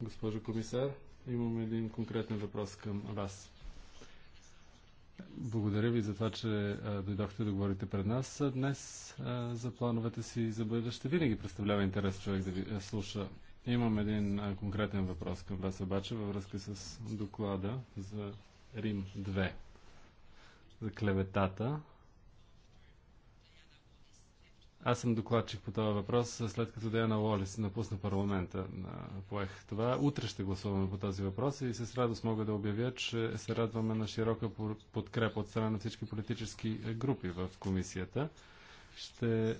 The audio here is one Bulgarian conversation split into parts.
Госпожо комисар, имам един конкретен въпрос към вас. Благодаря ви за това, че дойдохте да говорите пред нас днес за плановете си за бъдеще. Винаги представлява интерес човек да ви слуша. Имам един конкретен въпрос към вас обаче във връзка с доклада за Рим 2, за клеветата аз съм докладчик по този въпрос, след като Деяна Лолис напусна парламента. Поех това. Утре ще гласуваме по този въпрос и с радост мога да обявя, че се радваме на широка подкрепа от страна на всички политически групи в комисията. Ще е,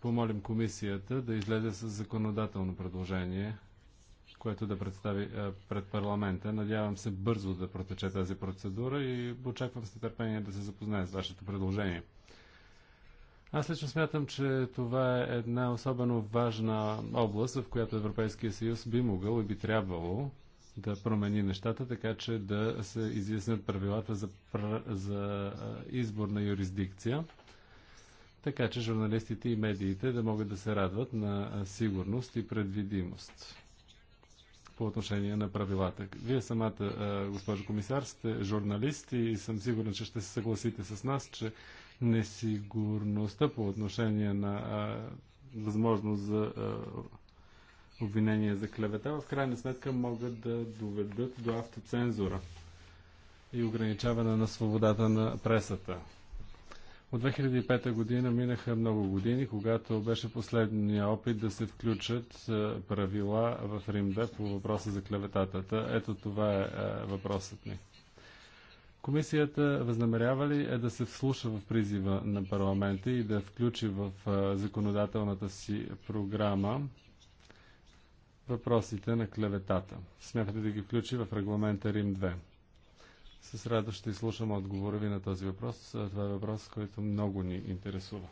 помолим комисията да излезе с законодателно предложение, което да представи е, пред парламента. Надявам се бързо да протече тази процедура и очаквам с нетърпение да се запознае с вашето предложение. Аз лично смятам, че това е една особено важна област, в която Европейския съюз би могъл и би трябвало да промени нещата, така че да се изяснят правилата за, за избор на юрисдикция, така че журналистите и медиите да могат да се радват на сигурност и предвидимост по отношение на правилата. Вие самата, госпожо комисар, сте журналист и съм сигурен, че ще се съгласите с нас, че несигурността по отношение на а, възможност за а, обвинение за клевета, в крайна сметка могат да доведат до автоцензура и ограничаване на свободата на пресата. От 2005 година минаха много години, когато беше последния опит да се включат правила в Рим 2 по въпроса за клеветата. Ето това е въпросът ми. Комисията възнамерява ли е да се вслуша в призива на парламента и да включи в законодателната си програма въпросите на клеветата? Смятате да ги включи в регламента Рим 2? С радост ще изслушам отговора ви на този въпрос. Това е въпрос, който много ни интересува.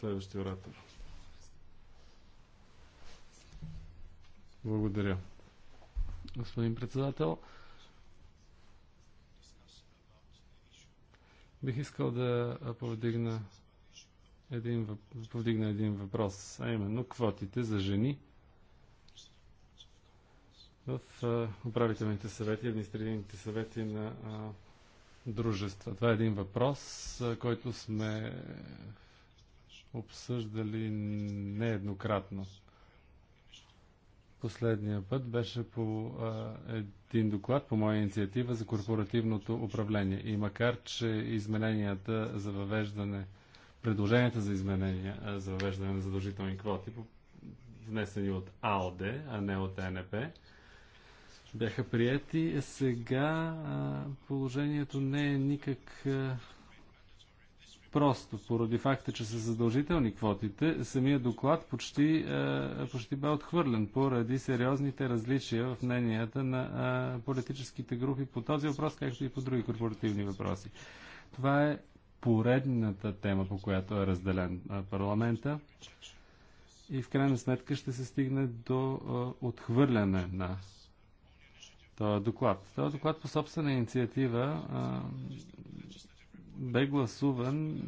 Следващия оратор. Благодаря господин председател. Бих искал да повдигна един, въп... повдигна един въпрос, а именно квотите за жени в управителните съвети, административните съвети на дружества. Това е един въпрос, който сме обсъждали нееднократно. Последния път беше по а, един доклад по моя инициатива за корпоративното управление. И макар, че измененията за въвеждане, предложенията за изменения а, за въвеждане на задължителни квоти, внесени от АОД, а не от НП, бяха прияти. Сега а, положението не е никак а, Просто поради факта, че са задължителни квотите, самия доклад почти, е, почти бе отхвърлен поради сериозните различия в мненията на е, политическите групи по този въпрос, както и по други корпоративни въпроси. Това е поредната тема, по която е разделен е, парламента и в крайна сметка ще се стигне до е, отхвърляне на този доклад. Този доклад по собствена инициатива а, е, бе гласуван,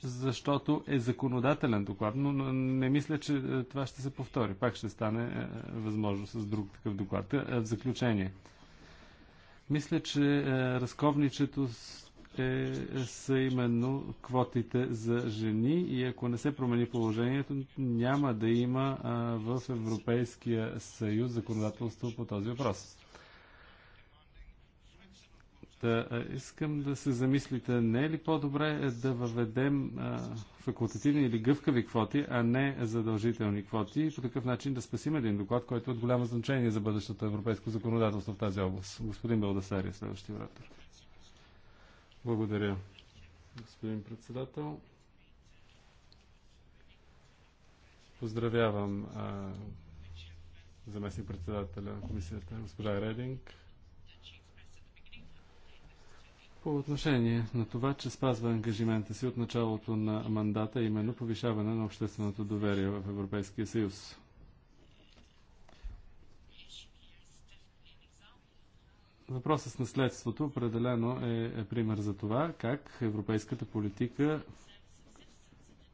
защото е законодателен доклад, но не мисля, че това ще се повтори. Пак ще стане възможно с друг такъв доклад. В заключение. Мисля, че разковничето е, са именно квотите за жени и ако не се промени положението, няма да има а, в Европейския съюз законодателство по този въпрос. Та, е, е, искам да се замислите, не е ли по-добре да въведем а, е, факултативни или гъвкави квоти, а не задължителни квоти и по такъв начин да спасим един доклад, който е от голямо значение за бъдещото европейско законодателство в тази област. Господин Белдасари е следващия оратор. Благодаря, господин председател. Поздравявам заместник-председателя на комисията, госпожа Рединг по отношение на това, че спазва ангажимента си от началото на мандата, именно повишаване на общественото доверие в Европейския съюз. Въпросът с наследството определено е, е пример за това как европейската политика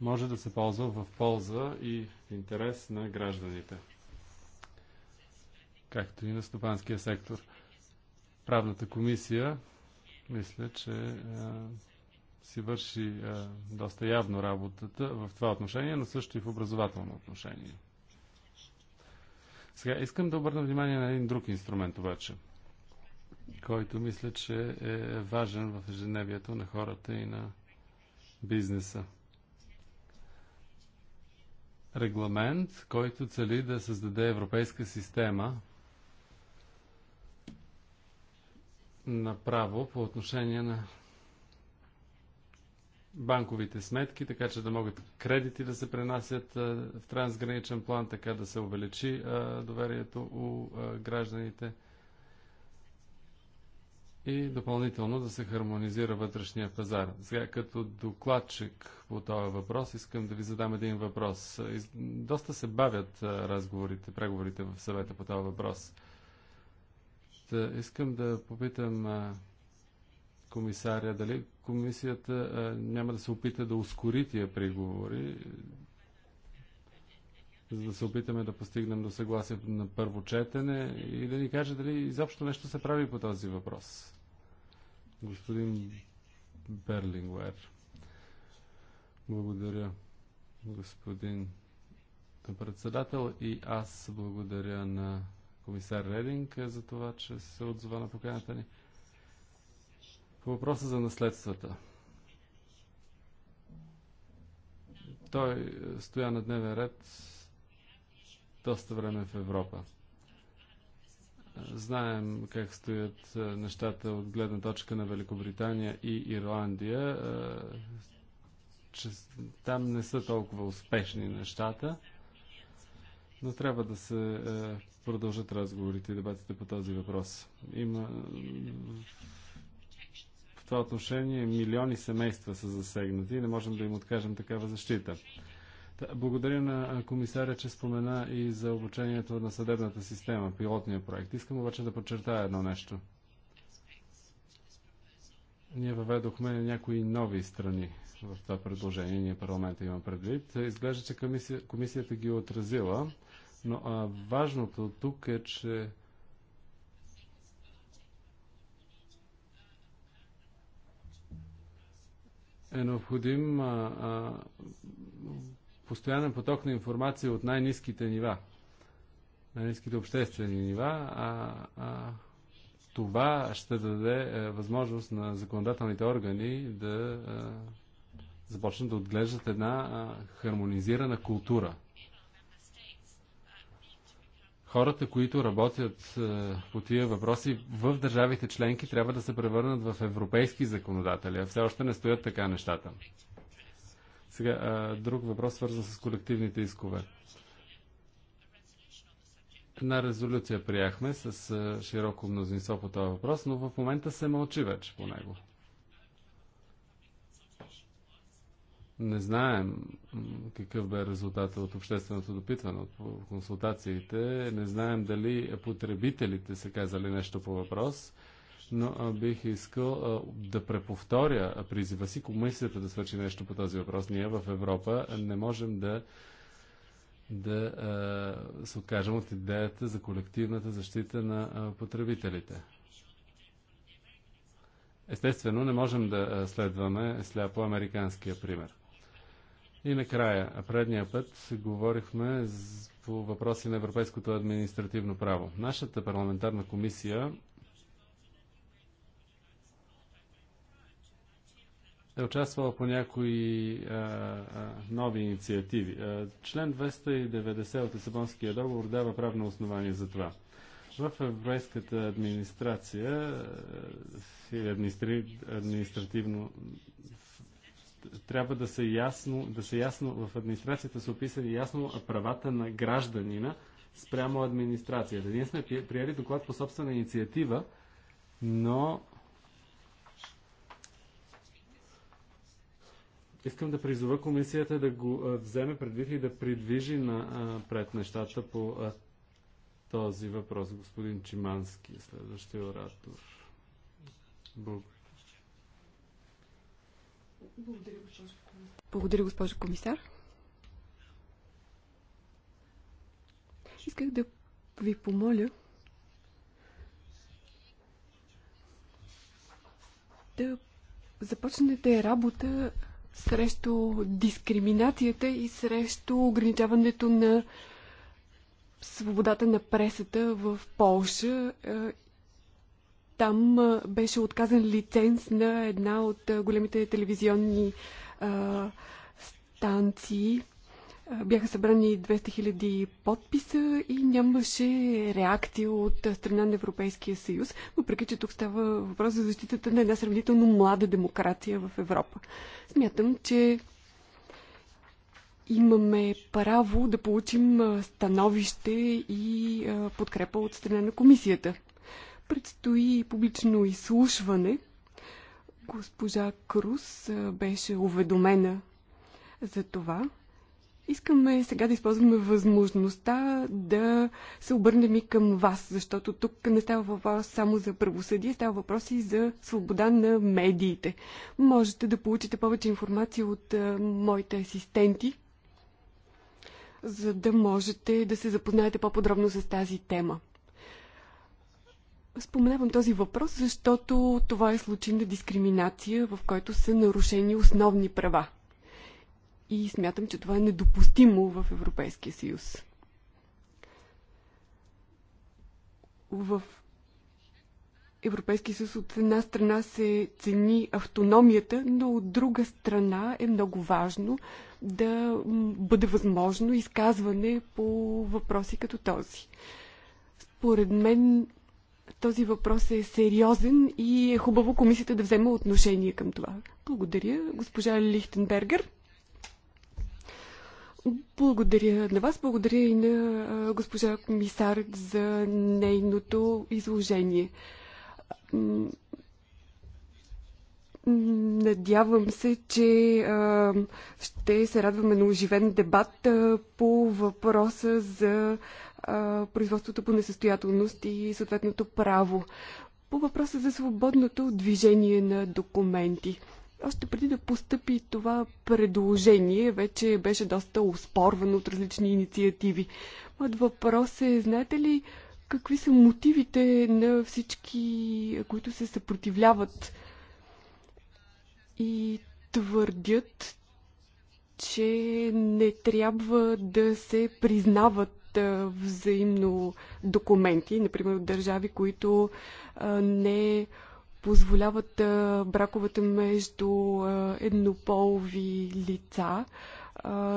може да се ползва в полза и в интерес на гражданите, както и на стопанския сектор. Правната комисия мисля, че а, е, си върши а, е, доста явно работата в това отношение, но също и в образователно отношение. Сега искам да обърна внимание на един друг инструмент обаче, който мисля, че е важен в ежедневието на хората и на бизнеса. Регламент, който цели да създаде европейска система направо по отношение на банковите сметки, така че да могат кредити да се пренасят в трансграничен план, така да се увеличи доверието у гражданите и допълнително да се хармонизира вътрешния пазар. Сега, като докладчик по този въпрос, искам да ви задам един въпрос. Доста се бавят разговорите, преговорите в съвета по този въпрос. Е, искам да попитам а, комисаря дали комисията а, няма да се опита да ускори тия преговори, за да се опитаме да постигнем до съгласие на първо четене и да ни каже дали изобщо нещо се прави по този въпрос. Господин Берлингуер. Благодаря, господин председател. И аз благодаря на комисар Рединг е за това, че се отзова на поканата ни. По въпроса за наследствата. Той е, стоя на дневен ред доста време в Европа. Знаем как стоят е, нещата от гледна точка на Великобритания и Ирландия, че там не са толкова успешни нещата. Но трябва да се е, продължат разговорите и дебатите по този въпрос. Има в това отношение милиони семейства са засегнати и не можем да им откажем такава защита. Благодаря на комисаря, че спомена и за обучението на съдебната система, пилотния проект. Искам обаче да подчертая едно нещо. Ние въведохме някои нови страни в това предложение, ние парламента има предвид. Изглежда, че комисията ги е отразила но а, важното тук е, че е необходим а, а, постоянен поток на информация от най-низките нива, най-низките обществени нива, а, а това ще даде а, е, възможност на законодателните органи да а, е, започнат да отглеждат една а, хармонизирана култура хората, които работят е, по тия въпроси в държавите членки, трябва да се превърнат в европейски законодатели, а все още не стоят така нещата. Сега, е, друг въпрос, свързан с колективните искове. Една резолюция прияхме с е, широко мнозинство по този въпрос, но в момента се мълчи вече по него. Не знаем какъв бе резултата от общественото допитване, от консултациите. Не знаем дали потребителите са казали нещо по въпрос, но бих искал да преповторя призива си комисията да свърши нещо по този въпрос. Ние в Европа не можем да да се откажем от идеята за колективната защита на потребителите. Естествено, не можем да следваме сляпо американския пример. И накрая, предния път говорихме по въпроси на европейското административно право. Нашата парламентарна комисия е участвала по някои а, а, нови инициативи. А, член 290 от Лисабонския договор дава правно основание за това. В европейската администрация или административно трябва да са ясно, да са ясно в администрацията са описани ясно правата на гражданина спрямо администрацията. Ние сме приели доклад по собствена инициатива, но искам да призова комисията да го вземе предвид и да придвижи напред нещата по този въпрос. Господин Чимански, е следващия оратор. Благодаря. Благодаря, госпожо комисар. Благодаря, госпожо комисар. Исках да ви помоля да започнете работа срещу дискриминацията и срещу ограничаването на свободата на пресата в Полша там беше отказан лиценз на една от големите телевизионни а, станции. Бяха събрани 200 000 подписа и нямаше реакция от страна на Европейския съюз, въпреки че тук става въпрос за защитата на една сравнително млада демокрация в Европа. Смятам, че имаме право да получим становище и подкрепа от страна на комисията. Предстои публично изслушване. Госпожа Крус беше уведомена за това. Искаме сега да използваме възможността да се обърнем и към вас, защото тук не става въпрос само за правосъдие, става въпрос и за свобода на медиите. Можете да получите повече информация от моите асистенти, за да можете да се запознаете по-подробно с тази тема. Споменавам този въпрос, защото това е случай на дискриминация, в който са нарушени основни права. И смятам, че това е недопустимо в Европейския съюз. В Европейския съюз от една страна се цени автономията, но от друга страна е много важно да бъде възможно изказване по въпроси като този. Според мен този въпрос е сериозен и е хубаво комисията да взема отношение към това. Благодаря, госпожа Лихтенбергер. Благодаря на вас, благодаря и на госпожа комисар за нейното изложение. Надявам се, че а, ще се радваме на оживен дебат а, по въпроса за производството по несъстоятелност и съответното право. По въпроса за свободното движение на документи. Още преди да постъпи това предложение, вече беше доста успорвано от различни инициативи. Моят въпрос е, знаете ли какви са мотивите на всички, които се съпротивляват и твърдят, че не трябва да се признават взаимно документи, например от държави, които не позволяват браковете между еднополови лица,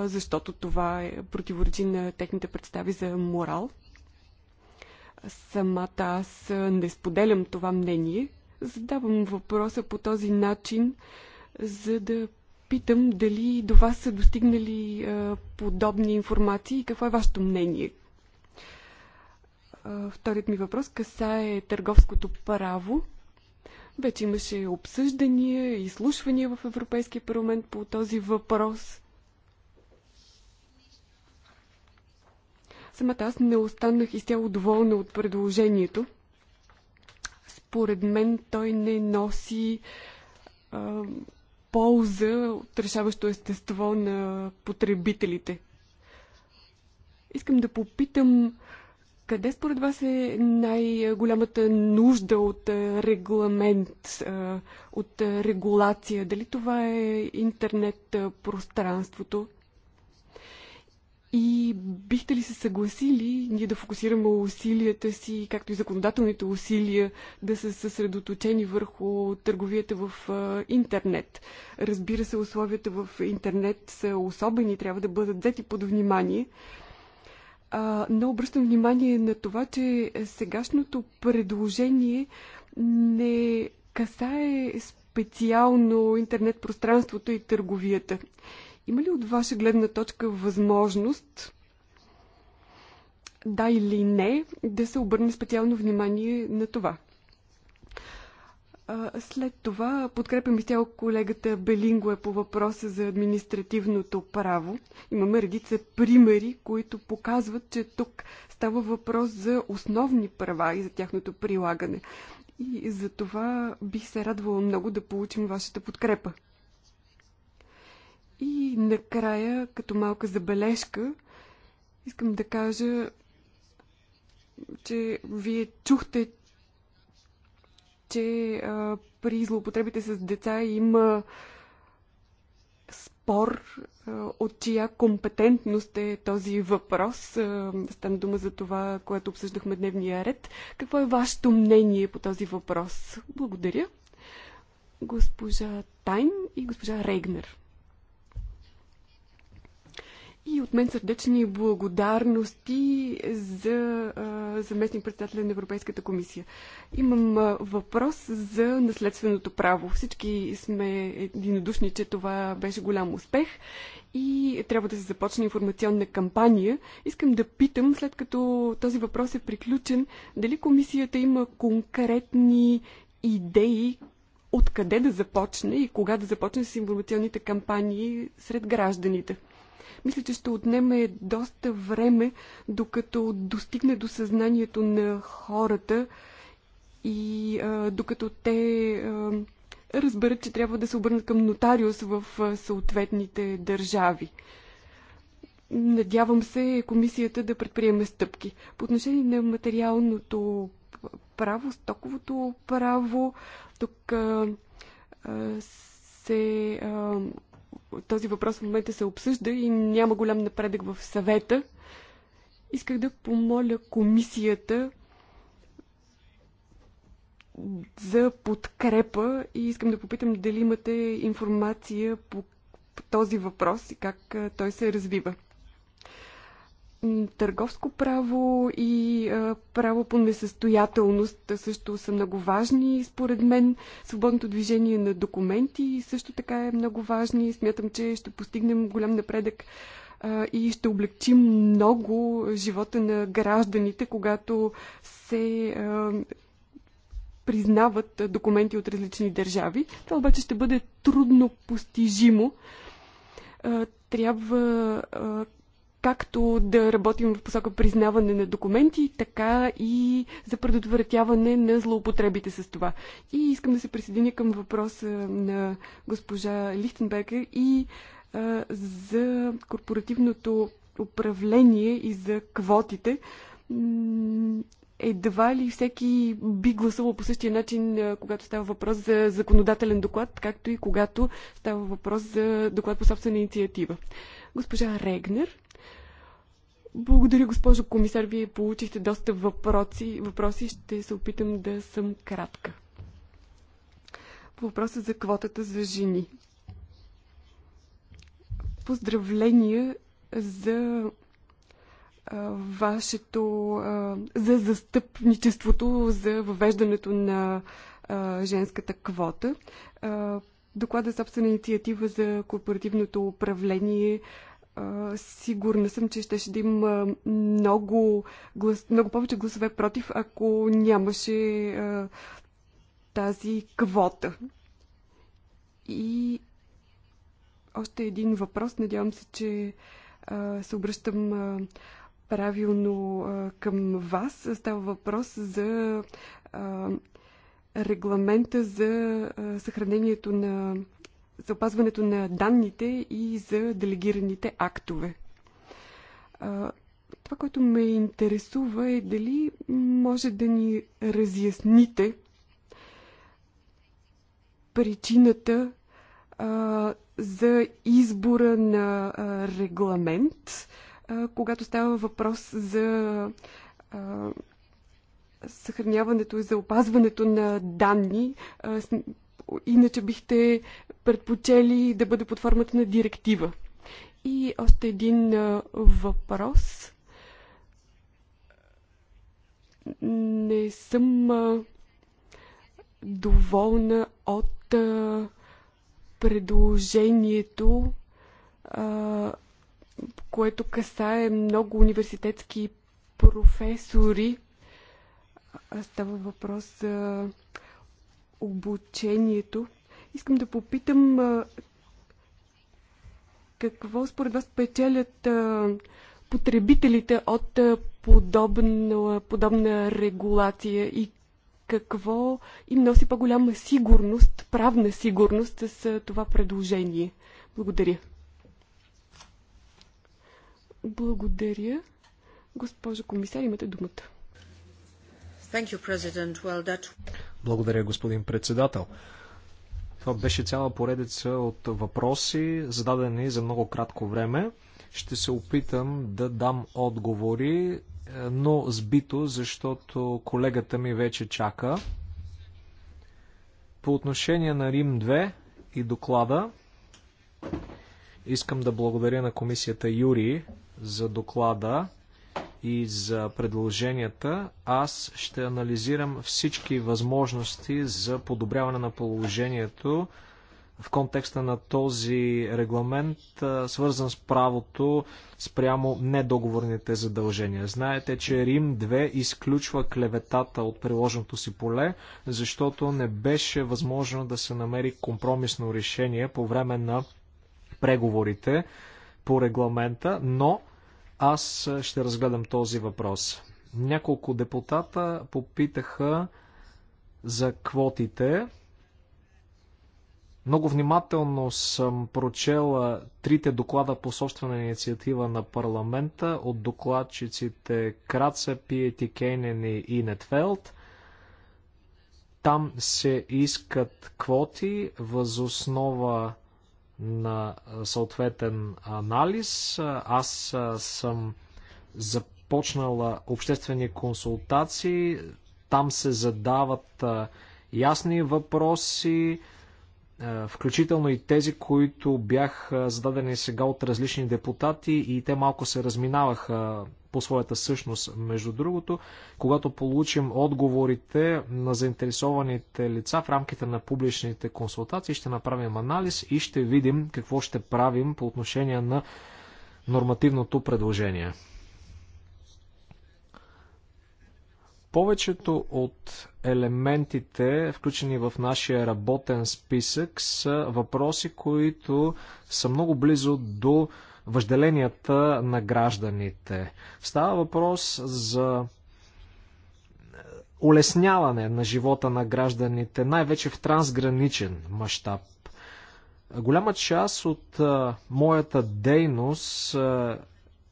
защото това е, противоречи на техните представи за морал. Самата аз не споделям това мнение. Задавам въпроса по този начин, за да Питам дали до вас са достигнали подобни информации и какво е вашето мнение. Вторият ми въпрос касае търговското право. Вече имаше обсъждания, и изслушвания в Европейския парламент по този въпрос. Самата аз не останах изцяло доволна от предложението. Според мен той не носи а, полза от решаващо естество на потребителите. Искам да попитам къде според вас е най-голямата нужда от регламент, от регулация? Дали това е интернет пространството? И бихте ли се съгласили ние да фокусираме усилията си, както и законодателните усилия, да са съсредоточени върху търговията в интернет? Разбира се, условията в интернет са особени, трябва да бъдат взети под внимание. но обръщам внимание на това, че сегашното предложение не касае специално интернет пространството и търговията. Има ли от ваша гледна точка възможност, да или не, да се обърне специално внимание на това? След това подкрепям изцяло колегата Белингуе по въпроса за административното право. Имаме редица примери, които показват, че тук става въпрос за основни права и за тяхното прилагане. И за това бих се радвала много да получим вашата подкрепа. И накрая, като малка забележка, искам да кажа, че вие чухте, че а, при злоупотребите с деца има спор а, от чия компетентност е този въпрос. А, стана дума за това, което обсъждахме дневния ред. Какво е вашето мнение по този въпрос? Благодаря. Госпожа Тайн и госпожа Рейгнер. И от мен сърдечни благодарности за заместник председателя на Европейската комисия. Имам въпрос за наследственото право. Всички сме единодушни, че това беше голям успех и трябва да се започне информационна кампания. Искам да питам, след като този въпрос е приключен, дали комисията има конкретни идеи, откъде да започне и кога да започне с информационните кампании сред гражданите мисля, че ще отнеме доста време, докато достигне до съзнанието на хората и а, докато те а, разберат, че трябва да се обърнат към нотариус в съответните държави. Надявам се комисията да предприеме стъпки. По отношение на материалното право, стоковото право, тук а, а, се а, този въпрос в момента се обсъжда и няма голям напредък в съвета. Исках да помоля комисията за подкрепа и искам да попитам дали имате информация по този въпрос и как той се развива. Търговско право и право по несъстоятелност също са много важни. Според мен свободното движение на документи също така е много важно смятам, че ще постигнем голям напредък и ще облегчим много живота на гражданите, когато се признават документи от различни държави. Това обаче ще бъде трудно постижимо. Трябва както да работим в посока признаване на документи, така и за предотвратяване на злоупотребите с това. И искам да се присъединя към въпроса на госпожа Лихтенбергер и а, за корпоративното управление и за квотите. Едва ли всеки би гласувал по същия начин, когато става въпрос за законодателен доклад, както и когато става въпрос за доклад по собствена инициатива. Госпожа Регнер. Благодаря, госпожо комисар. Вие получихте доста въпроси. въпроси. Ще се опитам да съм кратка. По въпроса за квотата за жени. Поздравления за вашето за застъпничеството за въвеждането на женската квота. Доклада е собствена инициатива за корпоративното управление сигурна съм, че ще, да има много, глас, много повече гласове против, ако нямаше а, тази квота. И още един въпрос. Надявам се, че а, се обръщам а, правилно а, към вас. Става въпрос за а, регламента за а, съхранението на за опазването на данните и за делегираните актове. Това, което ме интересува е дали може да ни разясните причината а, за избора на а, регламент, а, когато става въпрос за а, съхраняването и за опазването на данни, а, иначе бихте предпочели да бъде под формата на директива. И още един въпрос. Не съм доволна от предложението, което касае много университетски професори. Става въпрос за обучението. Искам да попитам какво според вас печелят потребителите от подобна, подобна регулация и какво им носи по-голяма сигурност, правна сигурност с това предложение. Благодаря. Благодаря. Госпожо комисар, имате думата. Thank you, President. Well, that... Благодаря, господин председател. Това беше цяла поредица от въпроси, зададени за много кратко време. Ще се опитам да дам отговори, е, но сбито, защото колегата ми вече чака. По отношение на Рим 2 и доклада, искам да благодаря на комисията Юри за доклада и за предложенията. Аз ще анализирам всички възможности за подобряване на положението в контекста на този регламент, свързан с правото спрямо недоговорните задължения. Знаете, че Рим 2 изключва клеветата от приложеното си поле, защото не беше възможно да се намери компромисно решение по време на преговорите по регламента, но аз е, ще разгледам този въпрос. Няколко депутата попитаха за квотите. Много внимателно съм прочела трите доклада по собствена инициатива на парламента от докладчиците Краца, Пиети, Кейнен и Нетфелд. Там се искат квоти възоснова на съответен анализ. Аз съм започнала обществени консултации. Там се задават ясни въпроси, включително и тези, които бяха зададени сега от различни депутати и те малко се разминаваха по своята същност. Между другото, когато получим отговорите на заинтересованите лица в рамките на публичните консултации, ще направим анализ и ще видим какво ще правим по отношение на нормативното предложение. Повечето от елементите, включени в нашия работен списък, са въпроси, които са много близо до въжделенията на гражданите. Става въпрос за улесняване на живота на гражданите, най-вече в трансграничен мащаб. Голяма част от а, моята дейност а,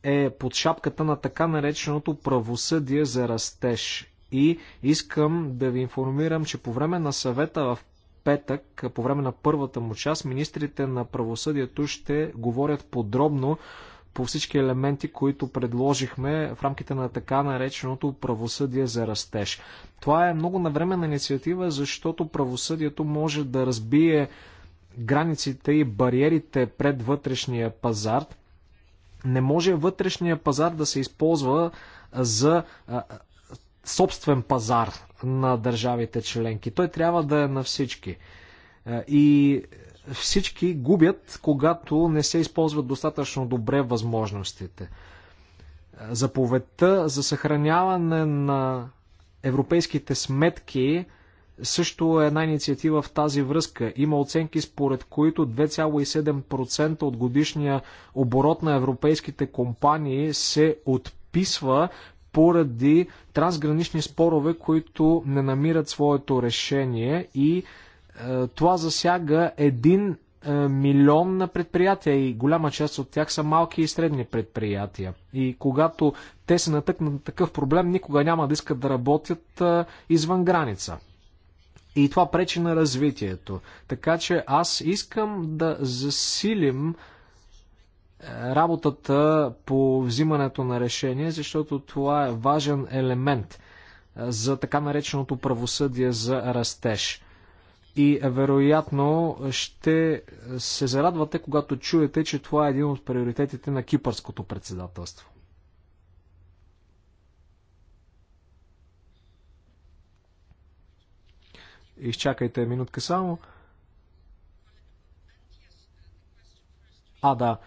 е под шапката на така нареченото правосъдие за растеж. И искам да ви информирам, че по време на съвета в петък, по време на първата му част, министрите на правосъдието ще говорят подробно по всички елементи, които предложихме в рамките на така нареченото правосъдие за растеж. Това е много навременна инициатива, защото правосъдието може да разбие границите и бариерите пред вътрешния пазар. Не може вътрешния пазар да се използва за собствен пазар на държавите членки. Той трябва да е на всички. Е, и всички губят, когато не се използват достатъчно добре възможностите. Е, заповедта за съхраняване на европейските сметки също е една инициатива в тази връзка. Има оценки според които 2,7% от годишния оборот на европейските компании се отписва поради трансгранични спорове, които не намират своето решение и е, това засяга един е, милион на предприятия и голяма част от тях са малки и средни предприятия. И когато те се натъкнат на такъв проблем, никога няма да искат да работят е, извън граница. И това пречи на развитието. Така че аз искам да засилим работата по взимането на решение, защото това е важен елемент за така нареченото правосъдие за растеж. И е, вероятно ще се зарадвате, когато чуете, че това е един от приоритетите на кипърското председателство. Изчакайте минутка само. А, да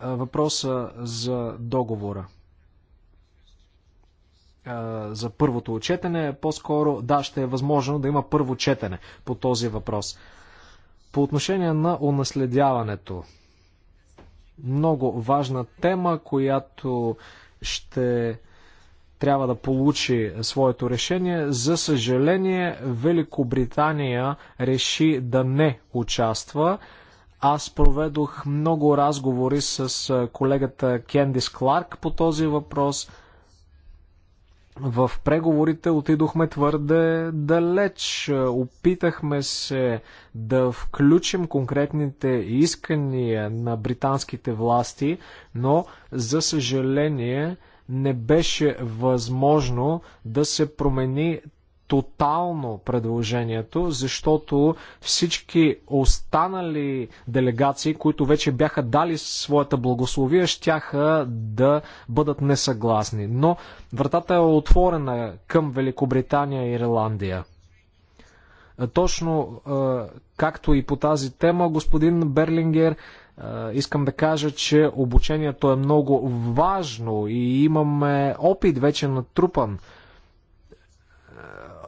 въпроса за договора. За първото отчетене, по-скоро, да, ще е възможно да има първо четене по този въпрос. По отношение на унаследяването, много важна тема, която ще трябва да получи своето решение. За съжаление, Великобритания реши да не участва. Аз проведох много разговори с колегата Кендис Кларк по този въпрос. В преговорите отидохме твърде далеч. Опитахме се да включим конкретните искания на британските власти, но за съжаление не беше възможно да се промени тотално предложението, защото всички останали делегации, които вече бяха дали своята благословия, щяха да бъдат несъгласни. Но вратата е отворена към Великобритания и Ирландия. Точно както и по тази тема, господин Берлингер, искам да кажа, че обучението е много важно и имаме опит вече натрупан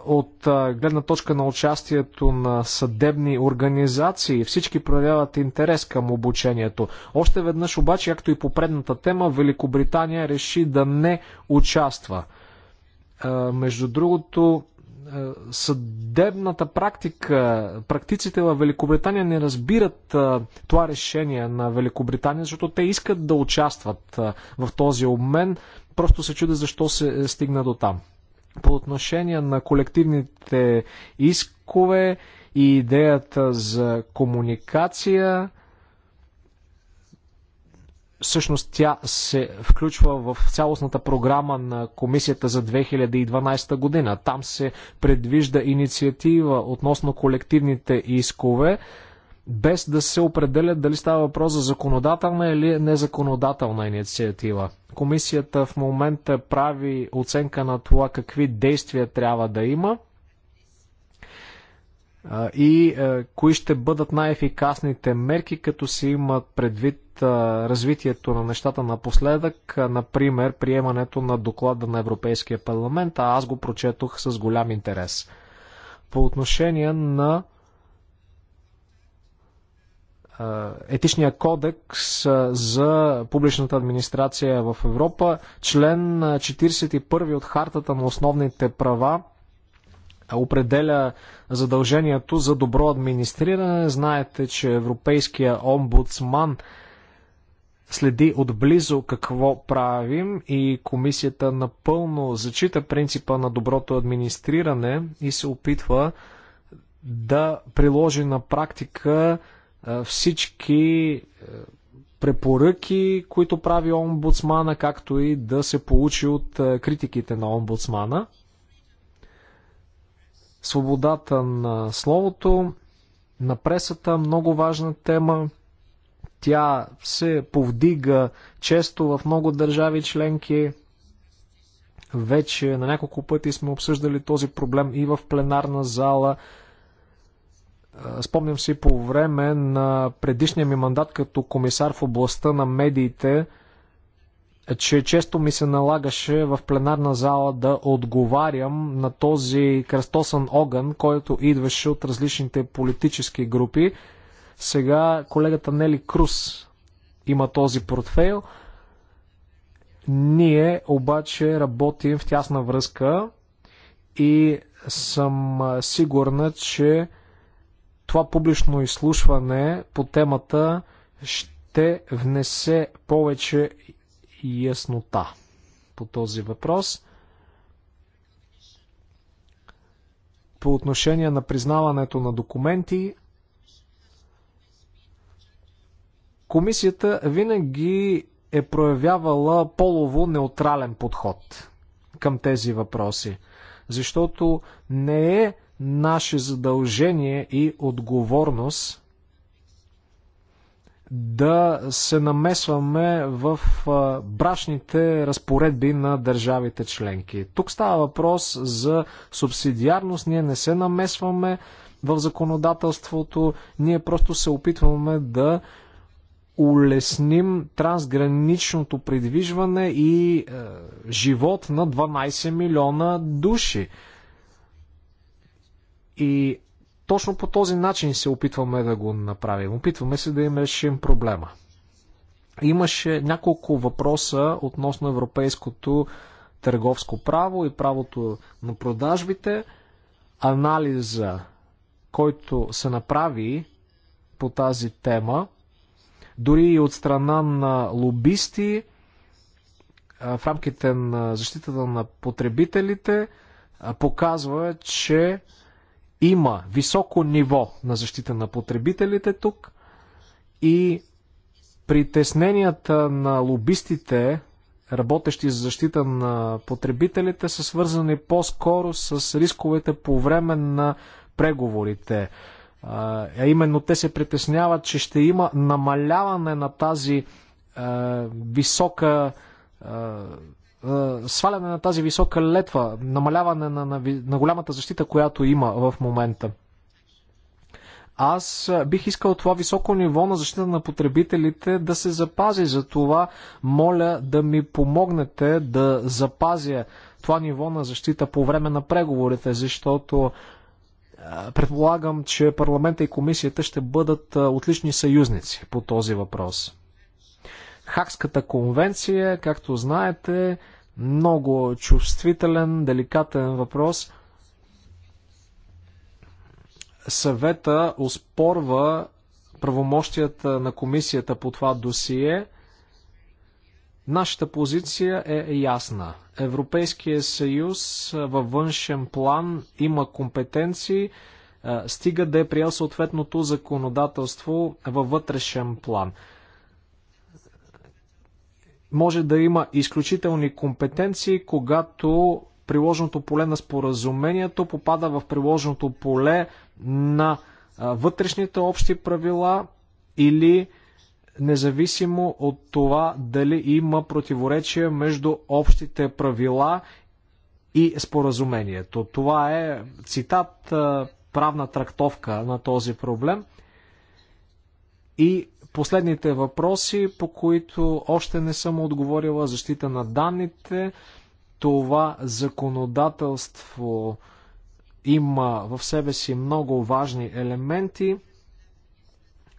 от гледна точка на участието на съдебни организации. Всички проявяват интерес към обучението. Още веднъж обаче, както и по предната тема, Великобритания реши да не участва. Между другото, съдебната практика, практиците в Великобритания не разбират това решение на Великобритания, защото те искат да участват в този обмен. Просто се чудя защо се е, стигна до там по отношение на колективните искове и идеята за комуникация. Всъщност тя се включва в цялостната програма на комисията за 2012 година. Там се предвижда инициатива относно колективните искове без да се определят дали става въпрос за законодателна или незаконодателна инициатива. Комисията в момента прави оценка на това какви действия трябва да има и кои ще бъдат най-ефикасните мерки, като се имат предвид развитието на нещата напоследък, например приемането на доклада на Европейския парламент, а аз го прочетох с голям интерес. По отношение на етичния кодекс за публичната администрация в Европа, член 41 от Хартата на основните права определя задължението за добро администриране. Знаете, че Европейския омбудсман следи отблизо какво правим и комисията напълно зачита принципа на доброто администриране и се опитва да приложи на практика всички е, препоръки, които прави омбудсмана, както и да се получи от е, критиките на омбудсмана. Свободата на словото, на пресата, много важна тема. Тя се повдига често в много държави членки. Вече на няколко пъти сме обсъждали този проблем и в пленарна зала. Спомням си по време на предишния ми мандат като комисар в областта на медиите, че често ми се налагаше в пленарна зала да отговарям на този кръстосан огън, който идваше от различните политически групи. Сега колегата Нели Крус има този портфейл. Ние обаче работим в тясна връзка и съм сигурна, че това публично изслушване по темата ще внесе повече яснота по този въпрос. По отношение на признаването на документи, комисията винаги е проявявала полово неутрален подход към тези въпроси, защото не е наше задължение и отговорност да се намесваме в брашните разпоредби на държавите членки. Тук става въпрос за субсидиарност. Ние не се намесваме в законодателството. Ние просто се опитваме да улесним трансграничното придвижване и е, живот на 12 милиона души. И точно по този начин се опитваме да го направим. Опитваме се да им решим проблема. Имаше няколко въпроса относно европейското търговско право и правото на продажбите. Анализа, който се направи по тази тема, дори и от страна на лобисти, в рамките на защитата на потребителите, показва, че има високо ниво на защита на потребителите тук и притесненията на лобистите, работещи за защита на потребителите, са свързани по-скоро с рисковете по време на преговорите. А именно те се притесняват, че ще има намаляване на тази а, висока а, е, сваляне на тази висока летва, намаляване на, на, на голямата защита, която има в момента. Аз е, бих искал това високо ниво на защита на потребителите да се запази. За това моля да ми помогнете да запазя това ниво на защита по време на преговорите, защото е, предполагам, че парламента и комисията ще бъдат отлични съюзници по този въпрос. Хакската конвенция, както знаете, много чувствителен, деликатен въпрос. Съвета оспорва правомощията на комисията по това досие. Нашата позиция е ясна. Европейския съюз във външен план има компетенции, стига да е приел съответното законодателство във вътрешен план може да има изключителни компетенции, когато приложеното поле на споразумението попада в приложеното поле на вътрешните общи правила или независимо от това дали има противоречие между общите правила и споразумението. Това е цитат, правна трактовка на този проблем. И Последните въпроси, по които още не съм отговорила, защита на данните, това законодателство има в себе си много важни елементи.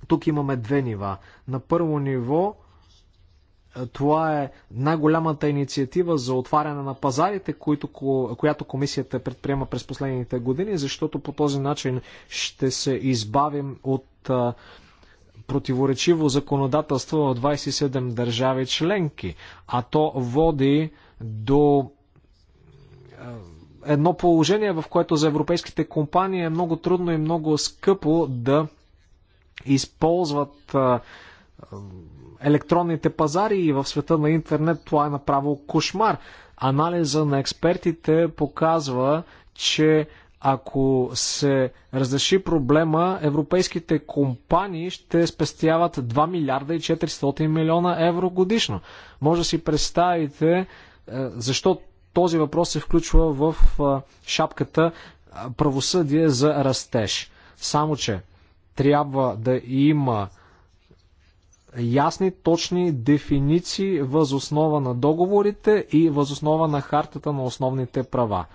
Тук имаме две нива. На първо ниво е, това е най-голямата инициатива за отваряне на пазарите, които, която комисията предприема през последните години, защото по този начин ще се избавим от е, противоречиво законодателство в 27 държави членки, а то води до е, едно положение, в което за европейските компании е много трудно и много скъпо да използват електронните пазари и в света на интернет това е направо кошмар. Анализа на експертите показва, че ако се разреши проблема, европейските компании ще спестяват 2 милиарда и 400 милиона евро годишно. Може да си представите е, защо този въпрос се включва в е, шапката е, правосъдие за растеж. Само, че трябва да има ясни, точни дефиниции възоснова на договорите и възоснова на хартата на основните права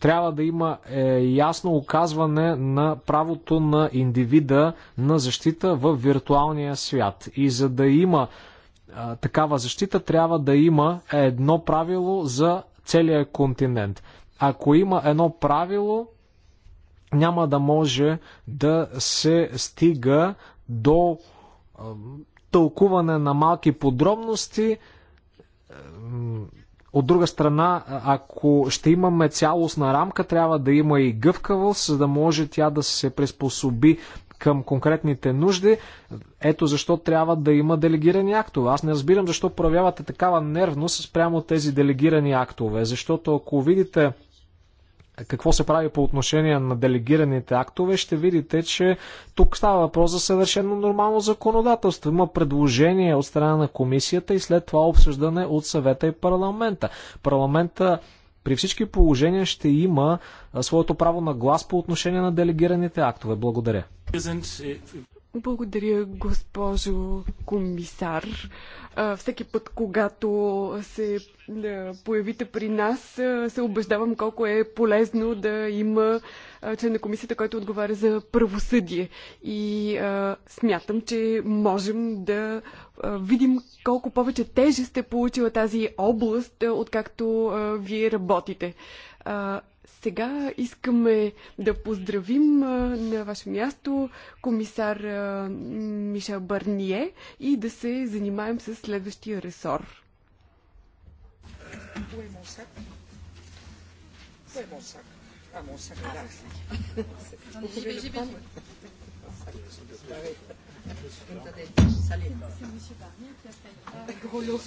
трябва да има е, ясно оказване на правото на индивида на защита в виртуалния свят. И за да има е, такава защита, трябва да има едно правило за целия континент. Ако има едно правило, няма да може да се стига до е, тълкуване на малки подробности. Е, от друга страна, ако ще имаме цялостна рамка, трябва да има и гъвкавост, за да може тя да се приспособи към конкретните нужди. Ето защо трябва да има делегирани актове. Аз не разбирам защо проявявате такава нервност спрямо тези делегирани актове, защото ако видите какво се прави по отношение на делегираните актове, ще видите, че тук става въпрос за съвършено нормално законодателство. Има предложение от страна на комисията и след това обсъждане от съвета и парламента. Парламента при всички положения ще има своето право на глас по отношение на делегираните актове. Благодаря. Благодаря, госпожо комисар. Всеки път, когато се появите при нас, се убеждавам колко е полезно да има член на комисията, който отговаря за правосъдие. И а, смятам, че можем да видим колко повече тежест е получила тази област, откакто вие работите. А, сега искаме да поздравим на ваше място комисар Мишел Барние и да се занимаем с следващия ресор. Présidente, bonjour,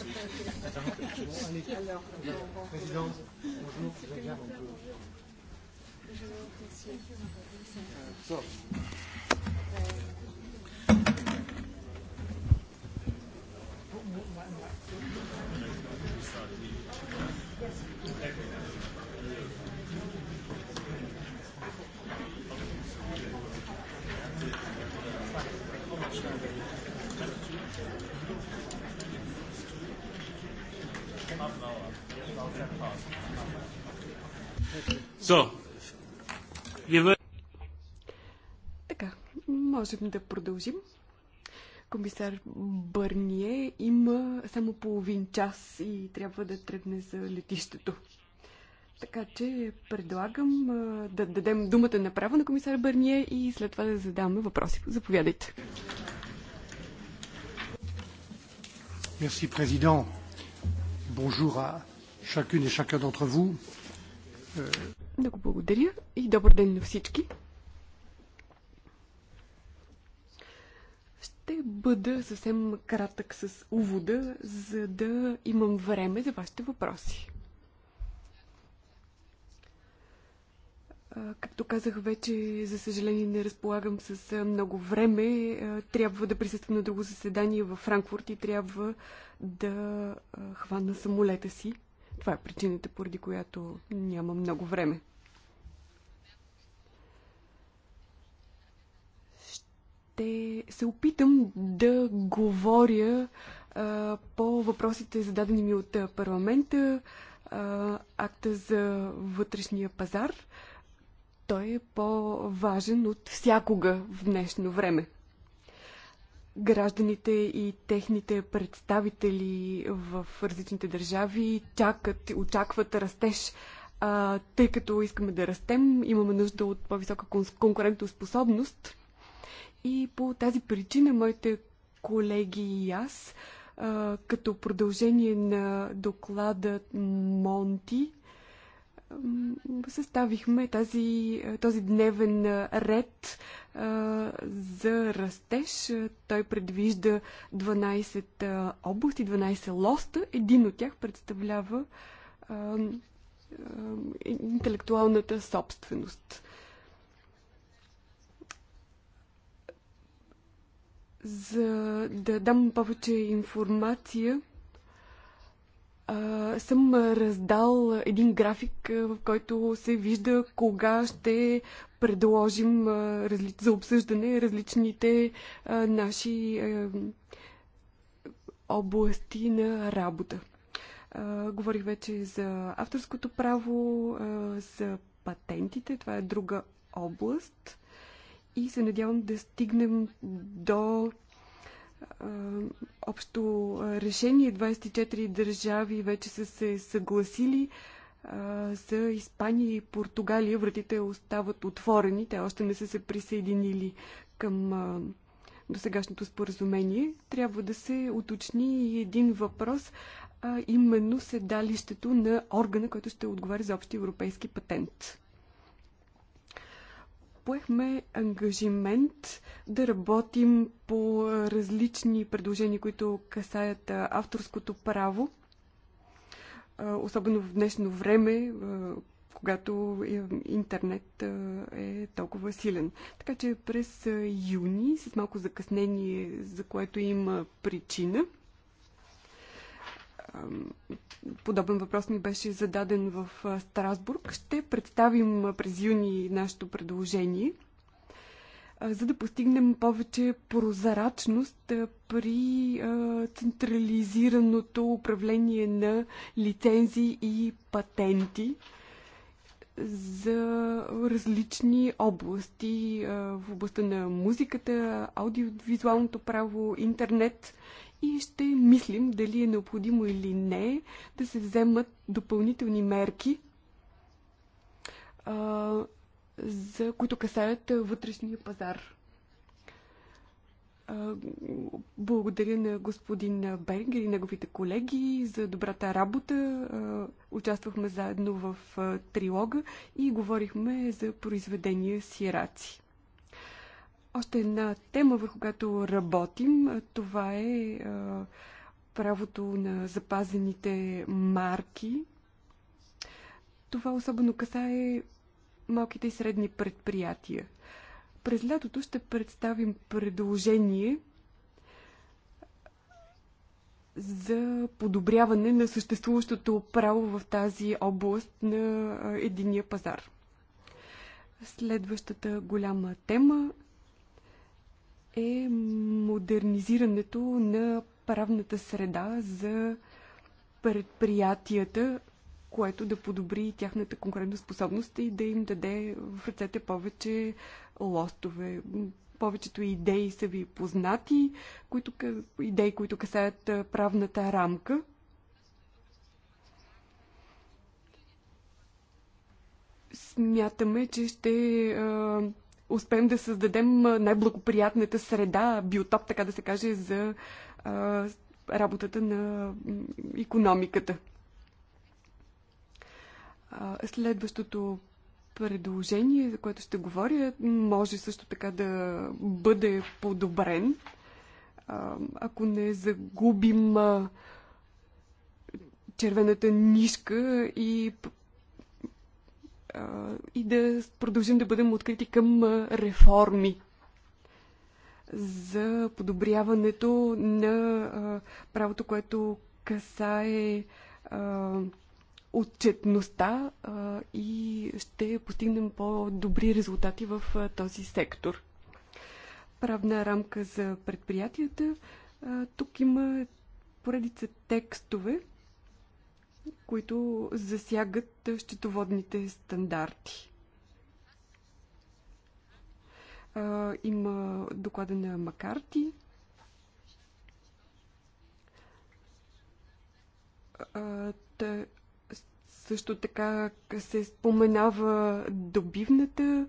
So. So, така, можем да продължим. Комисар Бърние има само половин час и трябва да тръгне за летището. Така че предлагам да дадем думата направо на комисар Бърние и след това да задаваме въпроси. Заповядайте. Merci, Président. Bonjour à chacune chacun d'entre vous. Euh, много благодаря и добър ден на всички. Ще бъда съвсем кратък с увода, за да имам време за вашите въпроси. Както казах вече, за съжаление не разполагам с много време. Трябва да присъствам на друго заседание във Франкфурт и трябва да хвана самолета си. Това е причината, поради която няма много време. ще се опитам да говоря а, по въпросите зададени ми от парламента, а, акта за вътрешния пазар. Той е по-важен от всякога в днешно време. Гражданите и техните представители в различните държави чакат, очакват растеж а, тъй като искаме да растем, имаме нужда от по-висока конкурентоспособност и по тази причина моите колеги и аз, като продължение на доклада Монти, съставихме тази, този дневен ред за растеж. Той предвижда 12 области, 12 лоста. Един от тях представлява интелектуалната собственост. За да дам повече информация, а, съм раздал един график, в който се вижда кога ще предложим а, разли... за обсъждане различните а, наши а, области на работа. А, говорих вече за авторското право, а, за патентите. Това е друга област и се надявам да стигнем до общо решение. 24 държави вече са се съгласили за Испания и Португалия. Вратите остават отворени. Те още не са се присъединили към досегашното споразумение. Трябва да се уточни и един въпрос, именно седалището на органа, който ще отговаря за общия европейски патент поехме ангажимент да работим по различни предложения, които касаят авторското право, особено в днешно време, когато е, интернет е толкова силен. Така че през юни, с малко закъснение, за което има причина, Подобен въпрос ми беше зададен в Страсбург. Ще представим през юни нашето предложение, за да постигнем повече прозрачност при централизираното управление на лицензии и патенти за различни области в областта на музиката, аудиовизуалното право, интернет и ще мислим дали е необходимо или не да се вземат допълнителни мерки, а, за които касаят вътрешния пазар. А, благодаря на господин Бенгер и неговите колеги за добрата работа. А, участвахме заедно в трилога и говорихме за произведения сираци. Още една тема, върху която работим, това е правото на запазените марки. Това особено касае малките и средни предприятия. През лятото ще представим предложение за подобряване на съществуващото право в тази област на единия пазар. Следващата голяма тема е модернизирането на правната среда за предприятията, което да подобри тяхната конкурентоспособност и да им даде в ръцете повече лостове. Повечето идеи са ви познати, които, идеи, които касаят правната рамка. Смятаме, че ще успеем да създадем най-благоприятната среда, биотоп, така да се каже, за а, работата на економиката. А, следващото предложение, за което ще говоря, може също така да бъде подобрен, а, ако не загубим червената нишка и и да продължим да бъдем открити към реформи за подобряването на правото, което касае отчетността и ще постигнем по-добри резултати в този сектор. Правна рамка за предприятията. Тук има поредица текстове, които засягат счетоводните стандарти. Има доклада на Макарти. Също така се споменава добивната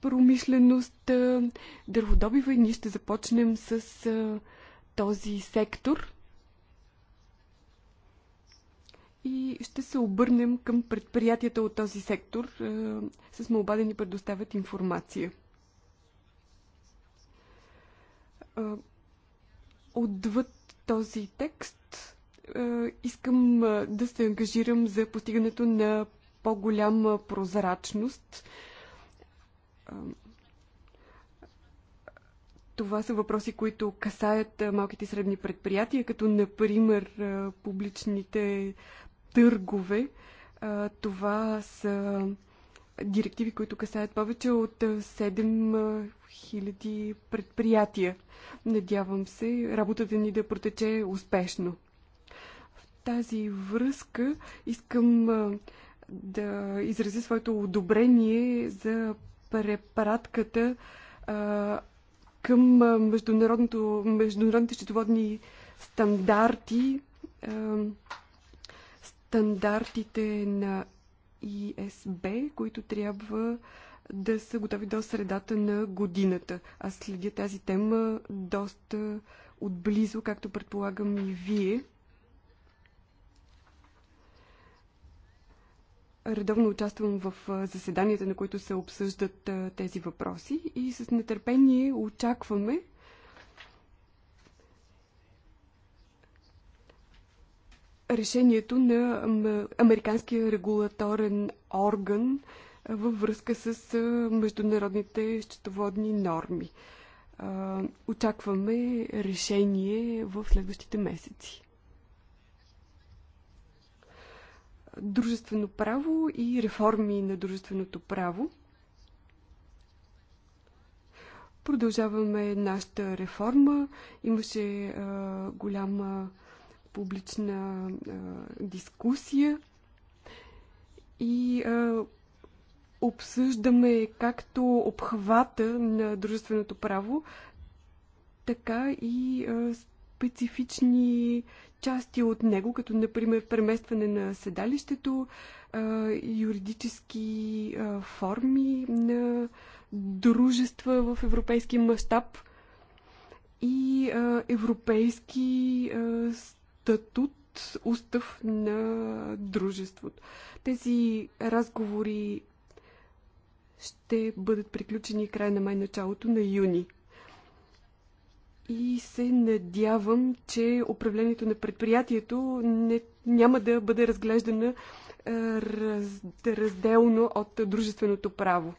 промишленост, дърводобива и ние ще започнем с този сектор – и ще се обърнем към предприятията от този сектор е, с молба да ни предоставят информация. Е, отвъд този текст е, искам да се ангажирам за постигането на по-голяма прозрачност. Това са въпроси, които касаят малките и средни предприятия, като например публичните търгове. Това са директиви, които касаят повече от 7000 предприятия. Надявам се работата ни да протече успешно. В тази връзка искам да изразя своето одобрение за препаратката към международните щитоводни стандарти а, стандартите на ИСБ, които трябва да са готови до средата на годината. Аз следя тази тема доста отблизо, както предполагам и вие. Редовно участвам в заседанията, на които се обсъждат тези въпроси и с нетърпение очакваме решението на Американския регулаторен орган във връзка с международните счетоводни норми. Очакваме решение в следващите месеци. Дружествено право и реформи на дружественото право. Продължаваме нашата реформа. Имаше а, голяма а, публична а, дискусия и а, обсъждаме както обхвата на дружественото право, така и а, специфични части от него, като например преместване на седалището, а, юридически а, форми на дружества в европейски мащаб и а, европейски а, статут, устав на дружеството. Тези разговори ще бъдат приключени край на май, началото на юни. И се надявам, че управлението на предприятието не, няма да бъде разглеждано раз, разделно от дружественото право.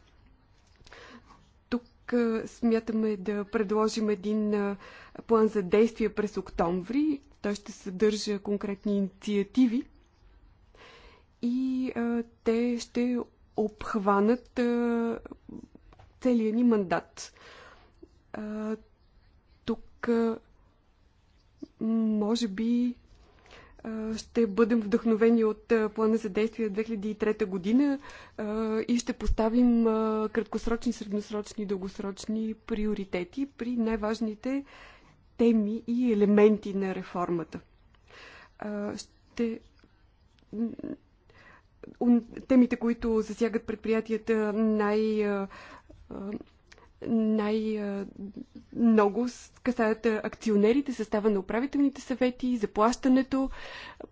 Тук смятаме да предложим един план за действие през октомври, той ще съдържа конкретни инициативи и а, те ще обхванат а, целия ни мандат. А, тук а, може би ще бъдем вдъхновени от плана за действие 2003 година и ще поставим краткосрочни, средносрочни и дългосрочни приоритети при най-важните теми и елементи на реформата. Ще темите, които засягат предприятията най- най-много касаят акционерите, състава на управителните съвети, заплащането.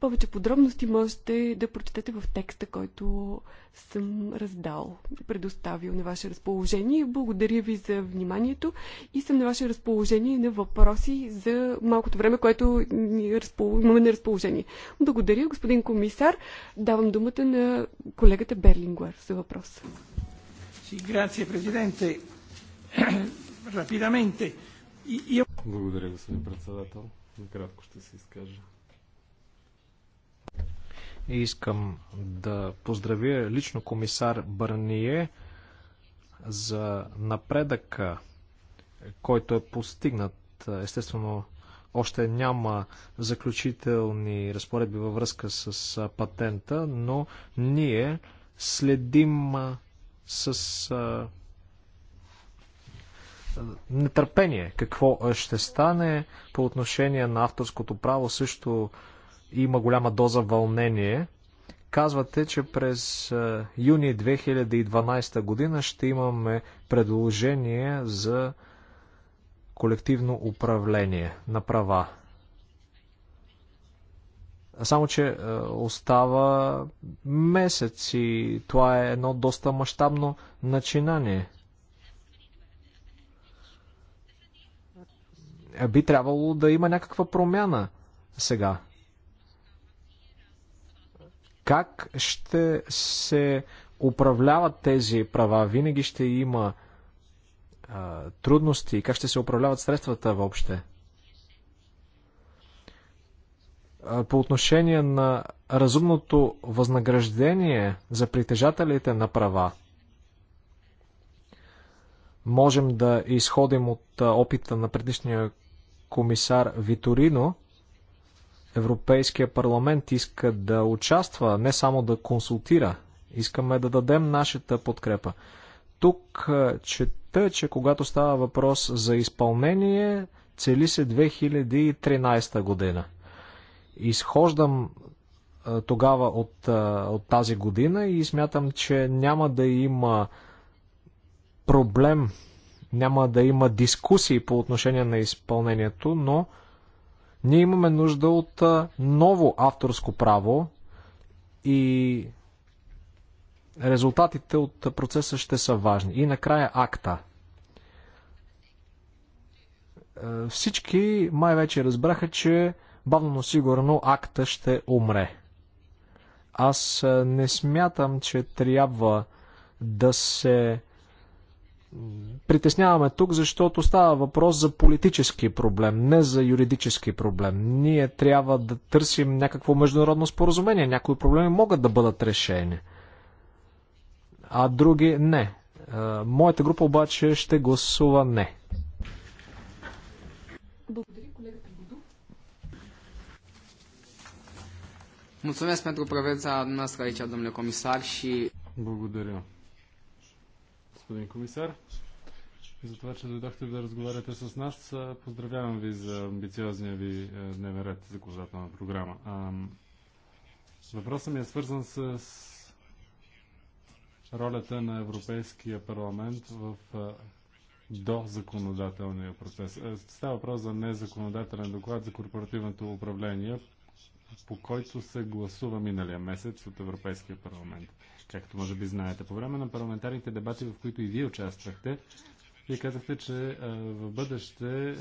Повече подробности можете да прочетете в текста, който съм раздал, предоставил на ваше разположение. Благодаря ви за вниманието и съм на ваше разположение на въпроси за малкото време, което имаме на разположение. Благодаря, господин комисар. Давам думата на колегата Берлингуер за въпрос. Grazie Presidente. Рапидаменте. Благодаря, господин председател. Накратко ще се изкажа. Искам да поздравя лично комисар Бърние за напредъка, който е постигнат. Естествено, още няма заключителни разпоредби във връзка с патента, но ние следим с нетърпение какво ще стане. По отношение на авторското право също има голяма доза вълнение. Казвате, че през юни 2012 година ще имаме предложение за колективно управление на права. Само, че остава месец и това е едно доста мащабно начинание. би трябвало да има някаква промяна сега. Как ще се управляват тези права? Винаги ще има а, трудности. Как ще се управляват средствата въобще? по отношение на разумното възнаграждение за притежателите на права, можем да изходим от опита на предишния комисар Виторино, Европейския парламент иска да участва, не само да консултира. Искаме да дадем нашата подкрепа. Тук чета, че когато става въпрос за изпълнение, цели се 2013 година. Изхождам тогава от, от тази година и смятам, че няма да има проблем няма да има дискусии по отношение на изпълнението, но ние имаме нужда от ново авторско право и резултатите от процеса ще са важни. И накрая акта. Е, всички май вече разбраха, че бавно но сигурно акта ще умре. Аз е, не смятам, че трябва да се притесняваме тук, защото става въпрос за политически проблем, не за юридически проблем. Ние трябва да търсим някакво международно споразумение. Някои проблеми могат да бъдат решени, а други не. Моята група обаче ще гласува не. Благодаря, колегата Буду. pentru prezența noastră aici, domnule comisar, și... Благодаря господин комисар, за това, че дойдохте да разговаряте с нас. Поздравявам ви за амбициозния ви е, дневен ред законодателна програма. Въпросът ми е свързан с ролята на Европейския парламент в е, до законодателния процес. Е, става въпрос за незаконодателен доклад за корпоративното управление, по който се гласува миналия месец от Европейския парламент както може би знаете. По време на парламентарните дебати, в които и вие участвахте, вие казахте, че в бъдеще е,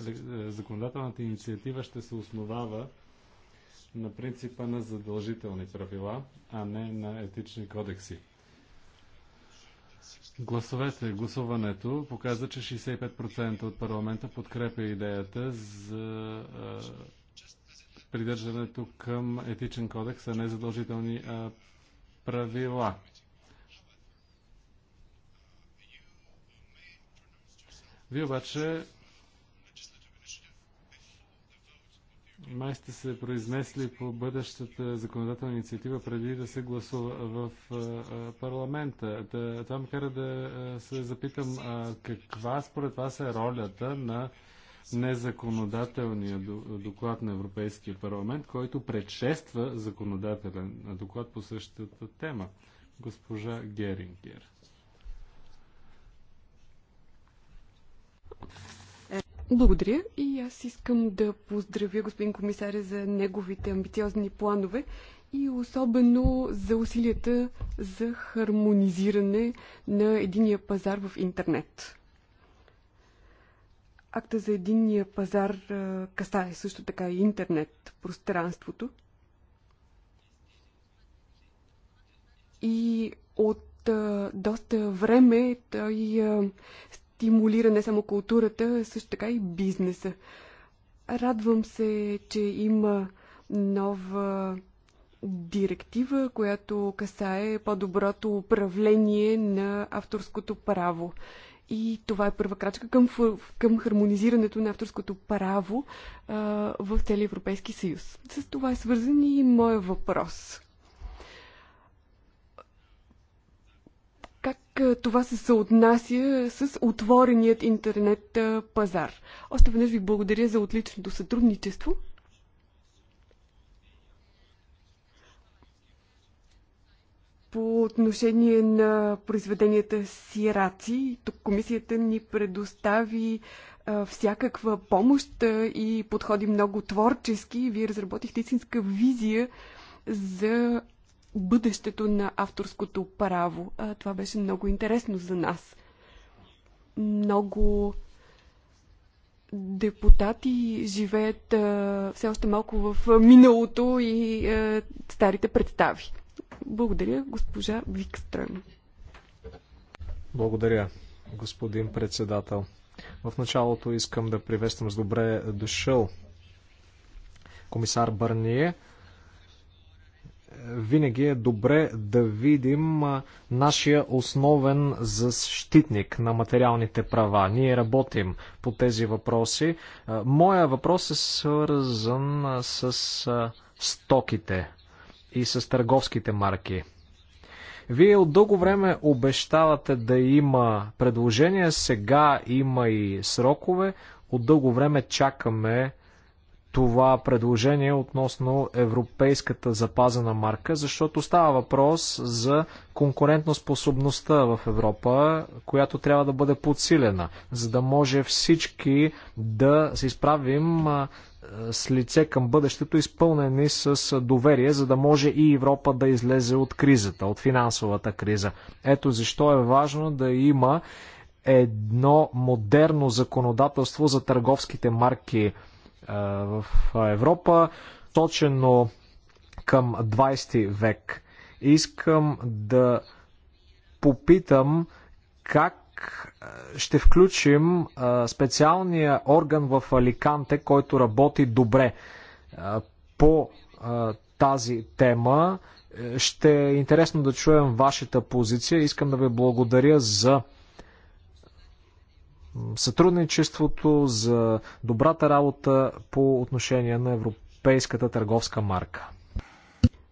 законодателната инициатива ще се основава на принципа на задължителни правила, а не на етични кодекси. Гласовете, гласуването показа, че 65% от парламента подкрепя идеята за а, придържането към етичен кодекс, а не задължителни а, правила. Вие обаче май сте се произнесли по бъдещата законодателна инициатива преди да се гласува в парламента. това ме кара да се запитам каква според вас е ролята на незаконодателния доклад на Европейския парламент, който предшества законодателен доклад по същата тема. Госпожа Герингер. Благодаря и аз искам да поздравя господин комисаря за неговите амбициозни планове и особено за усилията за хармонизиране на единия пазар в интернет. Акта за единния пазар касае също така и интернет пространството. И от доста време той стимулира не само културата, също така и бизнеса. Радвам се, че има нова директива, която касае по-доброто управление на авторското право. И това е първа крачка към, към хармонизирането на авторското право а, в целия Европейски съюз. С това е свързан и моя въпрос. Как е, това се съотнася с отвореният интернет е, пазар? Още веднъж ви благодаря за отличното сътрудничество. По отношение на произведенията Сираци, тук комисията ни предостави е, всякаква помощ и подходи много творчески. Вие разработихте истинска визия за бъдещето на авторското право. А, това беше много интересно за нас. Много депутати живеят а, все още малко в миналото и а, старите представи. Благодаря, госпожа Викстрън. Благодаря, господин председател. В началото искам да приветствам с добре дошъл комисар Бърние винаги е добре да видим нашия основен защитник на материалните права. Ние работим по тези въпроси. Моя въпрос е свързан с стоките и с търговските марки. Вие от дълго време обещавате да има предложения, сега има и срокове. От дълго време чакаме това предложение относно европейската запазена марка, защото става въпрос за конкурентоспособността в Европа, която трябва да бъде подсилена, за да може всички да се изправим с лице към бъдещето, изпълнени с доверие, за да може и Европа да излезе от кризата, от финансовата криза. Ето защо е важно да има едно модерно законодателство за търговските марки в Европа, точено към 20 век. Искам да попитам как ще включим специалния орган в Аликанте, който работи добре по тази тема. Е, ще е интересно да чуем вашата позиция. Искам да ви благодаря за сътрудничеството, за добрата работа по отношение на европейската търговска марка.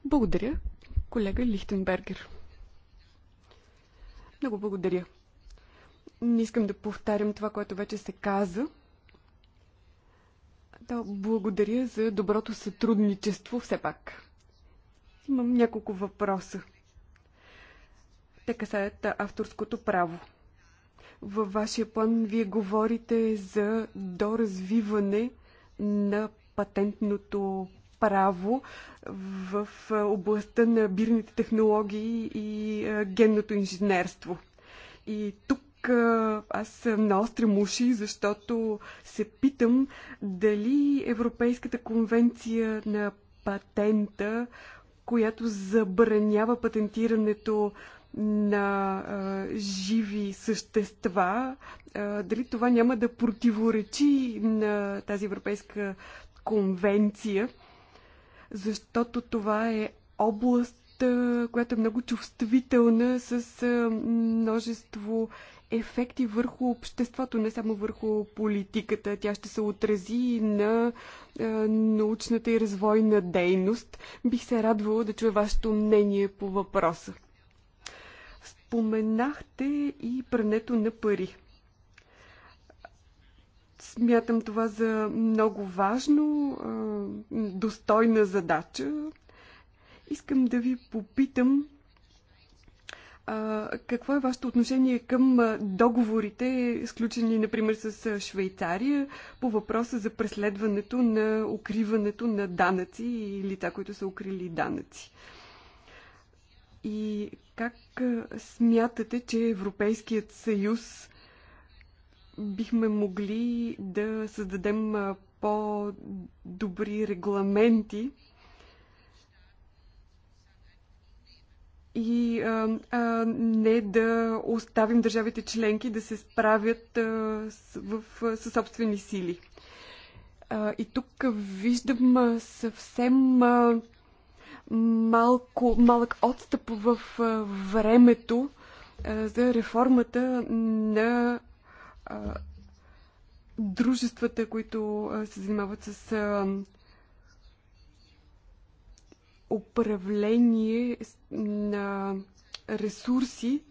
Благодаря, колега Лихтенбергер. Много благодаря. Не искам да повтарям това, което вече се каза. Да, благодаря за доброто сътрудничество все пак. Имам няколко въпроса. Те касаят авторското право. Във вашия план вие говорите за доразвиване на патентното право в областта на бирните технологии и генното инженерство. И тук аз съм остри муши, защото се питам дали Европейската конвенция на патента, която забранява патентирането на а, живи същества, а, дали това няма да противоречи на тази Европейска конвенция, защото това е област, а, която е много чувствителна с а, множество ефекти върху обществото, не само върху политиката. Тя ще се отрази на е, научната и развойна дейност. Бих се радвала да чуя вашето мнение по въпроса. Споменахте и прането на пари. Смятам това за много важно, достойна задача. Искам да ви попитам какво е вашето отношение към договорите, сключени, например, с Швейцария по въпроса за преследването на укриването на данъци или лица, които са укрили данъци? И как смятате, че Европейският съюз бихме могли да създадем по-добри регламенти и а, а, не да оставим държавите членки да се справят а, с, в, със собствени сили. А, и тук виждам съвсем а, малко, малък отстъп в времето за реформата на дружествата, които се занимават с управление на ресурси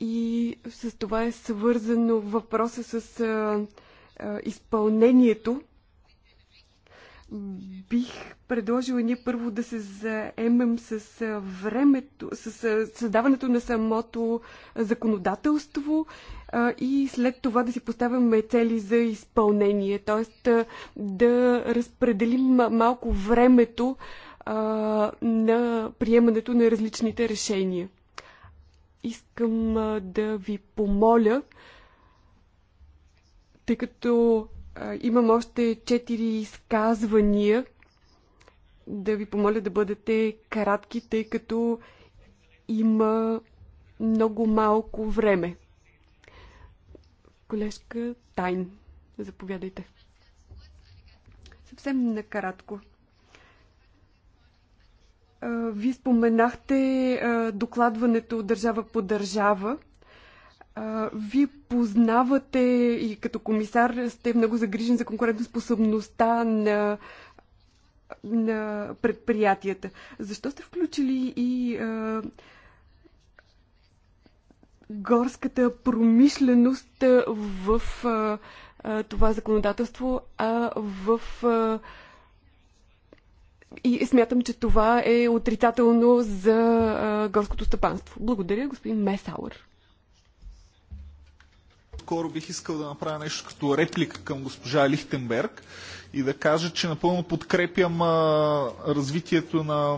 и с това е свързано въпроса с изпълнението бих предложила ние първо да се заемем с времето, с създаването на самото законодателство и след това да си поставяме цели за изпълнение, т.е. да разпределим малко времето на приемането на различните решения. Искам да ви помоля, тъй като Имам още четири изказвания. Да ви помоля да бъдете кратки, тъй като има много малко време. Колежка Тайн, заповядайте. Съвсем накратко. Вие споменахте докладването държава по държава ви познавате и като комисар сте много загрижен за конкурентоспособността на, на предприятията. Защо сте включили и а, горската промишленост в а, а, това законодателство, а в. А, и смятам, че това е отрицателно за а, горското стъпанство. Благодаря, господин Месауър по-скоро бих искал да направя нещо като реплика към госпожа Лихтенберг и да кажа, че напълно подкрепям а, развитието на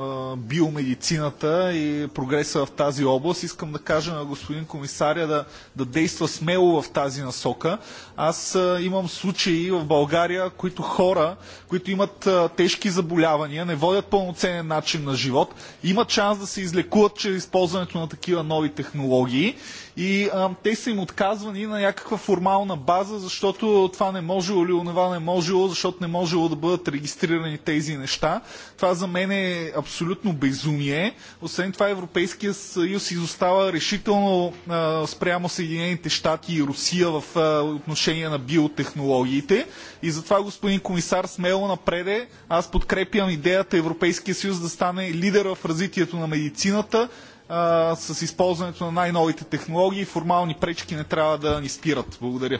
а, биомедицината и прогреса в тази област. Искам да кажа на господин комисаря да, да действа смело в тази насока. Аз а, имам случаи в България, които хора, които имат а, тежки заболявания, не водят пълноценен начин на живот, имат шанс да се излекуват чрез използването на такива нови технологии и а, те са им отказвани на някаква формална база, защото това не можело или онова не можело, защото не можело да бъдат регистрирани тези неща. Това за мен е абсолютно безумие. Освен това Европейския съюз изостава решително а, спрямо Съединените щати и Русия в а, отношение на биотехнологиите. И затова, господин комисар, смело напреде. Аз подкрепям идеята Европейския съюз да стане лидер в развитието на медицината а, с използването на най-новите технологии. Формални пречки не трябва да ни спират. Благодаря.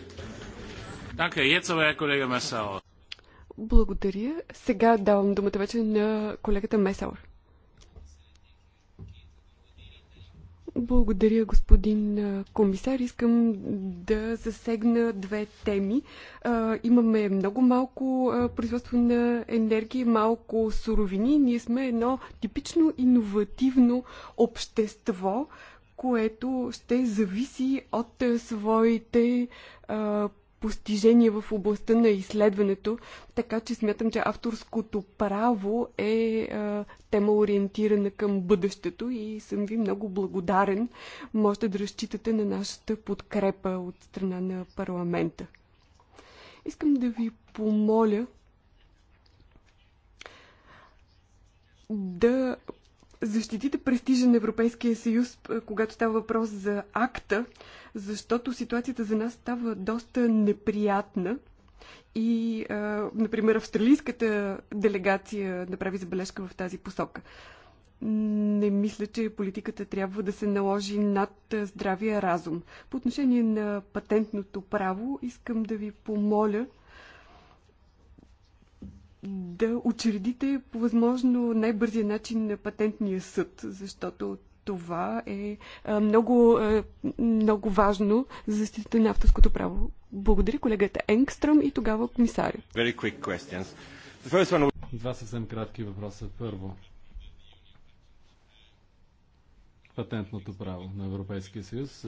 Благодаря. Сега давам думата вече на колегата Месаур. Благодаря, господин комисар. Искам да засегна две теми. Имаме много малко производство на енергия, малко суровини. Ние сме едно типично иновативно общество, което ще зависи от своите постижения в областта на изследването, така че смятам, че авторското право е тема ориентирана към бъдещето и съм ви много благодарен. Можете да разчитате на нашата подкрепа от страна на парламента. Искам да ви помоля да защитите престижа на Европейския съюз, когато става въпрос за акта, защото ситуацията за нас става доста неприятна. И, например, австралийската делегация направи забележка в тази посока. Не мисля, че политиката трябва да се наложи над здравия разум. По отношение на патентното право, искам да ви помоля да учредите по възможно най-бързия начин на патентния съд, защото това е много, много важно за защитата на авторското право. Благодаря колегата Енгстръм и тогава комисаря. Два съвсем кратки въпроса. Първо, патентното право на Европейския съюз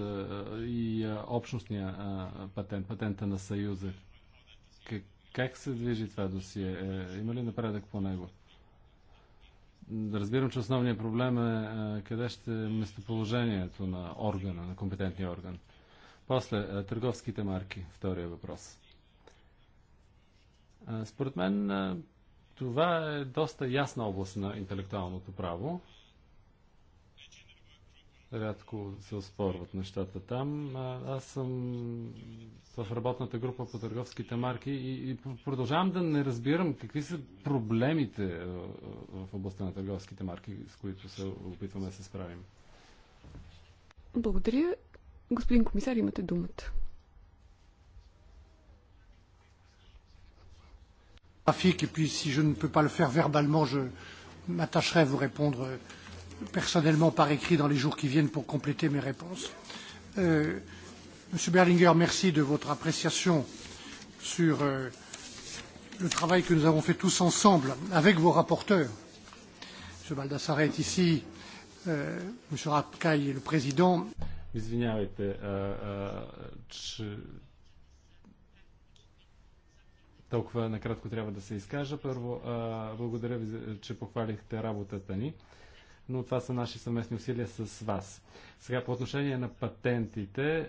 и общностния патент, патента на Съюза. Как как се движи това досие? Е, има ли напредък по него? Разбирам, че основният проблем е, е къде ще е местоположението на органа, на компетентния орган. После, е, търговските марки, втория въпрос. Според мен това е доста ясна област на интелектуалното право. Рядко се оспорват нещата там. А, Аз съм в работната група по търговските марки и, и продължавам да не разбирам какви са проблемите в областта на търговските марки, с които се опитваме да се справим. Благодаря. Господин комисар, имате думата. Trafic, и puis si je ne peux pas le faire verbalement, je m'attacherai à vous répondre personnellement par écrit dans les jours qui viennent pour compléter mes réponses. Monsieur Berlinguer, merci de votre appréciation sur le travail que nous avons fait tous ensemble avec vos rapporteurs. Monsieur Baldassare est ici, euh, M. Rapkay est le président. толкова накратко трябва да се изкажа. Първо, а, благодаря ви, че похвалихте работата ни но това са наши съвместни усилия с вас. Сега по отношение на патентите, е, е,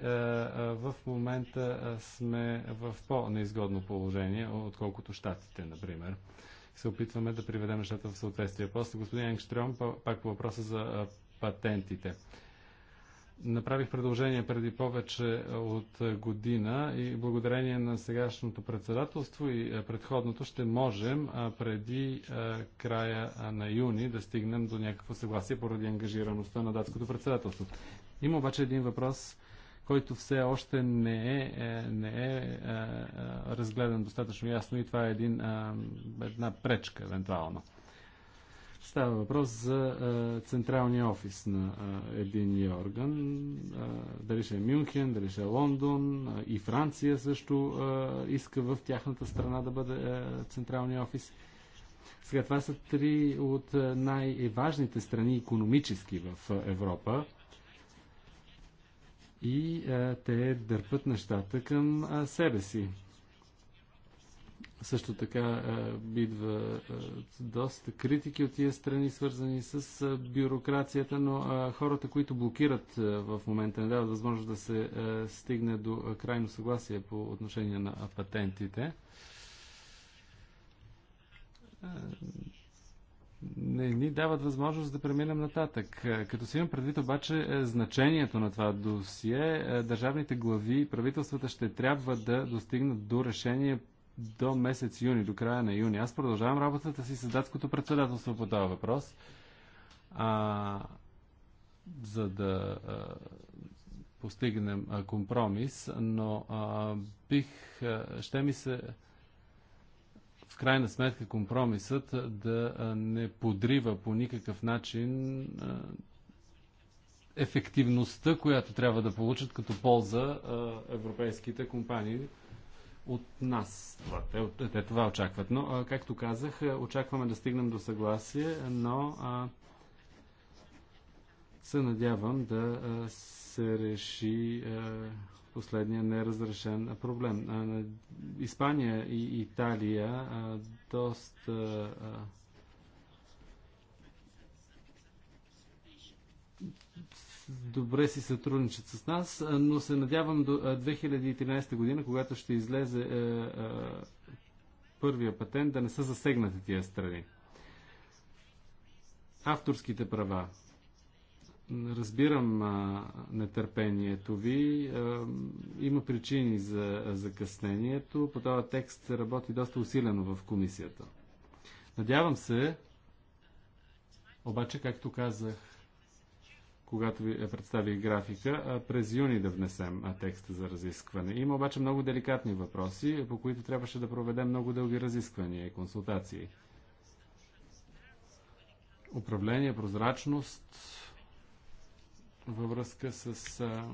в момента е, сме в по-неизгодно положение, отколкото щатите, например. Се опитваме да приведем нещата в съответствие. После господин Енгштрем, пак по въпроса за патентите. Направих предложение преди повече от година и благодарение на сегашното председателство и предходното ще можем преди края на юни да стигнем до някакво съгласие поради ангажираността на датското председателство. Има обаче един въпрос, който все още не е, е не е, е, е, разгледан достатъчно ясно и това е един, е, една пречка, евентуално. Става въпрос за а, централния офис на един орган. А, дали ще е Мюнхен, дали ще е Лондон а, и Франция също а, иска в тяхната страна да бъде централния офис. Сега това са три от най-важните страни економически в Европа. И а, те дърпат нещата към а, себе си. Също така бидва е, е, доста критики от тия страни, свързани с е, бюрокрацията, но хората, които блокират в момента, не дават възможност да се стигне до крайно съгласие по отношение на патентите не ни дават възможност да преминем нататък. Като си имам предвид обаче значението на това досие, държавните глави и правителствата ще трябва да достигнат до решение до месец юни, до края на юни. Аз продължавам работата си с датското председателство по този въпрос. А, за да а, постигнем а, компромис, но а, бих, а, ще ми се в крайна сметка компромисът да не подрива по никакъв начин а, ефективността, която трябва да получат като полза а, европейските компании от нас. Те, те това очакват. Но, а, както казах, е, очакваме да стигнем до съгласие, но а, се надявам да а, се реши а, последния неразрешен проблем. А, Испания и Италия а, доста. А, добре си сътрудничат с нас, но се надявам до 2013 година, когато ще излезе е, е, първия патент, да не са засегнати тия страни. Авторските права. Разбирам а, нетърпението ви. А, има причини за закъснението. По този текст работи доста усилено в комисията. Надявам се, обаче, както казах когато ви е представих графика, през юни да внесем текста за разискване. Има обаче много деликатни въпроси, по които трябваше да проведем много дълги разисквания и консултации. Управление, прозрачност във връзка с а,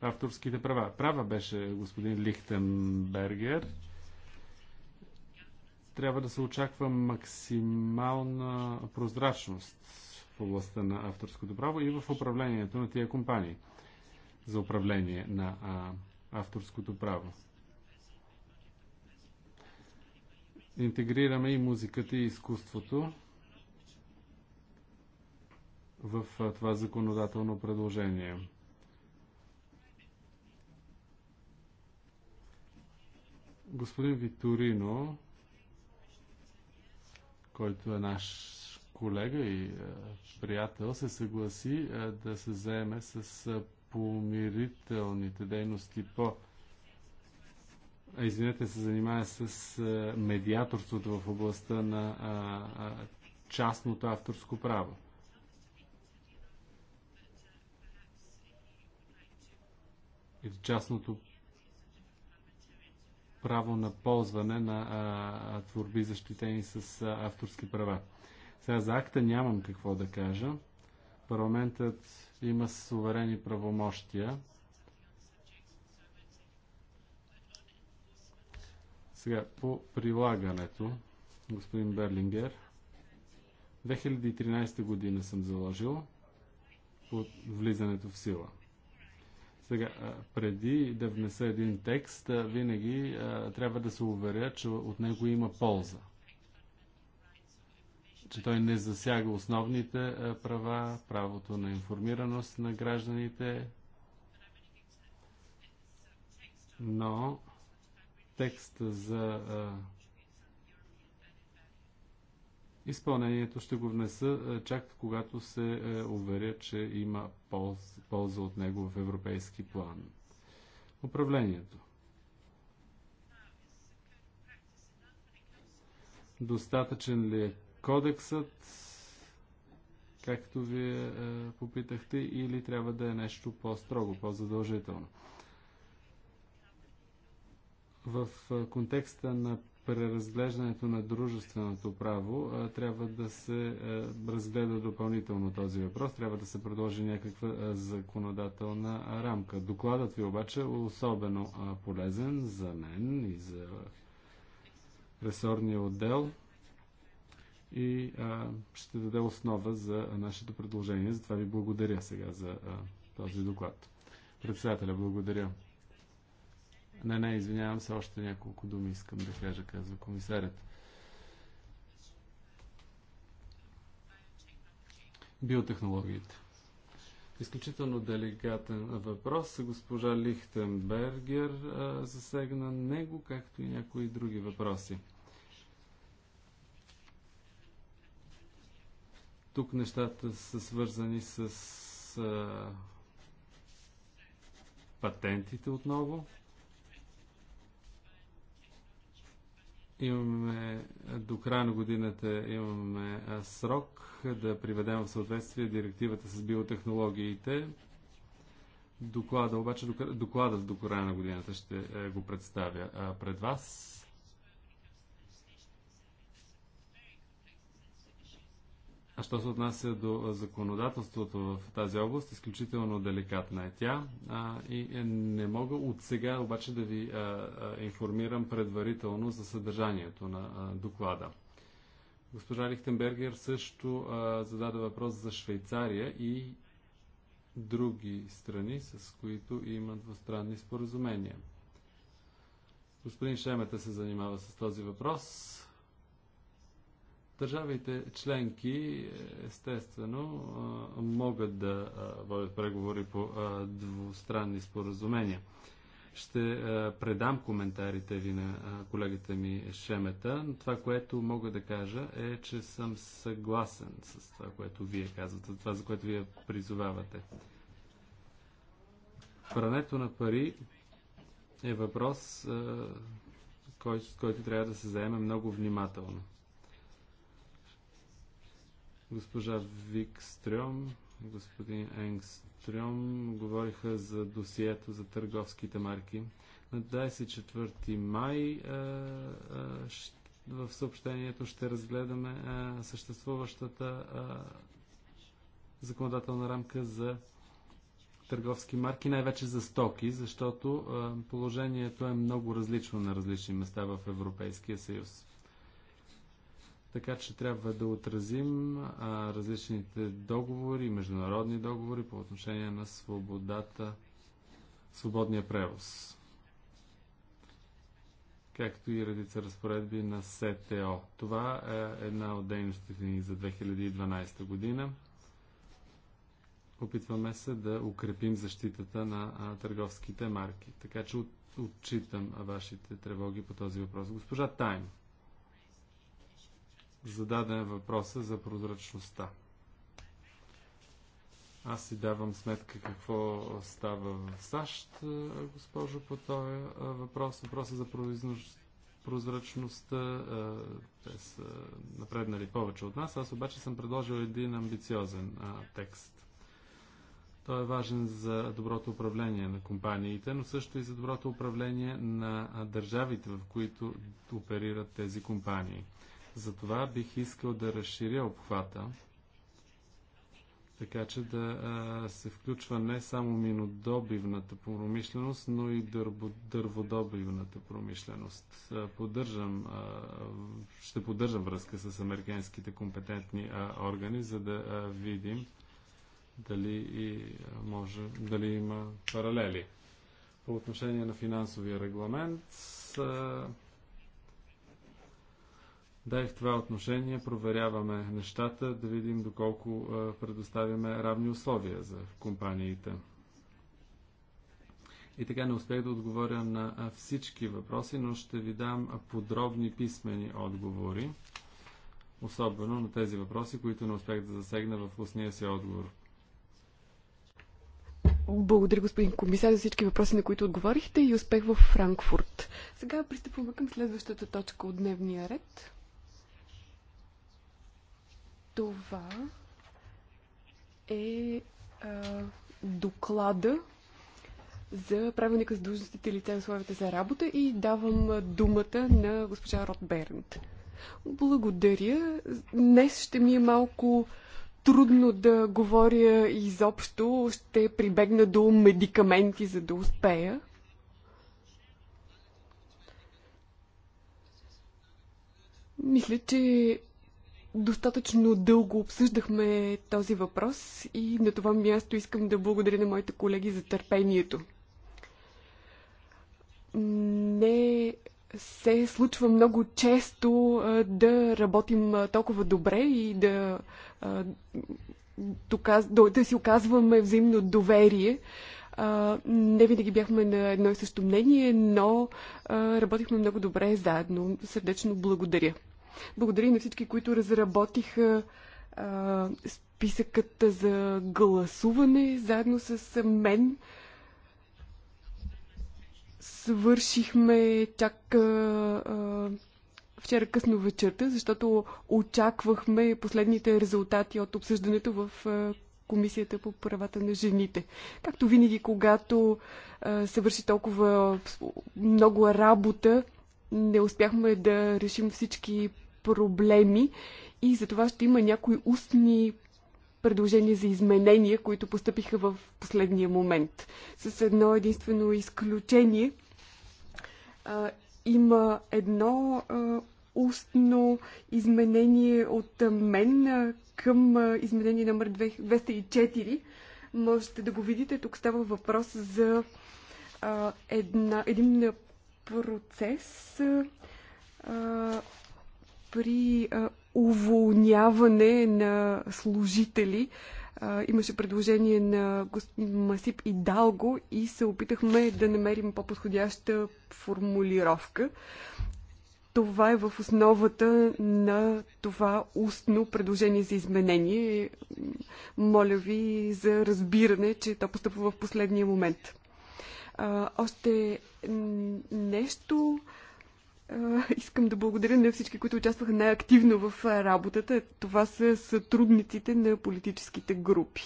авторските права. Права беше господин Лихтенбергер. Трябва да се очаква максимална прозрачност в областта на авторското право и в управлението на тия компании за управление на а, авторското право. Интегрираме и музиката и изкуството в а, това законодателно предложение. Господин Витурино, който е наш колега и е, приятел се съгласи е, да се заеме с е, помирителните дейности по извинете, се занимава с медиаторството в областта на частното авторско право. Или частното право на ползване на а, творби, защитени с а, авторски права. Сега за акта нямам какво да кажа. Парламентът има суверени правомощия. Сега по прилагането, господин Берлингер, 2013 година съм заложил от влизането в сила. Сега, преди да внеса един текст, винаги трябва да се уверя, че от него има полза че той не засяга основните права, правото на информираност на гражданите, но текст за изпълнението ще го внеса чак когато се уверя, че има полза от него в европейски план. Управлението. Достатъчен ли е кодексът, както вие е, попитахте, или трябва да е нещо по-строго, по-задължително. В е, контекста на преразглеждането на дружественото право е, трябва да се разгледа допълнително този въпрос, трябва да се предложи някаква законодателна рамка. Докладът ви обаче е особено полезен за мен и за ресорния отдел – и а, ще даде основа за нашето предложение. Затова ви благодаря сега за а, този доклад. Председателя, благодаря. Не, не, извинявам се, още няколко думи искам да кажа, казва комисарят. Биотехнологиите. Изключително деликатен въпрос. Госпожа Лихтенбергер а, засегна него, както и някои други въпроси. Тук нещата са свързани с а, патентите отново. Имаме до края на годината имаме а, срок да приведем в съответствие директивата с биотехнологиите. Доклада, обаче, докладът до края на годината ще е, го представя пред вас. А що се отнася до законодателството в тази област, изключително деликатна е тя. А, и е, не мога от сега обаче да ви а, а, информирам предварително за съдържанието на а, доклада. Госпожа Лихтенбергер също а, зададе въпрос за Швейцария и други страни, с които имат двустранни споразумения. Господин Шемета се занимава с този въпрос. Държавите членки естествено могат да водят преговори по двустранни споразумения. Ще предам коментарите ви на колегата ми Шемета. Това, което мога да кажа е, че съм съгласен с това, което вие казвате, това, за което вие призовавате. Прането на пари е въпрос, с който трябва да се заеме много внимателно. Госпожа Викстрем, господин Енгстрем говориха за досието за търговските марки. На 24 май а, а, ще, в съобщението ще разгледаме а, е, съществуващата е, законодателна рамка за търговски марки, най-вече за стоки, защото е, положението е много различно на различни места в Европейския съюз. Така че трябва да отразим а, различните договори, международни договори по отношение на свободата, свободния превоз. Както и редица разпоредби на СТО. Това е една от дейностите ни за 2012 година. Опитваме се да укрепим защитата на а, търговските марки. Така че от, отчитам вашите тревоги по този въпрос. Госпожа Тайм зададен въпроса за прозрачността. Аз си давам сметка какво става в САЩ, госпожо, по този въпрос. Въпроса за прозрачността. Те са напреднали повече от нас. Аз обаче съм предложил един амбициозен текст. Той е важен за доброто управление на компаниите, но също и за доброто управление на държавите, в които оперират тези компании. Затова бих искал да разширя обхвата, така че да а, се включва не само минодобивната промишленост, но и дърбо, дърводобивната промишленост. Поддържам, а, ще поддържам връзка с американските компетентни а, органи, за да а, видим дали, и може, дали има паралели. По отношение на финансовия регламент, а, да, и в това отношение проверяваме нещата, да видим доколко е, предоставяме равни условия за компаниите. И така не успех да отговоря на всички въпроси, но ще ви дам подробни писмени отговори, особено на тези въпроси, които не успях да засегна в устния си отговор. Благодаря, господин комисар, за всички въпроси, на които отговорихте и успех в Франкфурт. Сега пристъпваме към следващата точка от дневния ред. Това е а, доклада за правилника за длъжностите лица и условията за работа и давам думата на госпожа Рот Бернт. Благодаря. Днес ще ми е малко трудно да говоря изобщо. Ще прибегна до медикаменти, за да успея. Мисля, че Достатъчно дълго обсъждахме този въпрос и на това място искам да благодаря на моите колеги за търпението. Не се случва много често да работим толкова добре и да, да си оказваме взаимно доверие. Не винаги бяхме на едно и също мнение, но работихме много добре заедно. Сърдечно благодаря. Благодаря и на всички, които разработиха а, списъкът за гласуване заедно с мен. Свършихме чак а, а, вчера късно вечерта, защото очаквахме последните резултати от обсъждането в а, Комисията по правата на жените. Както винаги, когато а, се върши толкова много работа, не успяхме да решим всички проблеми и за това ще има някои устни предложения за изменения, които постъпиха в последния момент. С едно единствено изключение а, има едно а, устно изменение от мен а, към а, изменение номер 204. Можете да го видите. Тук става въпрос за а, една, един процес а, при а, уволняване на служители. А, имаше предложение на господин Масип и Далго и се опитахме да намерим по-подходяща формулировка. Това е в основата на това устно предложение за изменение. Моля ви за разбиране, че то постъпва в последния момент. А, още нещо. А, искам да благодаря на всички, които участваха най-активно в работата. Това са сътрудниците на политическите групи.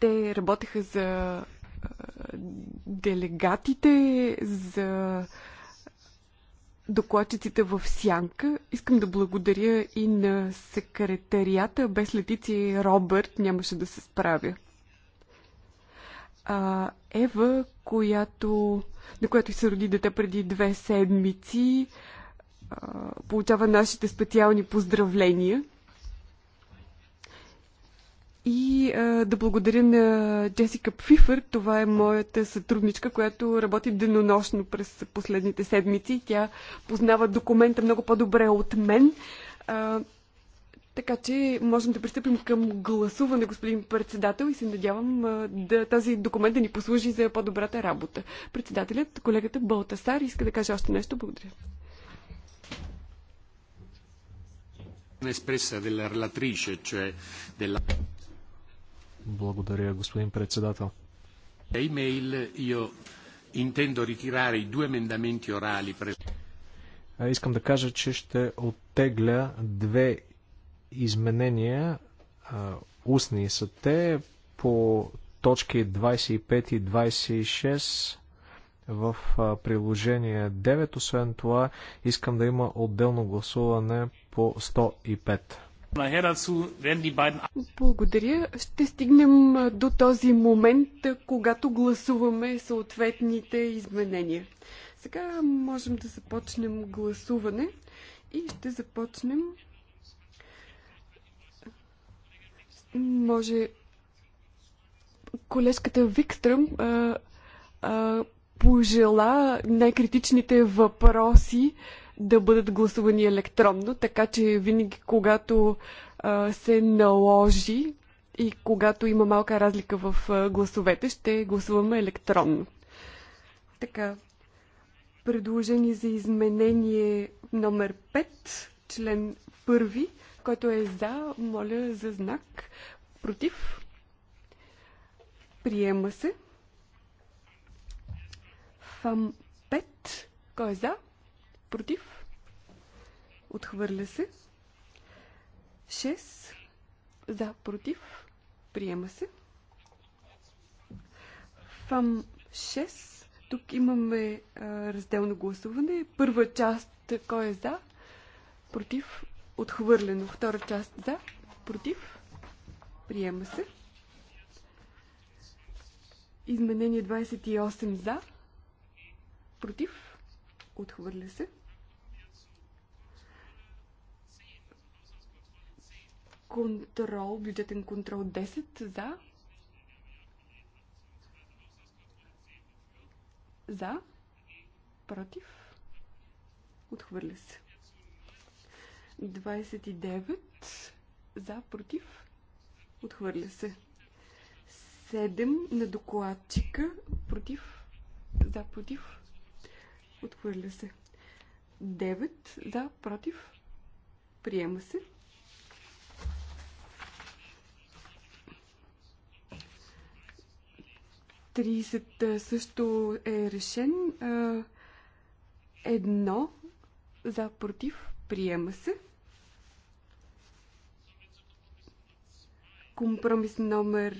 Те работеха за делегатите, за докладчиците в Сянка. Искам да благодаря и на секретарията. Без Летиция и Робърт нямаше да се справя а, Ева, която, на която се роди дете преди две седмици, а, получава нашите специални поздравления. И а, да благодаря на Джесика Пфифър, това е моята сътрудничка, която работи денонощно през последните седмици. Тя познава документа много по-добре от мен. А, така че можем да пристъпим към гласуване, господин председател, и се надявам да, този документ да ни послужи за по-добрата работа. Председателят, колегата Балтасар, иска да каже още нещо. Благодаря. Благодаря, господин председател. Искам да кажа, че ще оттегля две изменения, устни са те, по точки 25 и 26 в приложение 9. Освен това, искам да има отделно гласуване по 105. Благодаря. Ще стигнем до този момент, когато гласуваме съответните изменения. Сега можем да започнем гласуване и ще започнем Може колежката Викстръм а, а, пожела най-критичните въпроси да бъдат гласувани електронно, така че винаги когато а, се наложи и когато има малка разлика в а, гласовете, ще гласуваме електронно. Така, предложение за изменение номер 5, член 1. Който е за, моля за знак. Против. Приема се. Фам 5. Кой е за? Против. Отхвърля се. 6. За, против. Приема се. Фам 6. Тук имаме а, разделно гласуване. Първа част, кой е за, против, Отхвърлено. Втора част за. Против. Приема се. Изменение 28 за. Против. Отхвърля се. Контрол, бюджетен контрол 10 за. За. Против. Отхвърля се. 29 за, против, отхвърля се. 7 на докладчика, против, за, против, отхвърля се. 9 за, против, приема се. Тридесет също е решен. Едно за против приема се. Компромис номер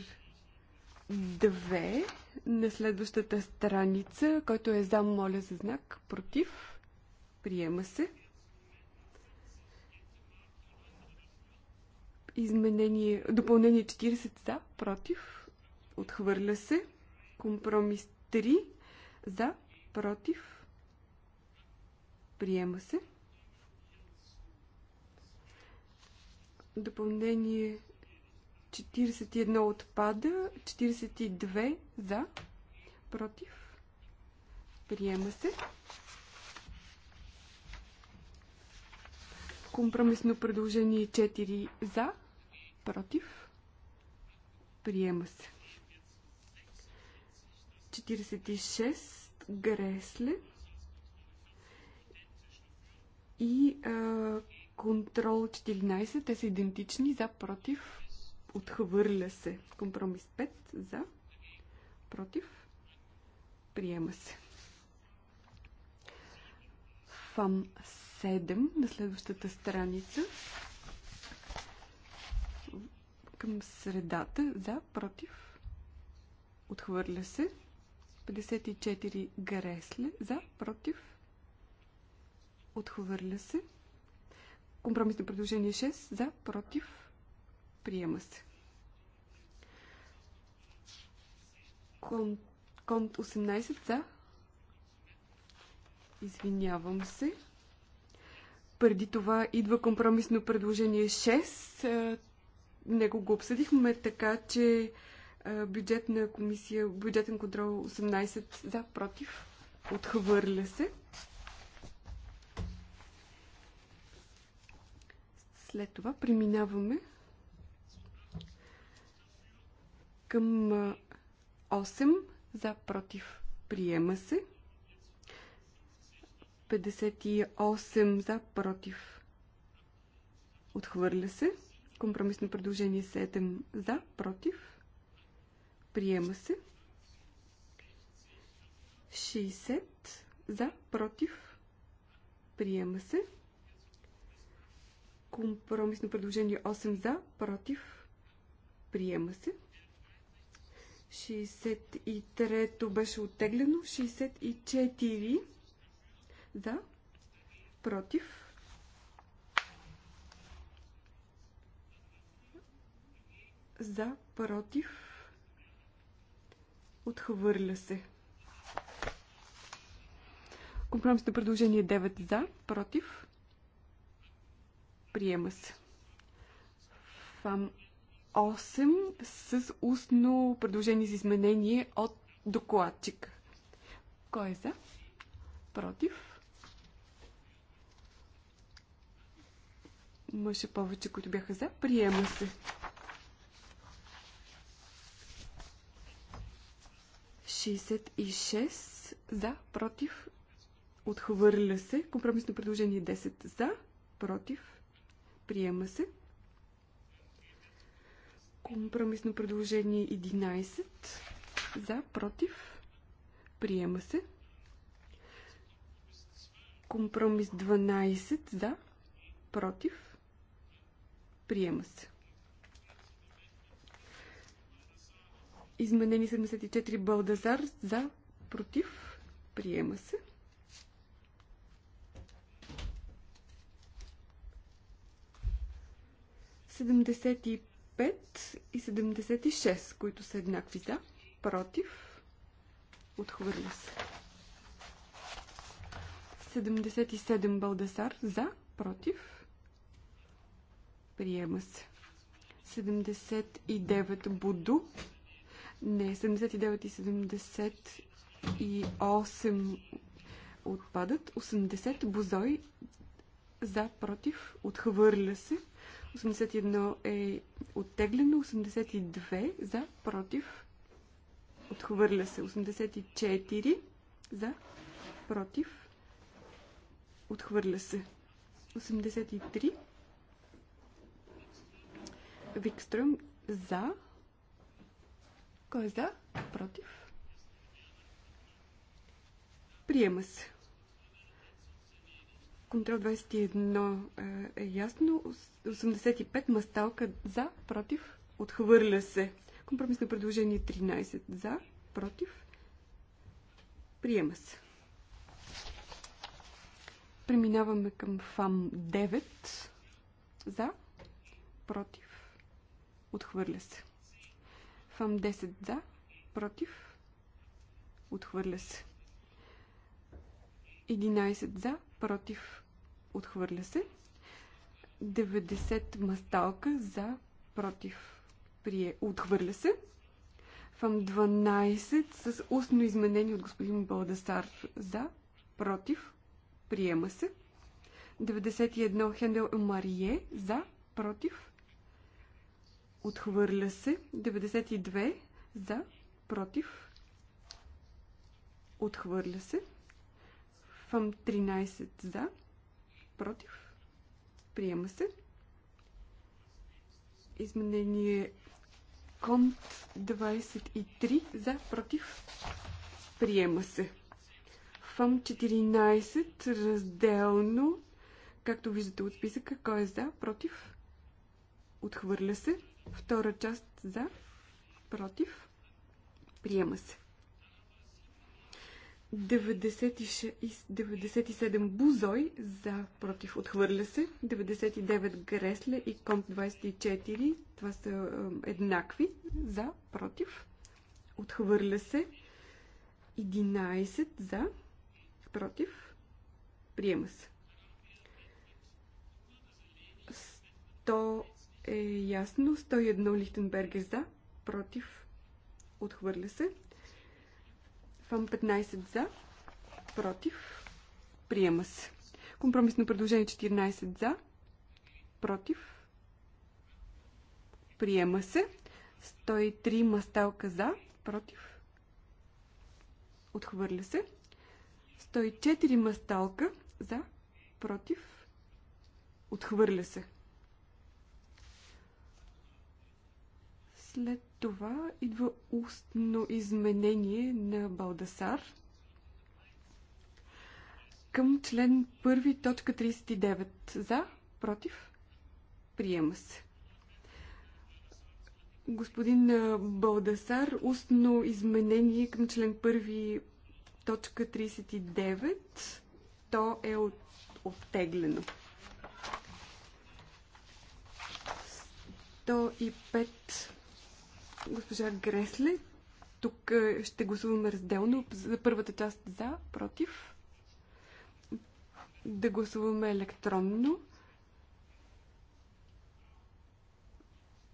2 на следващата страница, който е за моля за знак против. Приема се. Изменение, допълнение 40 за, против, отхвърля се. Компромис 3 за, против, приема се. Допълнение 41 отпада, 42 за, против, приема се. Компромисно предложение 4 за, против, приема се. 46 Гресле и а, контрол 14, те са идентични за, против, Отхвърля се. Компромис 5 за. Против. Приема се. ФАМ 7 на следващата страница. Към средата. За. Против. Отхвърля се. 54 Гресле. За. Против. Отхвърля се. Компромисно предложение 6. За. Против. Приема се. Кон, конт 18 за. Извинявам се. Преди това идва компромисно предложение 6. Е, Него го обсъдихме, така че е, бюджетна комисия, бюджетен контрол 18 за, против. Отхвърля се. След това преминаваме към 8 за против приема се. 58 за против отхвърля се. Компромисно предложение 7 за против приема се. 60 за против приема се. Компромисно предложение 8 за против приема се. 63-то беше оттеглено. 64 за, против. За, против. Отхвърля се. Компромисното предложение 9 е за, против. Приема се. ФАМ 8 с устно предложение за изменение от докладчика. Кой е за? Против? Имаше повече, които бяха за. Приема се. Шестдесет и шест за, против, отхвърля се. Компромисно предложение 10 за, против, приема се. Компромисно предложение 11. За, против. Приема се. Компромис 12. За, против. Приема се. Изменени 74 Балдазар за против. Приема се. Седемдесет и 75 и 76, които са еднакви за, против, отхвърля се. 77 Балдасар за, против, приема се. 79 Буду, не, 79 и 78 отпадат. 80 Бозой за, против, отхвърля се. 81 е оттеглено, 82 за, против, отхвърля се, 84 за, против, отхвърля се, 83 Викстръм за, кой е за, против, приема се. Контрол 21 е, е ясно. 85 масталка за, против, отхвърля се. Компромисно предложение 13 за, против, приема се. Преминаваме към ФАМ 9 за, против, отхвърля се. ФАМ 10 за, против, отхвърля се. 11 за, против, Отхвърля се. 90 масталка за против. Прие. Отхвърля се. Фам 12 с устно изменение от господин Балдасар за против. Приема се. 91 Хендел Марие за против. Отхвърля се. 92 за против. Отхвърля се. Фам 13 за Против. Приема се. Изменение Конт 23 за против. Приема се. ФАМ 14 разделно. Както виждате от списъка, кой е за, против. Отхвърля се. Втора част за, против. Приема се. 97 Бузой за против отхвърля се. 99 Гресле и Комп 24. Това са еднакви за против. Отхвърля се. 11 за против. Приема се. 100 е ясно. 101 Лихтенбергер за против. Отхвърля се. Гласувам 15 за, против, приема се. Компромисно предложение 14 за, против, приема се. 103 масталка за, против, отхвърля се. 104 масталка за, против, отхвърля се. След това идва устно изменение на Балдасар към член 1, точка 39. За, против, приема се. Господин Балдасар, устно изменение към член 1, точка 39. То е от, оттеглено. 105 Госпожа Гресле, тук е, ще гласуваме разделно за първата част за, против. Да гласуваме електронно.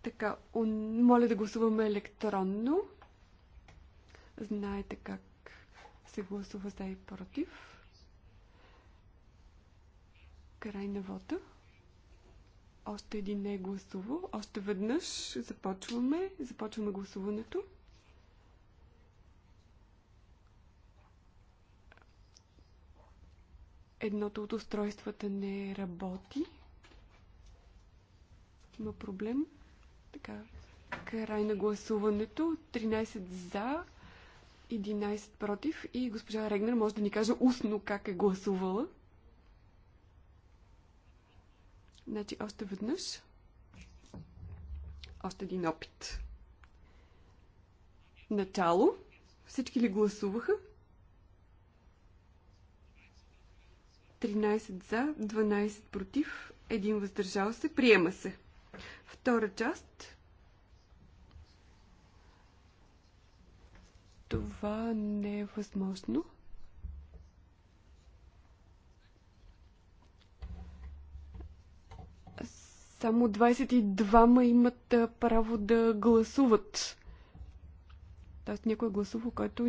Така, моля да гласуваме електронно. Знаете как се гласува за и против. Край на вода. Още един не е гласувал. Още веднъж започваме. Започваме гласуването. Едното от устройствата не работи. Има проблем. Така, край на гласуването. 13 за, 11 против и госпожа Регнер може да ни каже устно как е гласувала. Значи още веднъж. Още един опит. Начало. Всички ли гласуваха? 13 за, 12 против, 1 въздържал се. Приема се. Втора част. Това не е възможно. Само 22-ма имат право да гласуват. Тоест някой е гласува, който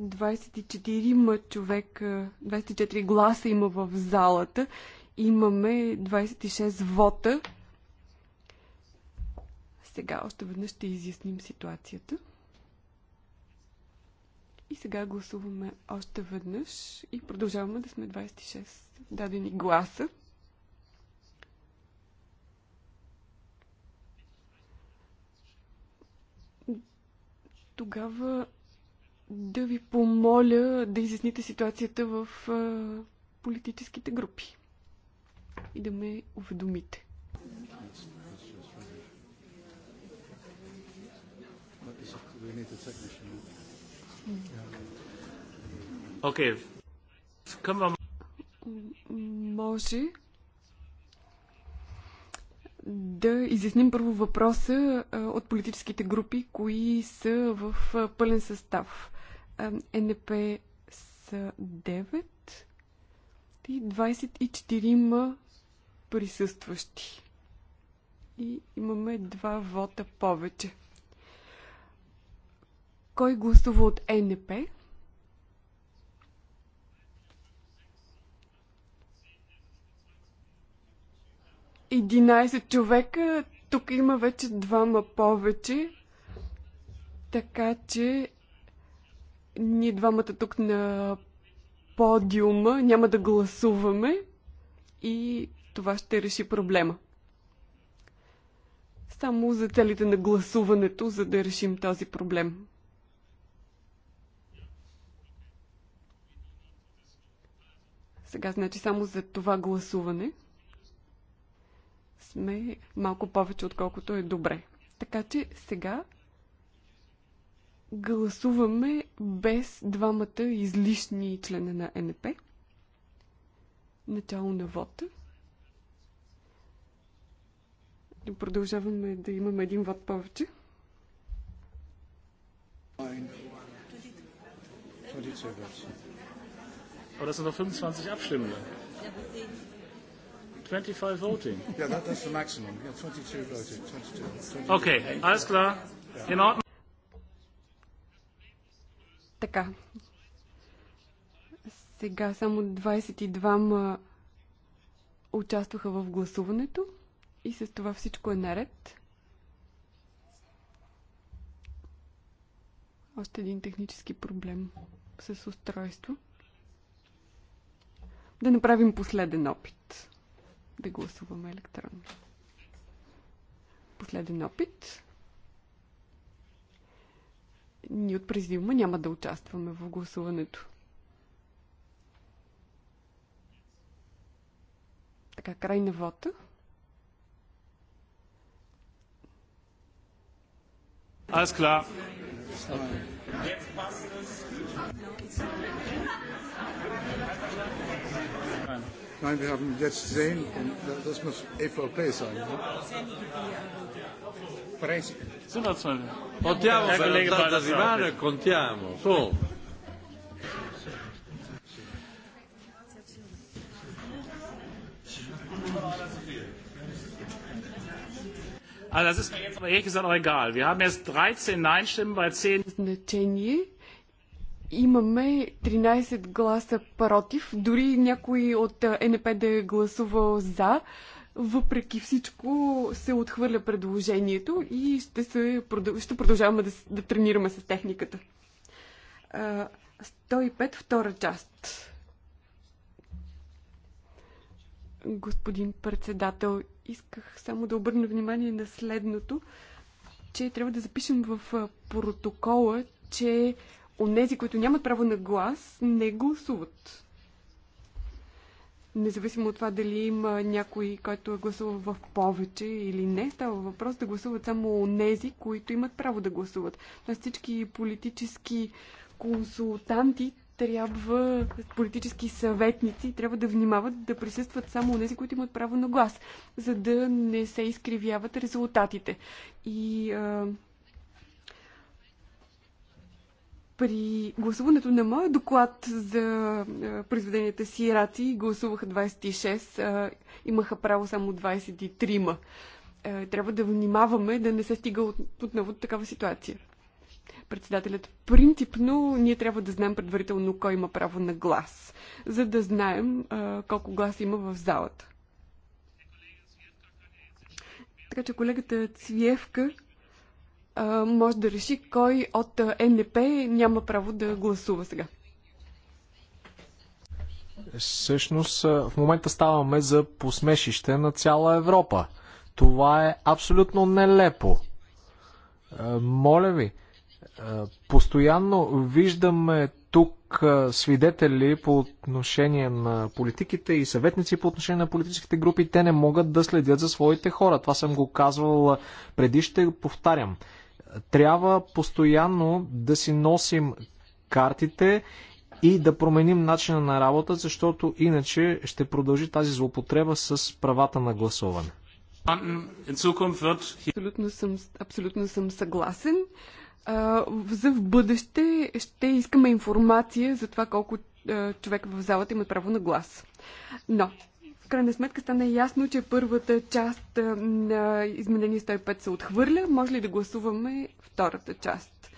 24 човек, 24 гласа има в залата. Имаме 26 вота. Сега още веднъж ще изясним ситуацията. И сега гласуваме още веднъж и продължаваме да сме 26 дадени гласа. тогава да ви помоля да изясните ситуацията в политическите групи и да ме уведомите. Okay. Може да изясним първо въпроса от политическите групи, кои са в пълен състав. НП са 9 и 24 присъстващи. И имаме два вота повече. Кой гласува от НП? 11 човека, тук има вече двама повече, така че ние двамата тук на подиума няма да гласуваме и това ще реши проблема. Само за целите на гласуването, за да решим този проблем. Сега значи само за това гласуване – сме малко повече, отколкото е добре. Така че сега гласуваме без двамата излишни члена на НП. Начало на вота. Продължаваме да имаме един вод повече. Aber das sind noch 25 Abstimmende. Ja, 25 voting. Yeah, that, that's the maximum. Yeah, 22 voting. 22. 22. Okay, alles klar. In Ordnung. Така. Сега само 22 участваха в гласуването и с това всичко е наред. Още един технически проблем с устройство. Да направим последен опит да гласуваме електронно. Последен опит. Ние от президиума няма да участваме в гласуването. Така, край на вота. Alles klar. Jetzt passt es. Nein, wir haben jetzt zehn das muss EVP sein. Ne? Contiamo, per collega Baldassare, contiamo. Su. Also das ist ehrlich gesagt auch egal. Wir haben jetzt 13 Nein-Stimmen bei 10. Значение имаме 13 гласа против, дори някой от НП да е гласувал за. Въпреки всичко се отхвърля предложението и ще, се, ще продължаваме да, да тренираме с техниката. 105 втора част. Господин председател, исках само да обърна внимание на следното, че трябва да запишем в протокола, че онези, които нямат право на глас, не гласуват. Независимо от това дали има някой, който е гласувал в повече или не, става въпрос да гласуват само онези, които имат право да гласуват. Тоест всички политически консултанти трябва, политически съветници трябва да внимават да присъстват само онези, които имат право на глас, за да не се изкривяват резултатите. И а, При гласуването на моя доклад за е, произведенията си раци гласуваха 26, е, имаха право само 23 е, Трябва да внимаваме да не се стига отново от такава ситуация. Председателят, принципно ние трябва да знаем предварително кой има право на глас, за да знаем колко глас има в залата. Така че колегата Цвиевка може да реши кой от НДП няма право да гласува сега. Всъщност в момента ставаме за посмешище на цяла Европа. Това е абсолютно нелепо. Моля ви, постоянно виждаме тук свидетели по отношение на политиките и съветници по отношение на политическите групи. Те не могат да следят за своите хора. Това съм го казвал преди, ще повтарям. Трябва постоянно да си носим картите и да променим начина на работа, защото иначе ще продължи тази злоупотреба с правата на гласуване. Абсолютно съм, абсолютно съм съгласен. за в бъдеще ще искаме информация за това колко човек в залата има право на глас. Но крайна сметка стана ясно, че първата част на изменение 105 се отхвърля. Може ли да гласуваме втората част?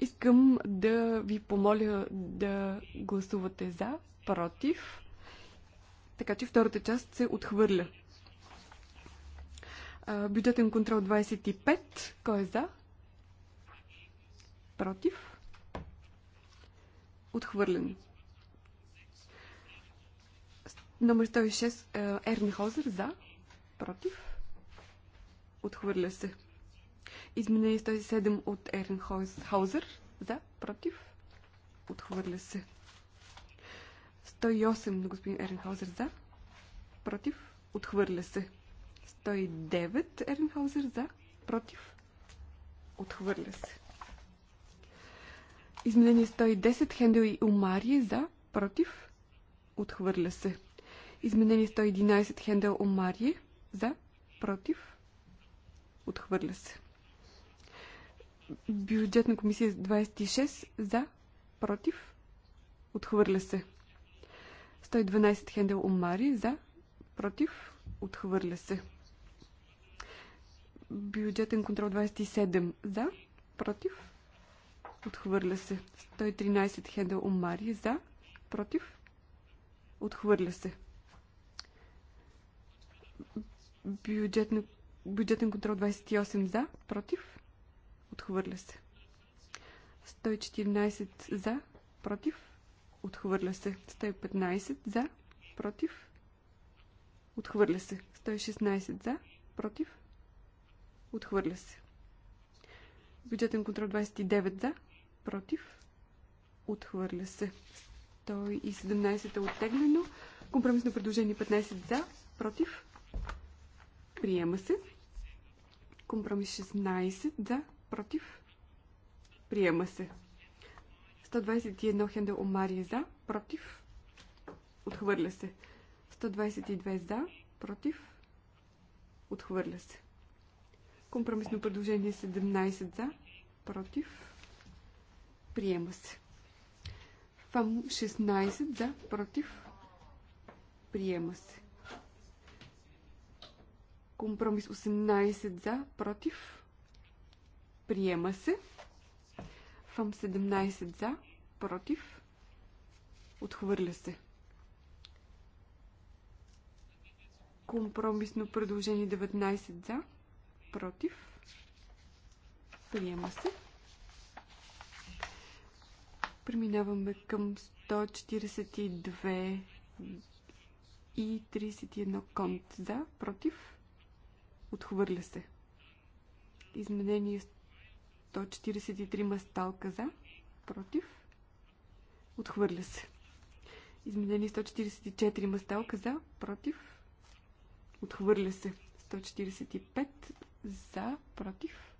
Искам да ви помоля да гласувате за, против. Така че втората част се отхвърля. Бюджетен контрол 25. Кой е за? Против. Отхвърлен. Номер 106 е, Ернхозер за. Против. Отхвърля се. Изменение 107 от Ернхаузер. За. Против. Отхвърля се. 108 на господин Ернхаузер. За. Против. Отхвърля се. 109 Ернхаузер. За. Против. Отхвърля се. Изменение 110 Хендел и Умария За. Против. Отхвърля се. Изменение 111 Хендел Омари. За. Против. Отхвърля се. Бюджетна комисия 26. За. Против. Отхвърля се. 112 Хендел Омари. За. Против. Отхвърля се. Бюджетен контрол 27. За. Против. Отхвърля се. 113 Хендел Омари. За. Против. Отхвърля се бюджетна, бюджетен контрол 28 за, против. Отхвърля се. 114 за, против. Отхвърля се. 115 за, против. Отхвърля се. 116 за, против. Отхвърля се. Бюджетен контрол 29 за, против. Отхвърля се. 117 е оттеглено. Компромисно предложение 15 за, против. Приема се. Компромис 16 за, против. Приема се. 121 Хендел Омари е за, против. Отхвърля се. 122 за, против. Отхвърля се. Компромисно предложение 17 за, против. Приема се. ФАМ 16 за, против. Приема се. Компромис 18 за, против. Приема се. Фъм 17 за, против. Отхвърля се. Компромисно предложение 19 за, против. Приема се. Преминаваме към 142 и 31 конт за, против. Отхвърля се. Изменение 143 масталка за. Против. Отхвърля се. Изменение 144 масталка за. Против. Отхвърля се. 145 за. Против.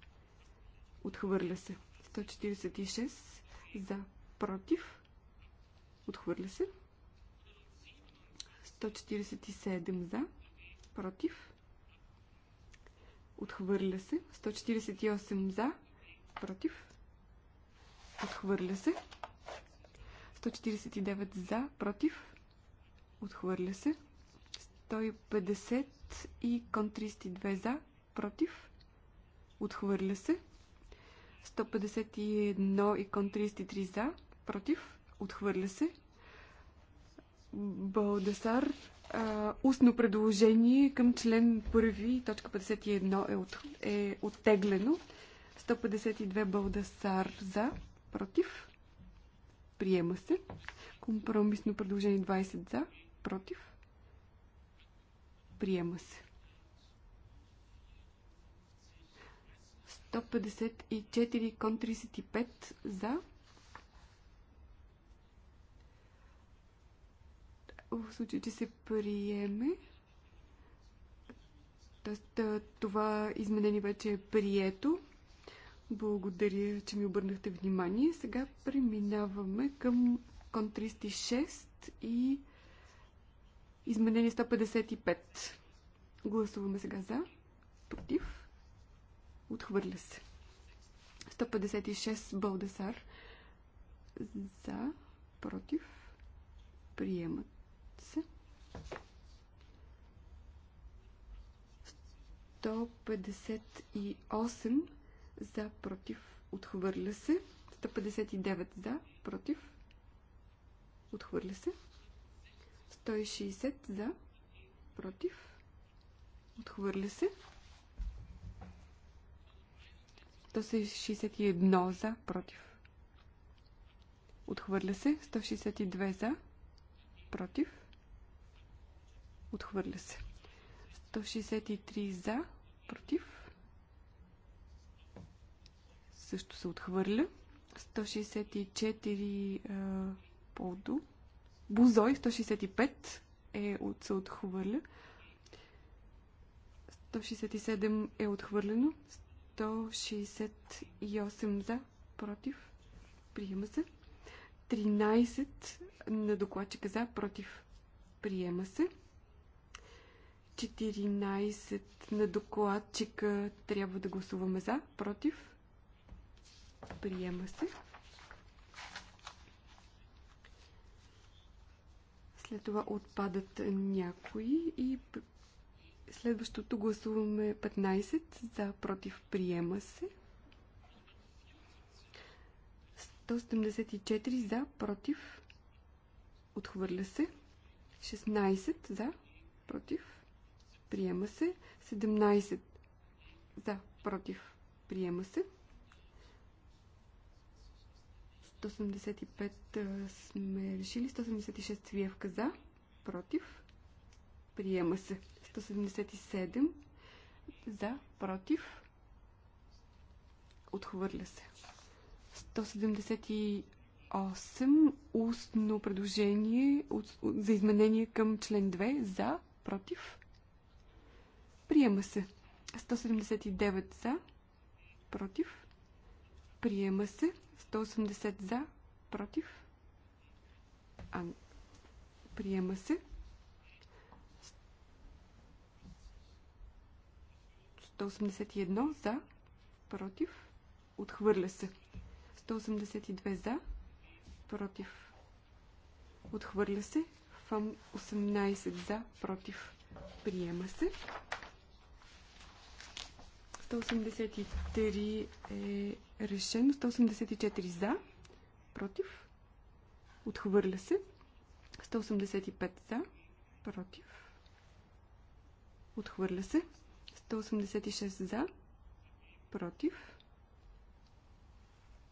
Отхвърля се. 146 за. Против. Отхвърля се. 147 за. Против. Отхвърля се. 148 за. Против. Отхвърля се. 149 за. Против. Отхвърля се. 150 и кон 32 за. Против. Отхвърля се. 151 и кон 33 за. Против. Отхвърля се. Балдасар а, устно предложение към член 1, точка 51 е, от, е оттеглено. 152 Балдасар за, против. Приема се. Компромисно предложение 20 за, против. Приема се. 154 кон 35 за, в случай, че се приеме, Тоест, това изменение вече е прието. Благодаря, че ми обърнахте внимание. Сега преминаваме към кон 36 и изменение 155. Гласуваме сега за, против, отхвърля се. 156 Балдесар за, против, приемат 158 за против отхвърля се. 159 за против отхвърля се. 160 за против отхвърля се. 161 за против. Отхвърля се. 162 за против. Отхвърля се. 163 за, против. Също се отхвърля. 164 а, подо. Бузой 165 е от, се отхвърля. 167 е отхвърлено. 168 за, против. Приема се. 13 на докладчика за, против. Приема се. 14 на докладчика трябва да гласуваме за, против. Приема се. След това отпадат някои и следващото гласуваме 15 за, против. Приема се. 174 за, против. Отхвърля се. 16 за, против. Приема се. 17 за, против. Приема се. 185 сме решили. 176 цвиевка за, против. Приема се. 177 за, против. Отхвърля се. 178 устно предложение за изменение към член 2 за, против. Приема се. 179 за. Против. Приема се. 180 за. Против. А, приема се. 181 за. Против. Отхвърля се. 182 за. Против. Отхвърля се. ФАМ 18 за. Против. Приема се. 183 е решено. 184 за. Против. Отхвърля се. 185 за. Против. Отхвърля се. 186 за. Против.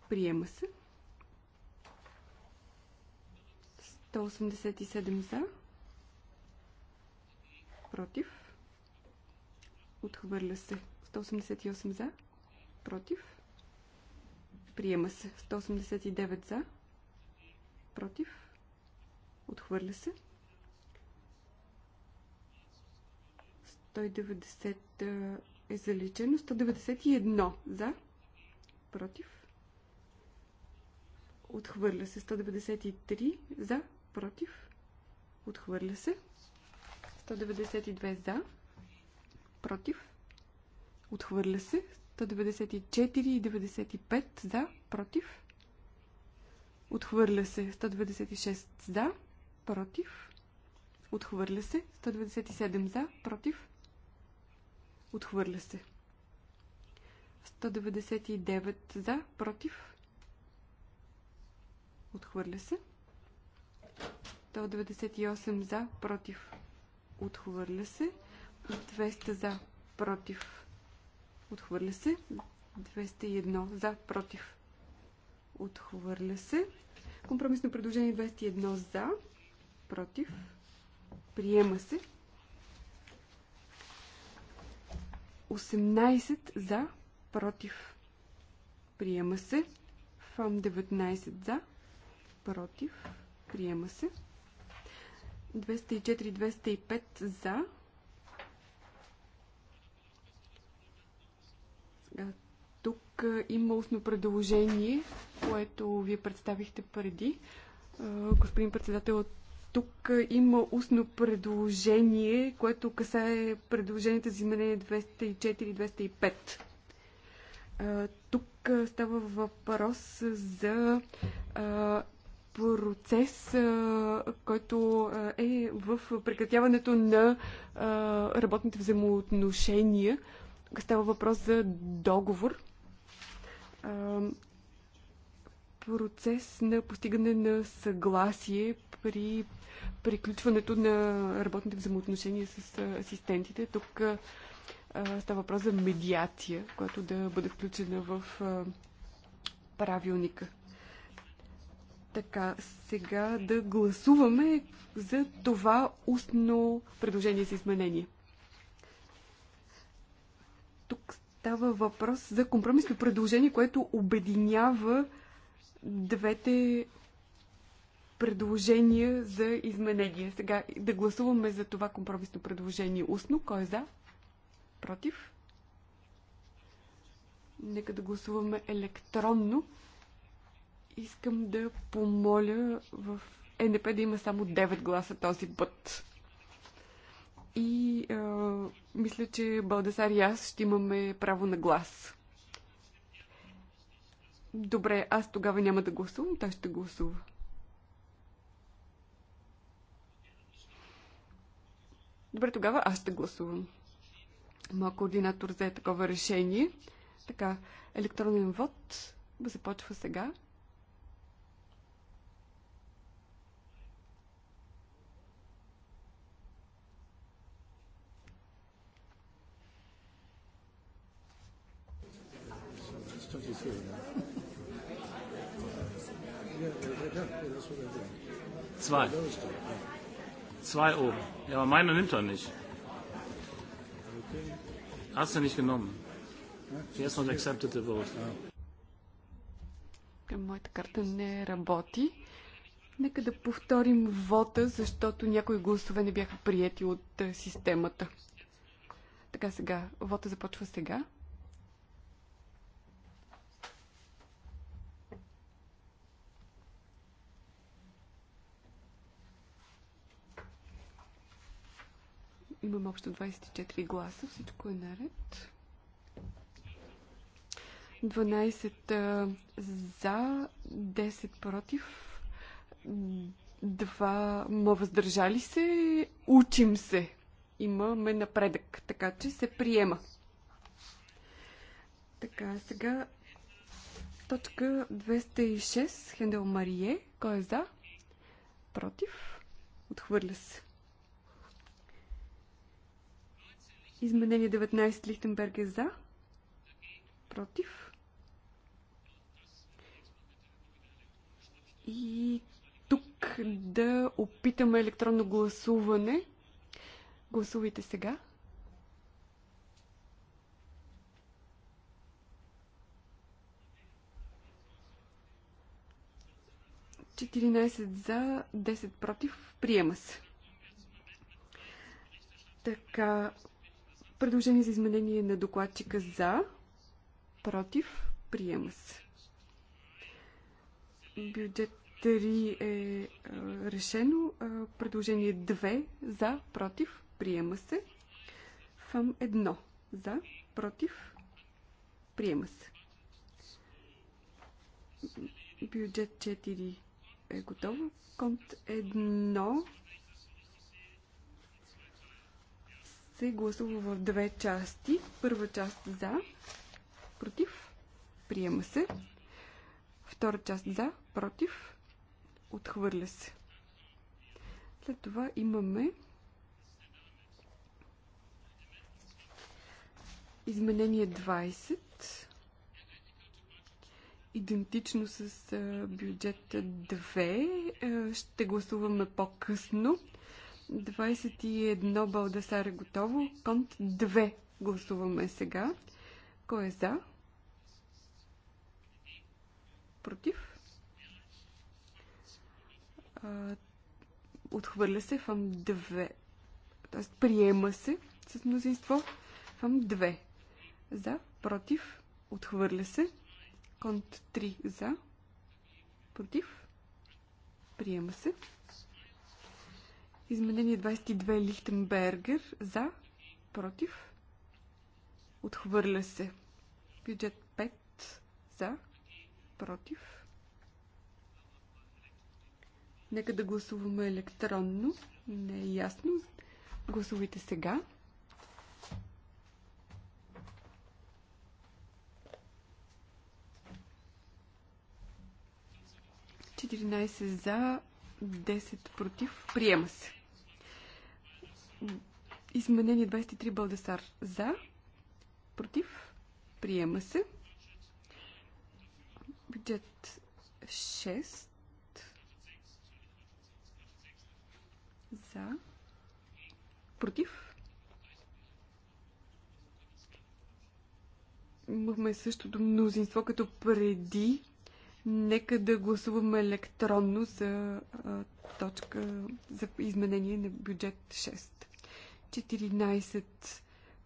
Приема се. 187 за. Против. Отхвърля се. 188 за. Против. Приема се. 189 за. Против. Отхвърля се. 190 е, е заличено. 191 за. Против. Отхвърля се. 193 за. Против. Отхвърля се. 192 за. Против. Отхвърля се. 194 и 95 за, против. Отхвърля се. 196 за, против. Отхвърля се. 197 за, против. Отхвърля се. 199 за, против. Отхвърля се. 198 за, против. Отхвърля се. 200 за, против. Отхвърля се. 201 за, против. Отхвърля се. Компромисно предложение 201 за, против. Приема се. 18 за, против. Приема се. ФАМ 19 за, против. Приема се. 204-205 за, Тук има устно предложение, което вие представихте преди. Господин председател, тук има устно предложение, което касае предложенията за изменение 204 и 205. Тук става въпрос за процес, който е в прекратяването на работните взаимоотношения Става въпрос за договор. Процес на постигане на съгласие при приключването на работните взаимоотношения с асистентите. Тук става въпрос за медиация, която да бъде включена в правилника. Така, сега да гласуваме за това устно предложение за изменение. Тук става въпрос за компромисно предложение, което обединява двете предложения за изменение. Сега да гласуваме за това компромисно предложение устно. Кой е за? Против? Нека да гласуваме електронно. Искам да помоля в НП да има само 9 гласа този път и а, мисля, че Балдесар и аз ще имаме право на глас. Добре, аз тогава няма да гласувам, той ще гласува. Добре, тогава аз ще гласувам. Моя координатор взе такова решение. Така, електронен вод започва сега. Zwei. Zwei oben. Ja, aber meine nimmt er nicht. Hast du nicht genommen? She ist noch accepted the vote. Моята карта не работи. Нека да повторим вота, защото някои гласове не бяха прияти от системата. Така сега, вота започва сега. Имам общо 24 гласа. Всичко е наред. 12 за, 10 против, 2 ма въздържали се. Учим се. Имаме напредък, така че се приема. Така, сега точка 206, Хендел Марие. Кой е за? Против? Отхвърля се. Изменение 19 Лихтенберг е за. Против. И тук да опитаме електронно гласуване. Гласувайте сега. за, 10 против. Приема се. Така, Предложение за изменение на докладчика за, против, приема се. Бюджет 3 е решено. Предложение 2 за, против, приема се. ФАМ 1 за, против, приема се. Бюджет 4 е готово. Конт 1 се гласува в две части. Първа част за, против, приема се. Втора част за, против, отхвърля се. След това имаме изменение 20, идентично с бюджет 2. Е, ще гласуваме по-късно. 21 Балдасар е готово. Конт 2 гласуваме сега. Кой е за? Против? отхвърля се фам 2. Тоест приема се с мнозинство фам 2. За, против, отхвърля се. Конт 3 за, против, приема се. Изменение 22 Лихтенбергер. За. Против. Отхвърля се. Бюджет 5. За. Против. Нека да гласуваме електронно. Не е ясно. Гласувайте сега. Четиринайсет за, 10 против. Приема се. Изменение 23 Балдесар за. Против. Приема се. Бюджет 6. За. Против. Имахме същото мнозинство като преди. Нека да гласуваме електронно за а, точка за изменение на бюджет 6. 14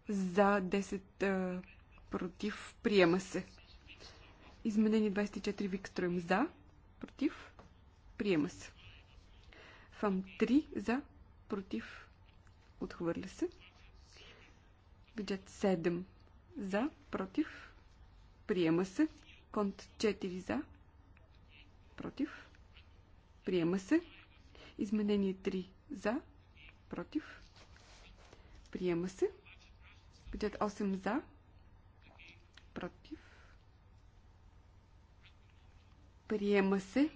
за, 10 против. Приема се. Изменение 24 Викстрем за, против. Приема се. ФАМ 3 за, против. Отхвърля се. Бюджет 7 за, против. Приема се. Конт 4 за, против. Приема се. Изменение 3 за, против. Приема се. Бюджет 8 за. Против. Приема се.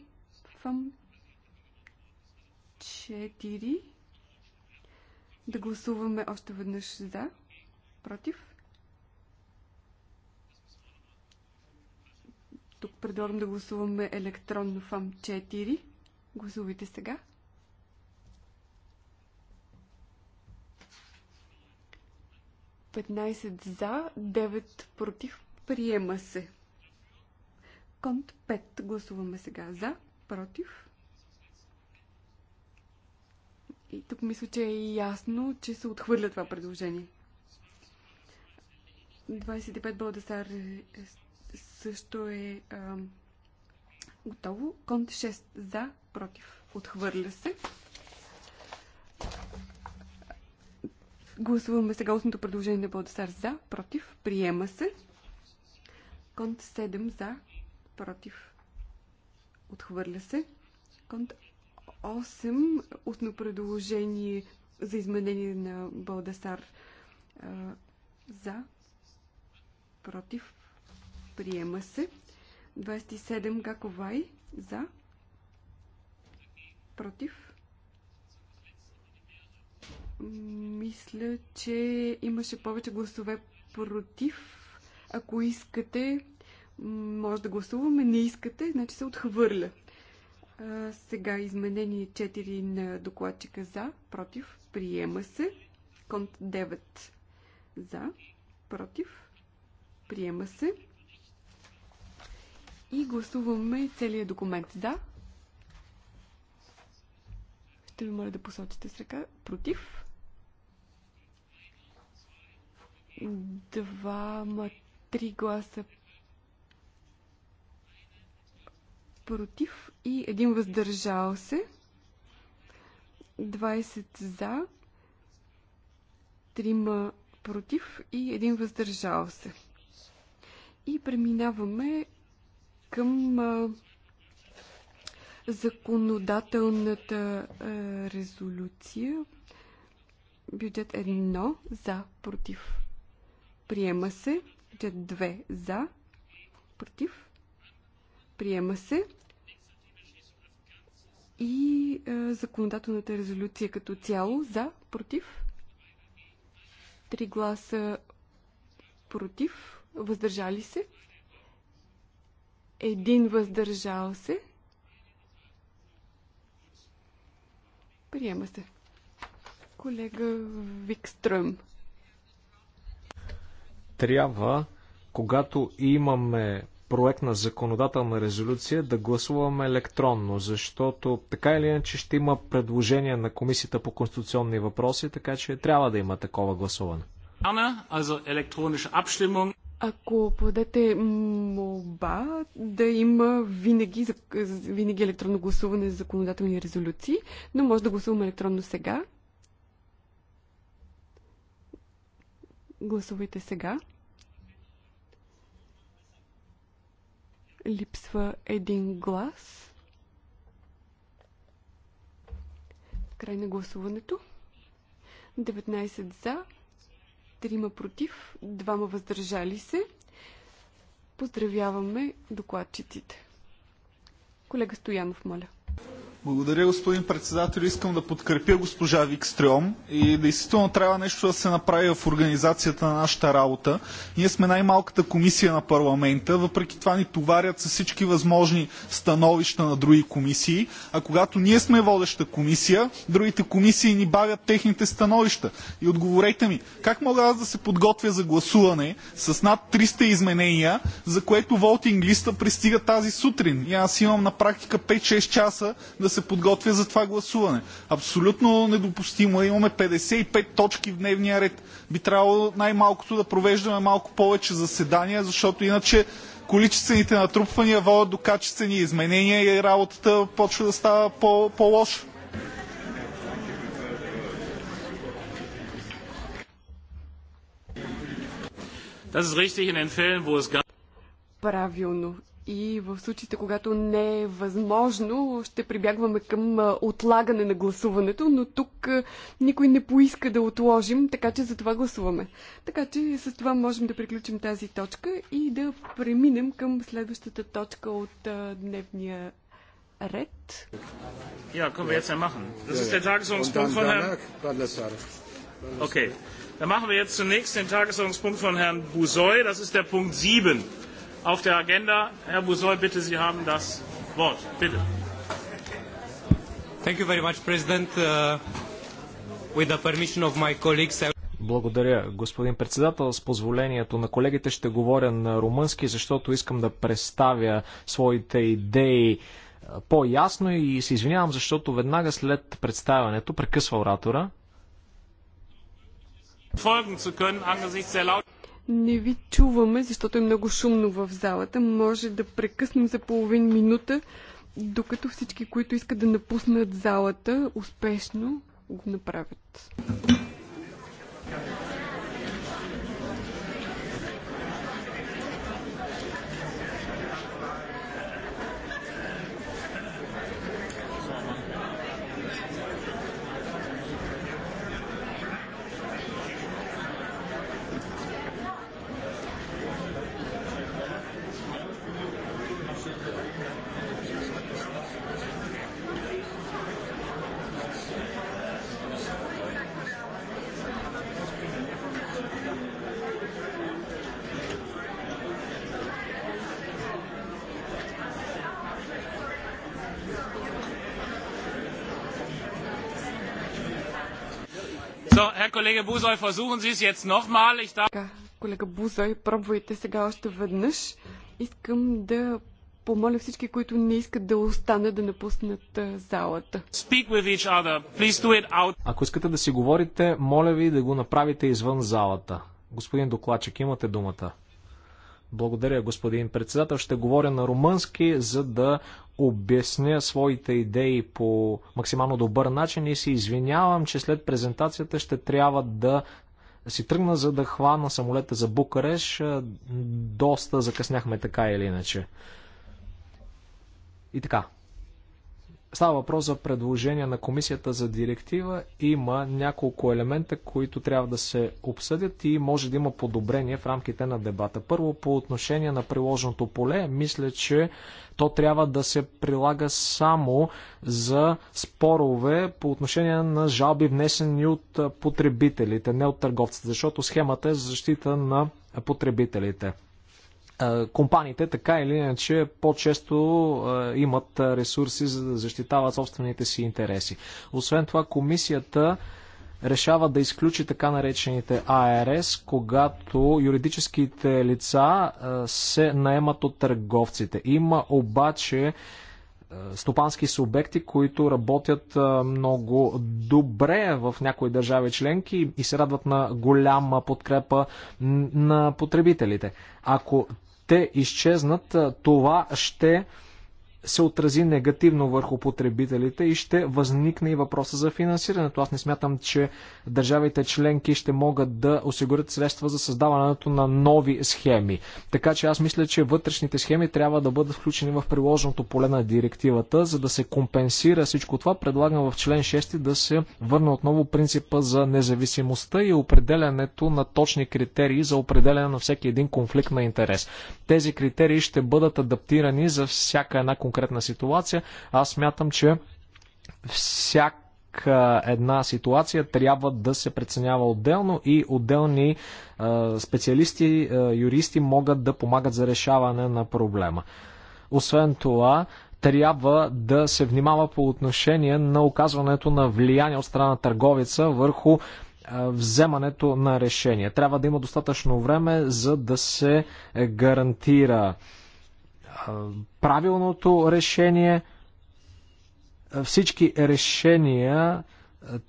Фъм 4. Да гласуваме още веднъж за. Против. Тук предлагам да гласуваме електронно ФАМ 4. Гласувайте сега. 15 за, 9 против. Приема се. Конт 5. Гласуваме сега за, против. И тук мисля, че е ясно, че се отхвърля това предложение. 25 Балдасар също е а, готово. Конт 6 за, против. Отхвърля се. Гласуваме сега устното предложение на Балдасар за, против, приема се. Конт 7 за, против, отхвърля се. Конт 8, устно предложение за изменение на Балдасар за, против, приема се. 27 Гаковай за, против, мисля, че имаше повече гласове против. Ако искате, може да гласуваме. Не искате, значи се отхвърля. А, сега изменение 4 на докладчика за, против, приема се. Конт 9 за, против, приема се. И гласуваме целият документ за. Ще ви моля да посочите с ръка. Против. Двама, три гласа против и един въздържал се. 20 за, 3 против и един въздържал се. И преминаваме към а, законодателната а, резолюция. Бюджет 1 за, против, Приема се. че две за. Против. Приема се. И е, законодателната резолюция като цяло за. Против. Три гласа против. Въздържали се. Един въздържал се. Приема се. Колега Викстръм трябва, когато имаме проект на законодателна резолюция, да гласуваме електронно, защото така или иначе ще има предложение на Комисията по конституционни въпроси, така че трябва да има такова гласуване. Ако подете молба да има винаги, винаги електронно гласуване за законодателни резолюции, но може да гласуваме електронно сега, Гласувайте сега. Липсва един глас. Край на гласуването. 19 за, 3 против, 2 въздържали се. Поздравяваме докладчиците. Колега Стоянов, моля. Благодаря, господин председател. Искам да подкрепя госпожа Викстрем и действително трябва нещо да се направи в организацията на нашата работа. Ние сме най-малката комисия на парламента, въпреки това ни товарят с всички възможни становища на други комисии, а когато ние сме водеща комисия, другите комисии ни бавят техните становища. И отговорете ми, как мога аз да се подготвя за гласуване с над 300 изменения, за което волтинг листа пристига тази сутрин? И аз имам на практика 5-6 часа да да се подготвя за това гласуване. Абсолютно недопустимо. Е. Имаме 55 точки в дневния ред. Би трябвало най-малкото да провеждаме малко повече заседания, защото иначе количествените натрупвания водят до качествени изменения и работата почва да става по-лоша. Правилно и в случаите, когато не е възможно, ще прибягваме към отлагане на гласуването, но тук никой не поиска да отложим, така че за това гласуваме. Така че с това можем да приключим тази точка и да преминем към следващата точка от дневния ред. Ja, können wir jetzt ja machen. Das ist der Tagesordnungspunkt von Herrn... Okay. Dann machen wir jetzt zunächst den Tagesordnungspunkt von Herrn Busoy. Das ist der Punkt 7 auf der Agenda. Herr Busoy, bitte, Sie haben das Wort. Bitte. Thank you very much, President. Uh, with the permission of my colleagues, Благодаря, господин председател. С позволението на колегите ще говоря на румънски, защото искам да представя своите идеи по-ясно и се извинявам, защото веднага след представянето прекъсва оратора. Folgen zu können angesichts der lauten не ви чуваме, защото е много шумно в залата. Може да прекъснем за половин минута, докато всички, които искат да напуснат залата, успешно го направят. колега Бузой, versuchen си сец нохмал. Колега Бузой, пробвайте сега още веднъж. Искам да помоля всички, които не искат да останат, да напуснат залата. Ако искате да си говорите, моля ви да го направите извън залата. Господин докладчик, имате думата. Благодаря, господин председател. Ще говоря на румънски, за да обясня своите идеи по максимално добър начин и се извинявам, че след презентацията ще трябва да си тръгна, за да хвана самолета за Букареш. Доста закъсняхме така или иначе. И така, Става въпрос за предложение на комисията за директива. Има няколко елемента, които трябва да се обсъдят и може да има подобрение в рамките на дебата. Първо, по отношение на приложеното поле, мисля, че то трябва да се прилага само за спорове по отношение на жалби, внесени от потребителите, не от търговците, защото схемата е за защита на потребителите компаниите така или иначе по-често имат ресурси за да защитават собствените си интереси. Освен това, комисията решава да изключи така наречените АРС, когато юридическите лица се наемат от търговците. Има обаче стопански субекти, които работят много добре в някои държави членки и се радват на голяма подкрепа на потребителите. Ако те изчезнат, това ще се отрази негативно върху потребителите и ще възникне и въпроса за финансирането. Аз не смятам, че държавите членки ще могат да осигурят средства за създаването на нови схеми. Така че аз мисля, че вътрешните схеми трябва да бъдат включени в приложеното поле на директивата, за да се компенсира всичко това. Предлагам в член 6 да се върне отново принципа за независимостта и определянето на точни критерии за определяне на всеки един конфликт на интерес. Тези критерии ще бъдат адаптирани за всяка една конкретна конкретна ситуация. Аз смятам, че всяка една ситуация трябва да се преценява отделно и отделни е, специалисти, е, юристи могат да помагат за решаване на проблема. Освен това, трябва да се внимава по отношение на оказването на влияние от страна търговица върху е, вземането на решение. Трябва да има достатъчно време, за да се гарантира правилното решение. Всички решения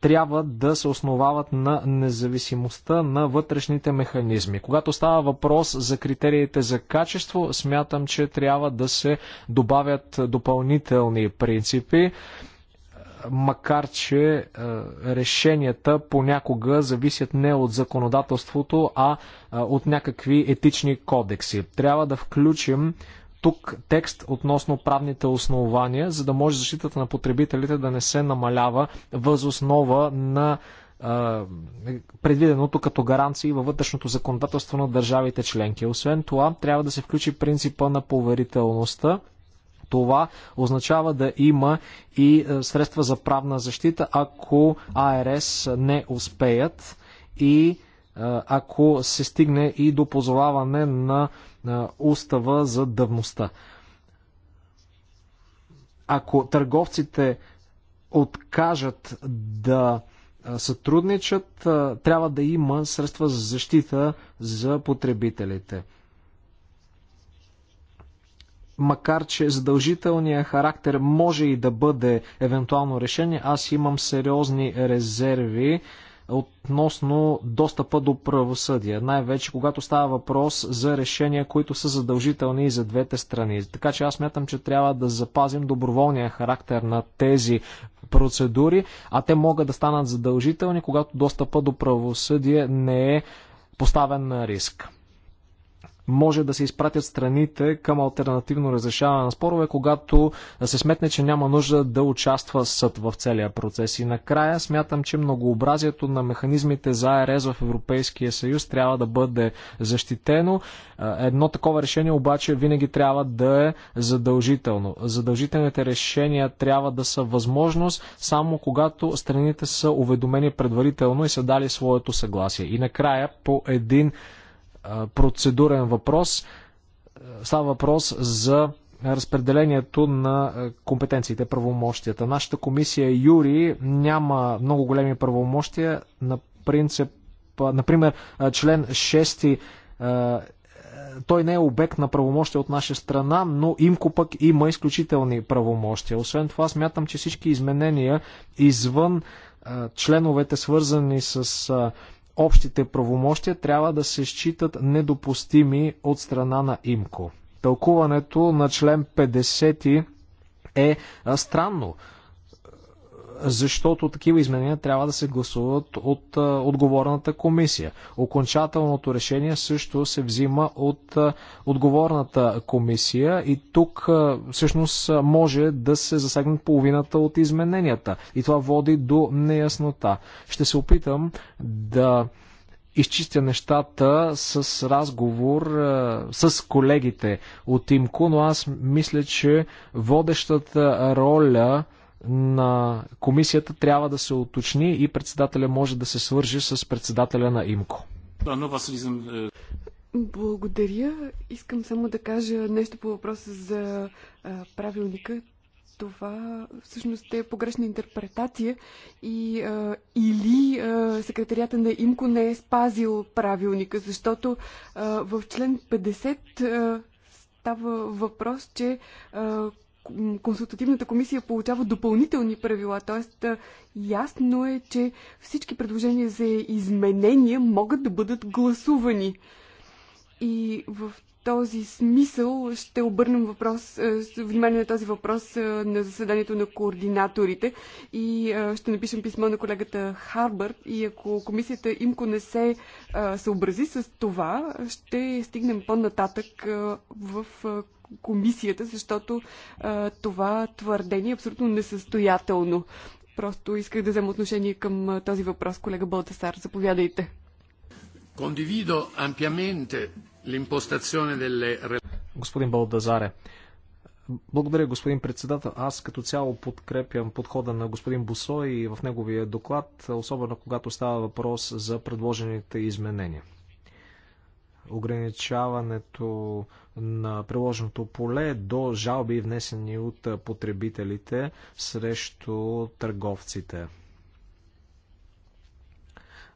трябва да се основават на независимостта на вътрешните механизми. Когато става въпрос за критериите за качество, смятам, че трябва да се добавят допълнителни принципи, макар че решенията понякога зависят не от законодателството, а от някакви етични кодекси. Трябва да включим тук текст относно правните основания, за да може защитата на потребителите да не се намалява възоснова на предвиденото като гаранции във вътрешното законодателство на държавите членки. Освен това, трябва да се включи принципа на поверителността. Това означава да има и средства за правна защита, ако АРС не успеят и ако се стигне и до позоваване на устава за давността. Ако търговците откажат да сътрудничат, трябва да има средства за защита за потребителите. Макар, че задължителният характер може и да бъде евентуално решение, аз имам сериозни резерви относно достъпа до правосъдие. Най-вече когато става въпрос за решения, които са задължителни и за двете страни. Така че аз мятам, че трябва да запазим доброволния характер на тези процедури, а те могат да станат задължителни, когато достъпа до правосъдие не е поставен на риск може да се изпратят страните към альтернативно разрешаване на спорове, когато се сметне, че няма нужда да участва съд в целия процес. И накрая смятам, че многообразието на механизмите за АРС в Европейския съюз трябва да бъде защитено. Едно такова решение обаче винаги трябва да е задължително. Задължителните решения трябва да са възможност само когато страните са уведомени предварително и са дали своето съгласие. И накрая по един процедурен въпрос. Е, става въпрос за разпределението на е, компетенциите, правомощията. Нашата комисия Юри няма много големи правомощия на принцип, например, член 6 е, той не е обект на правомощия от наша страна, но имко пък има изключителни правомощия. Освен това, смятам, че всички изменения извън членовете свързани с общите правомощия трябва да се считат недопустими от страна на ИМКО. Тълкуването на член 50 е странно защото такива изменения трябва да се гласуват от отговорната комисия. Окончателното решение също се взима от отговорната комисия и тук всъщност може да се засегнат половината от измененията и това води до неяснота. Ще се опитам да изчистя нещата с разговор с колегите от Имко, но аз мисля, че водещата роля на комисията трябва да се уточни и председателя може да се свържи с председателя на ИМКО. Благодаря. Искам само да кажа нещо по въпроса за а, правилника. Това всъщност е погрешна интерпретация и а, или а, секретарията на ИМКО не е спазил правилника, защото а, в член 50 а, става въпрос, че а, консултативната комисия получава допълнителни правила. Тоест, ясно е, че всички предложения за изменения могат да бъдат гласувани. И в този смисъл ще обърнем въпрос, внимание на този въпрос на заседанието на координаторите и ще напишем писмо на колегата Харбърт и ако комисията имко не се съобрази с това, ще стигнем по-нататък в комисията, защото а, това твърдение е абсолютно несъстоятелно. Просто исках да взема отношение към а, този въпрос, колега Балтасар. Заповядайте. Кондивидо ампиаменте l'impostazione delle... Господин Балдазаре, благодаря, господин председател. Аз като цяло подкрепям подхода на господин Босо и в неговия доклад, особено когато става въпрос за предложените изменения ограничаването на приложеното поле до жалби внесени от потребителите срещу търговците.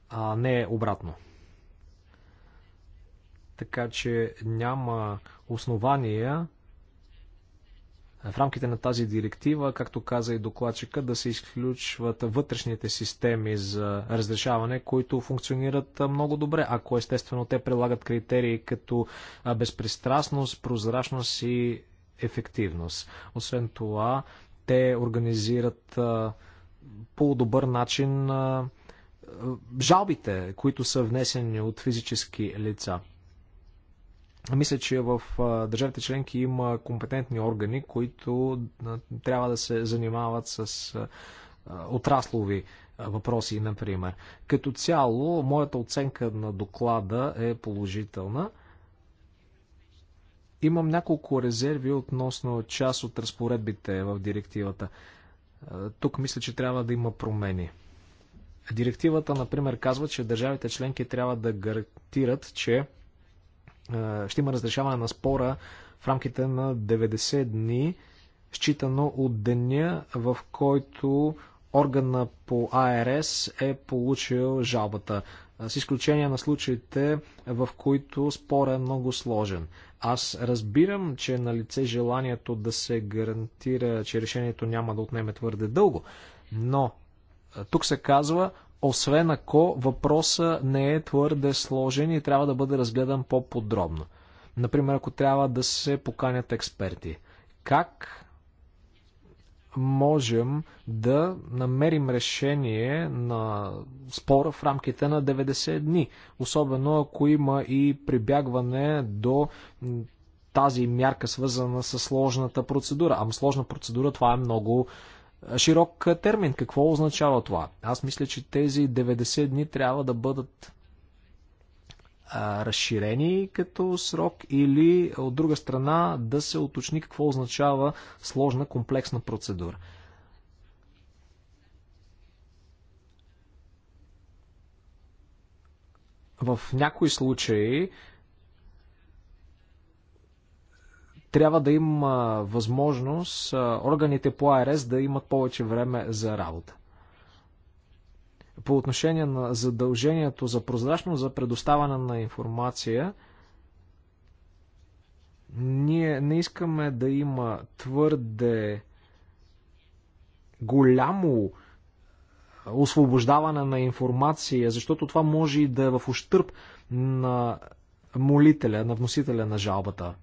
А не обратно. Така че няма основания в рамките на тази директива, както каза и докладчика, да се изключват вътрешните системи за разрешаване, които функционират много добре, ако естествено те прилагат критерии като безпристрастност, прозрачност и ефективност. Освен това, те организират по добър начин жалбите, които са внесени от физически лица. Мисля, че в държавите членки има компетентни органи, които трябва да се занимават с отраслови въпроси, например. Като цяло, моята оценка на доклада е положителна. Имам няколко резерви относно част от разпоредбите в директивата. Тук мисля, че трябва да има промени. Директивата, например, казва, че държавите членки трябва да гарантират, че е, ще има разрешаване на спора в рамките на 90 дни, считано от деня, в който органа по АРС е получил жалбата. Е, с изключение на случаите, в които спор е много сложен. Аз разбирам, че е на лице желанието да се гарантира, че решението няма да отнеме твърде дълго, но тук се казва, освен ако въпроса не е твърде сложен и трябва да бъде разгледан по-подробно. Например, ако трябва да се поканят експерти. Как можем да намерим решение на спора в рамките на 90 дни, особено ако има и прибягване до тази мярка, свързана с сложната процедура. Ама сложна процедура, това е много широк термин. Какво означава това? Аз мисля, че тези 90 дни трябва да бъдат а, разширени като срок или от друга страна да се уточни какво означава сложна комплексна процедура. В някои случаи трябва да има възможност органите по АРС да имат повече време за работа. По отношение на задължението за прозрачност, за предоставяне на информация, ние не искаме да има твърде голямо освобождаване на информация, защото това може и да е в ущърп на молителя, на вносителя на жалбата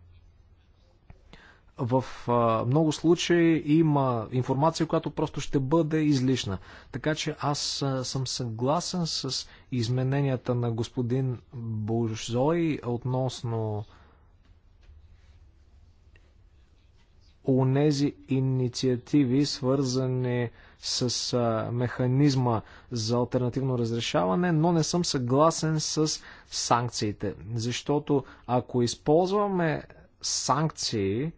в а, много случаи има информация, която просто ще бъде излишна. Така че аз а, съм съгласен с измененията на господин Божой относно онези инициативи, свързани с а, механизма за альтернативно разрешаване, но не съм съгласен с санкциите. Защото ако използваме санкции,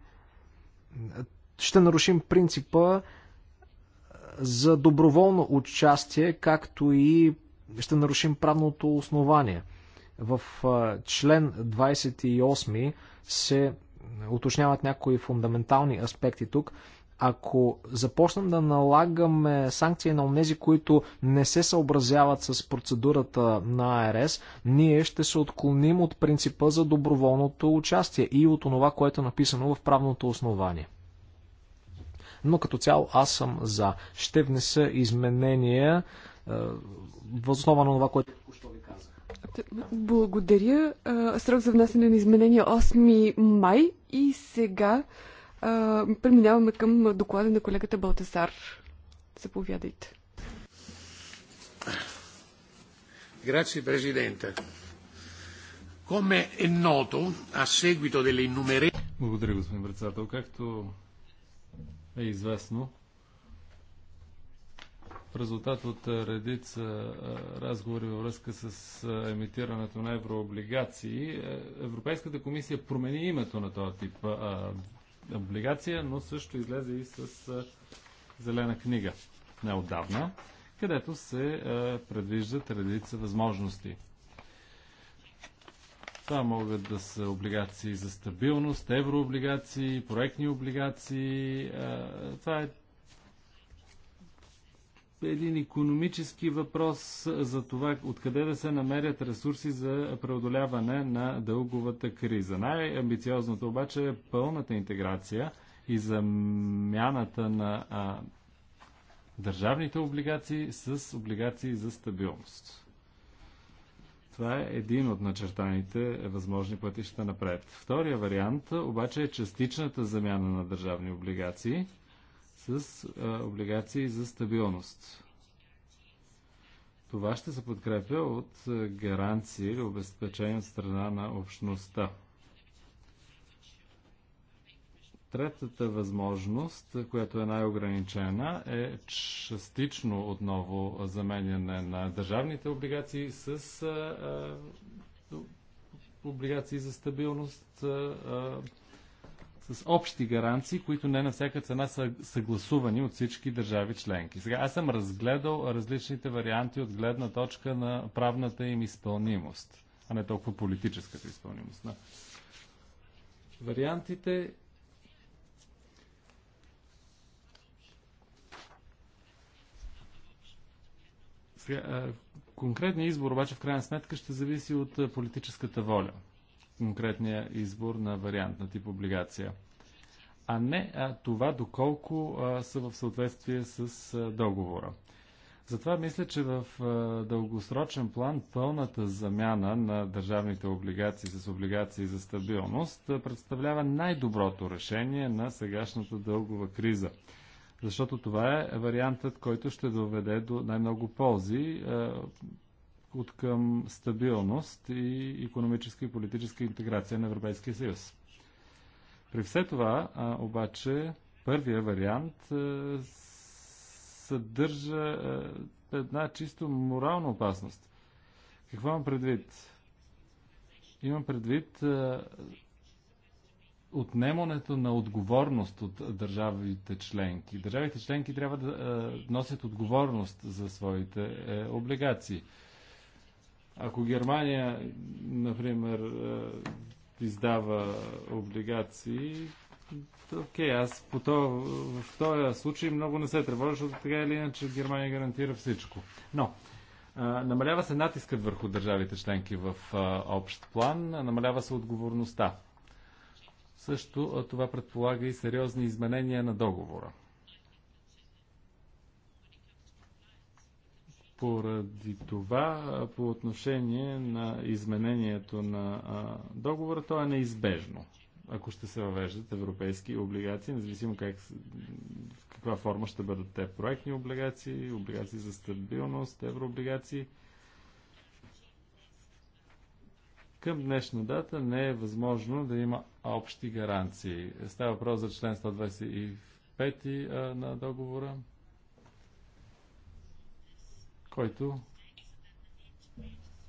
ще нарушим принципа за доброволно участие, както и ще нарушим правното основание. В член 28 се уточняват някои фундаментални аспекти тук. Ако започнем да налагаме санкции на онези, които не се съобразяват с процедурата на АРС, ние ще се отклоним от принципа за доброволното участие и от това, което е написано в правното основание. Но като цяло аз съм за. Ще внеса изменения е, възоснова на това, което ви казах. Благодаря. Е, срок за внасяне на изменения 8 е май и сега преминаваме към доклада на колегата Балтасар. Заповядайте. Grazie Presidente. Come è noto, a seguito delle innumerevoli... Благодаря, господин председател. Както е известно, в резултат от редица разговори във връзка с емитирането на еврооблигации, Европейската комисия промени името на този тип облигация, но също излезе и с а, зелена книга неодавна, където се а, предвиждат редица възможности. Това могат да са облигации за стабилност, еврооблигации, проектни облигации. А, това е един економически въпрос за това откъде да се намерят ресурси за преодоляване на дълговата криза. Най-амбициозното обаче е пълната интеграция и замяната на а, държавните облигации с облигации за стабилност. Това е един от начертаните възможни пътища напред. Втория вариант обаче е частичната замяна на държавни облигации – с а, облигации за стабилност. Това ще се подкрепя от гаранции или обезпечение от страна на общността. Третата възможност, която е най-ограничена, е частично отново заменяне на държавните облигации с а, а, облигации за стабилност, а, с общи гаранции, които не на всяка цена са съгласувани от всички държави членки. Сега аз съм разгледал различните варианти от гледна точка на правната им изпълнимост, а не толкова политическата изпълнимост. Да. Вариантите Сега, конкретният избор обаче в крайна сметка ще зависи от политическата воля конкретния избор на вариант на тип облигация. А не а това доколко а, са в съответствие с а, договора. Затова мисля, че в а, дългосрочен план пълната замяна на държавните облигации с облигации за стабилност а, представлява най-доброто решение на сегашната дългова криза. Защото това е вариантът, който ще доведе до най-много ползи от към стабилност и економическа и политическа интеграция на Европейския съюз. При все това, а, обаче, първия вариант а, съдържа а, една чисто морална опасност. Какво имам предвид? Имам предвид а, отнемането на отговорност от държавите членки. Държавите членки трябва да а, носят отговорност за своите а, е, облигации. Ако Германия, например, е, издава облигации, окей, аз по то, в този случай много не се тревожа, защото така или иначе Германия гарантира всичко. Но, е, намалява се натискът върху държавите членки в е, общ план, намалява се отговорността. Също това предполага и сериозни изменения на договора. Поради това, по отношение на изменението на а, договора, то е неизбежно, ако ще се въвеждат европейски облигации, независимо как, в каква форма ще бъдат те проектни облигации, облигации за стабилност, еврооблигации. Към днешна дата не е възможно да има общи гаранции. Става въпрос за член 125 на договора който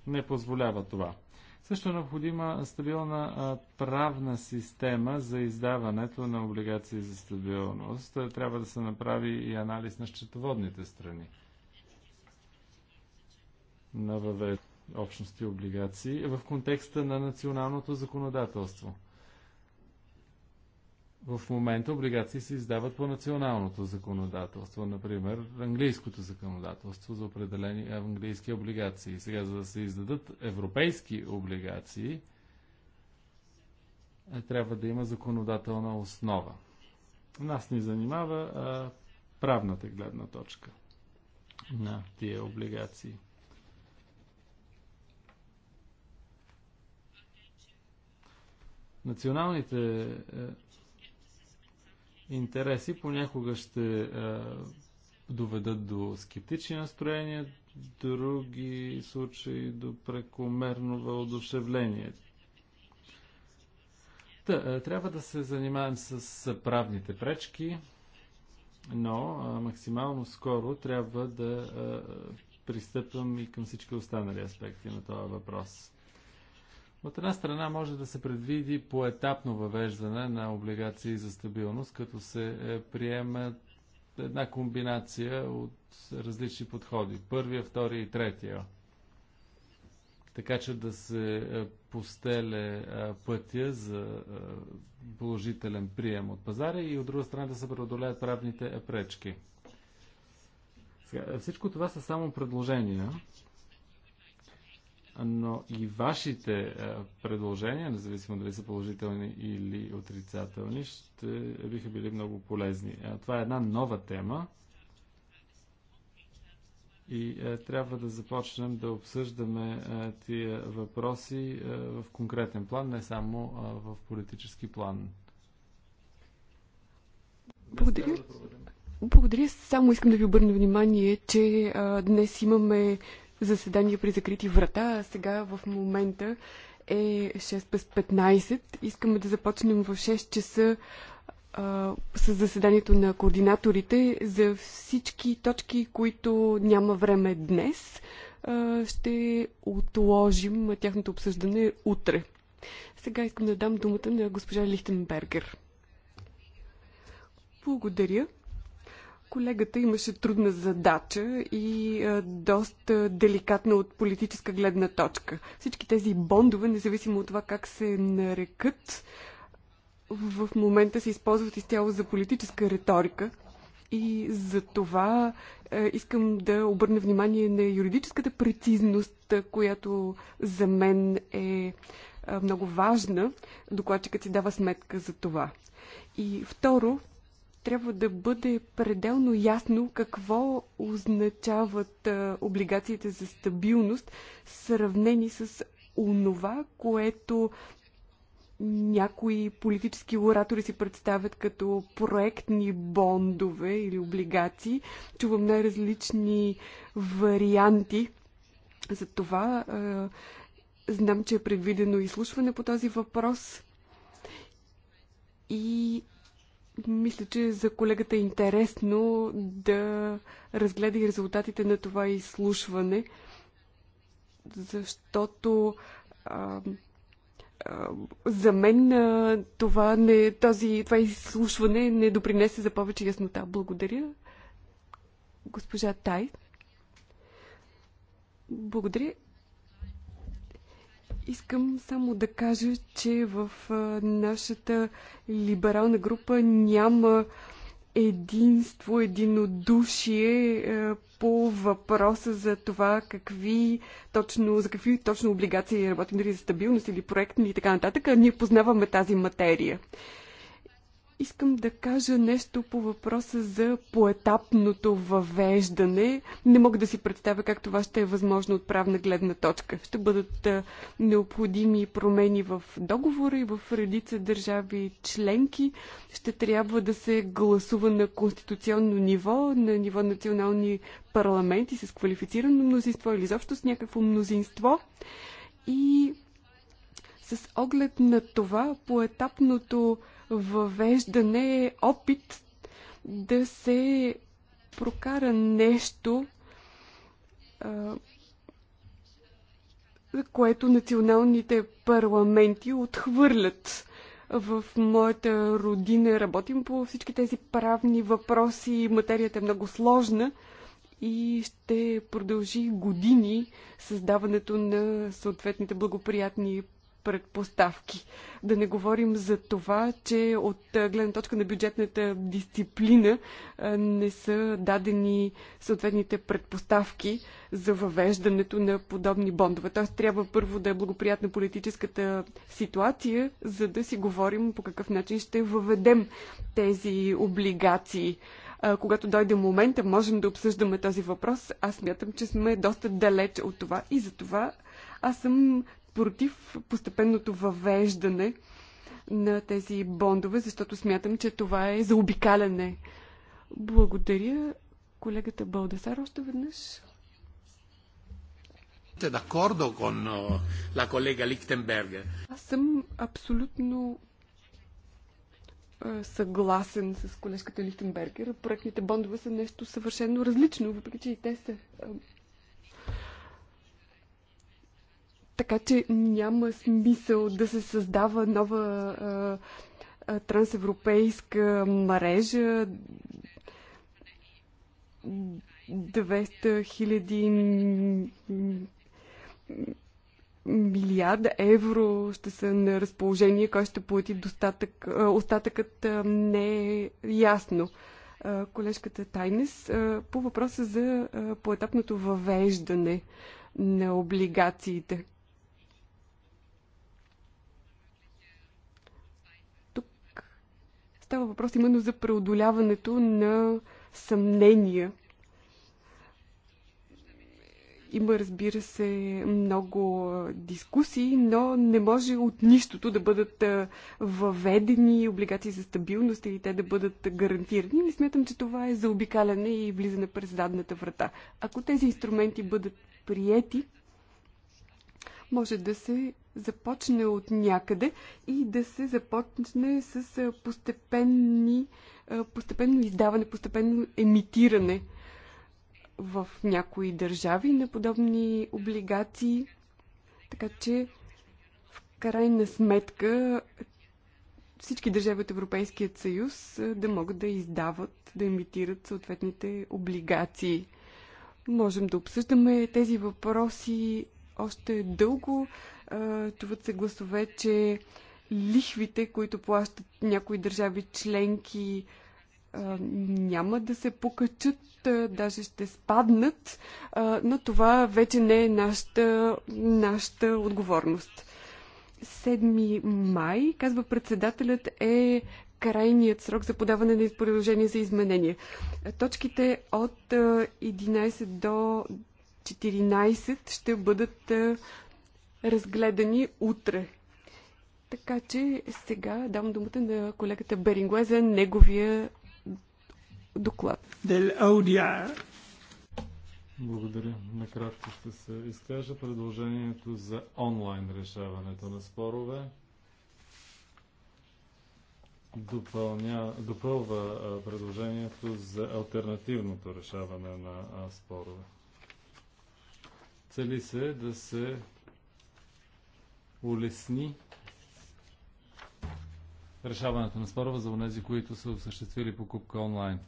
не позволява това. Също е необходима стабилна а, правна система за издаването на облигации за стабилност. Трябва да се направи и анализ на счетоводните страни на въвед общности облигации в контекста на националното законодателство. В момента облигации се издават по националното законодателство, например английското законодателство за определени английски облигации. Сега, за да се издадат европейски облигации, е, трябва да има законодателна основа. Нас ни занимава а, правната гледна точка на тия облигации. Националните е, интереси понякога ще а, е, доведат до скептични настроения, други случаи до прекомерно въодушевление. Та, е, трябва да се занимаем с правните пречки, но а, е, максимално скоро трябва да а, пристъпвам и към всички останали аспекти на този въпрос. От една страна може да се предвиди поетапно въвеждане на облигации за стабилност, като се е, приеме една комбинация от различни подходи. Първия, втория и третия. Така че да се е, постеле е, пътя за положителен прием от пазара и от друга страна да се преодолеят правните пречки. всичко това са само предложения но и вашите е, предложения, независимо дали са положителни или отрицателни, ще биха били много полезни. Е, това е една нова тема и е, трябва да започнем да обсъждаме тия въпроси в конкретен план, не само в политически план. Благодаря. Благодаря. Само искам да ви обърна внимание, че а, днес имаме заседание при закрити врата, а сега в момента е 6 без 15. Искаме да започнем в 6 часа а, с заседанието на координаторите за всички точки, които няма време днес. А, ще отложим тяхното обсъждане утре. Сега искам да дам думата на госпожа Лихтенбергер. Благодаря. Колегата имаше трудна задача и а, доста деликатна от политическа гледна точка. Всички тези бондове, независимо от това как се нарекат, в момента се използват изцяло за политическа риторика. И за това а, искам да обърна внимание на юридическата прецизност, която за мен е много важна. Докладчикът си дава сметка за това. И второ, трябва да бъде пределно ясно какво означават облигациите за стабилност, сравнени с онова, което някои политически оратори си представят като проектни бондове или облигации. Чувам най-различни варианти за това. Знам, че е предвидено изслушване по този въпрос. И мисля, че за колегата е интересно да разгледа и резултатите на това изслушване, защото а, а, за мен а, това, не, този, това изслушване не допринесе за повече яснота. Благодаря. Госпожа Тай. Благодаря. Искам само да кажа, че в нашата либерална група няма единство, единодушие по въпроса за това какви точно, за какви точно облигации работим, дали за стабилност или проектни и така нататък. Ние познаваме тази материя. Искам да кажа нещо по въпроса за поетапното въвеждане. Не мога да си представя как това ще е възможно от правна гледна точка. Ще бъдат необходими промени в договора и в редица държави членки. Ще трябва да се гласува на конституционно ниво, на ниво национални парламенти с квалифицирано мнозинство или изобщо с някакво мнозинство. И с оглед на това поетапното етапното въвеждане, е опит да се прокара нещо, а, което националните парламенти отхвърлят. В моята родина работим по всички тези правни въпроси. Материята е много сложна и ще продължи години създаването на съответните благоприятни предпоставки. Да не говорим за това, че от гледна точка на бюджетната дисциплина не са дадени съответните предпоставки за въвеждането на подобни бондове. Т.е. трябва първо да е благоприятна политическата ситуация, за да си говорим по какъв начин ще въведем тези облигации когато дойде момента, можем да обсъждаме този въпрос. Аз мятам, че сме доста далеч от това и за това аз съм против постепенното въвеждане на тези бондове, защото смятам, че това е обикаляне. Благодаря колегата Балдасар още веднъж. Аз съм абсолютно е, съгласен с колежката Лихтенбергер. Проектните бондове са нещо съвършено различно, въпреки че и те са е, Така че няма смисъл да се създава нова а, а, трансевропейска мрежа. 200 хиляди милиарда евро ще са на разположение, кой ще плати достатък. Остатъкът не е ясно. Колежката Тайнес по въпроса за поетапното въвеждане на облигациите. Става въпрос именно за преодоляването на съмнения. Има, разбира се, много дискусии, но не може от нищото да бъдат въведени облигации за стабилност или те да бъдат гарантирани. Не смятам, че това е заобикаляне и влизане през задната врата. Ако тези инструменти бъдат приети, може да се започне от някъде и да се започне с постепенни, постепенно издаване, постепенно емитиране в някои държави на подобни облигации. Така че в крайна сметка всички държави от Европейския съюз да могат да издават, да емитират съответните облигации. Можем да обсъждаме тези въпроси още дълго. Чуват се гласове, че лихвите, които плащат някои държави членки, няма да се покачат, даже ще спаднат, но това вече не е нашата, нашата отговорност. 7 май, казва председателят, е крайният срок за подаване на изпоредължение за изменение. Точките от 11 до 14 ще бъдат разгледани утре. Така че сега дам думата на колегата Берингуе за неговия доклад. Дел ODR. Благодаря. Накратко ще се изкажа предложението за онлайн решаването на спорове. Допълня, допълва предложението за альтернативното решаване на спорове. Цели се да се улесни решаването на спорове за тези, които са осъществили покупка онлайн.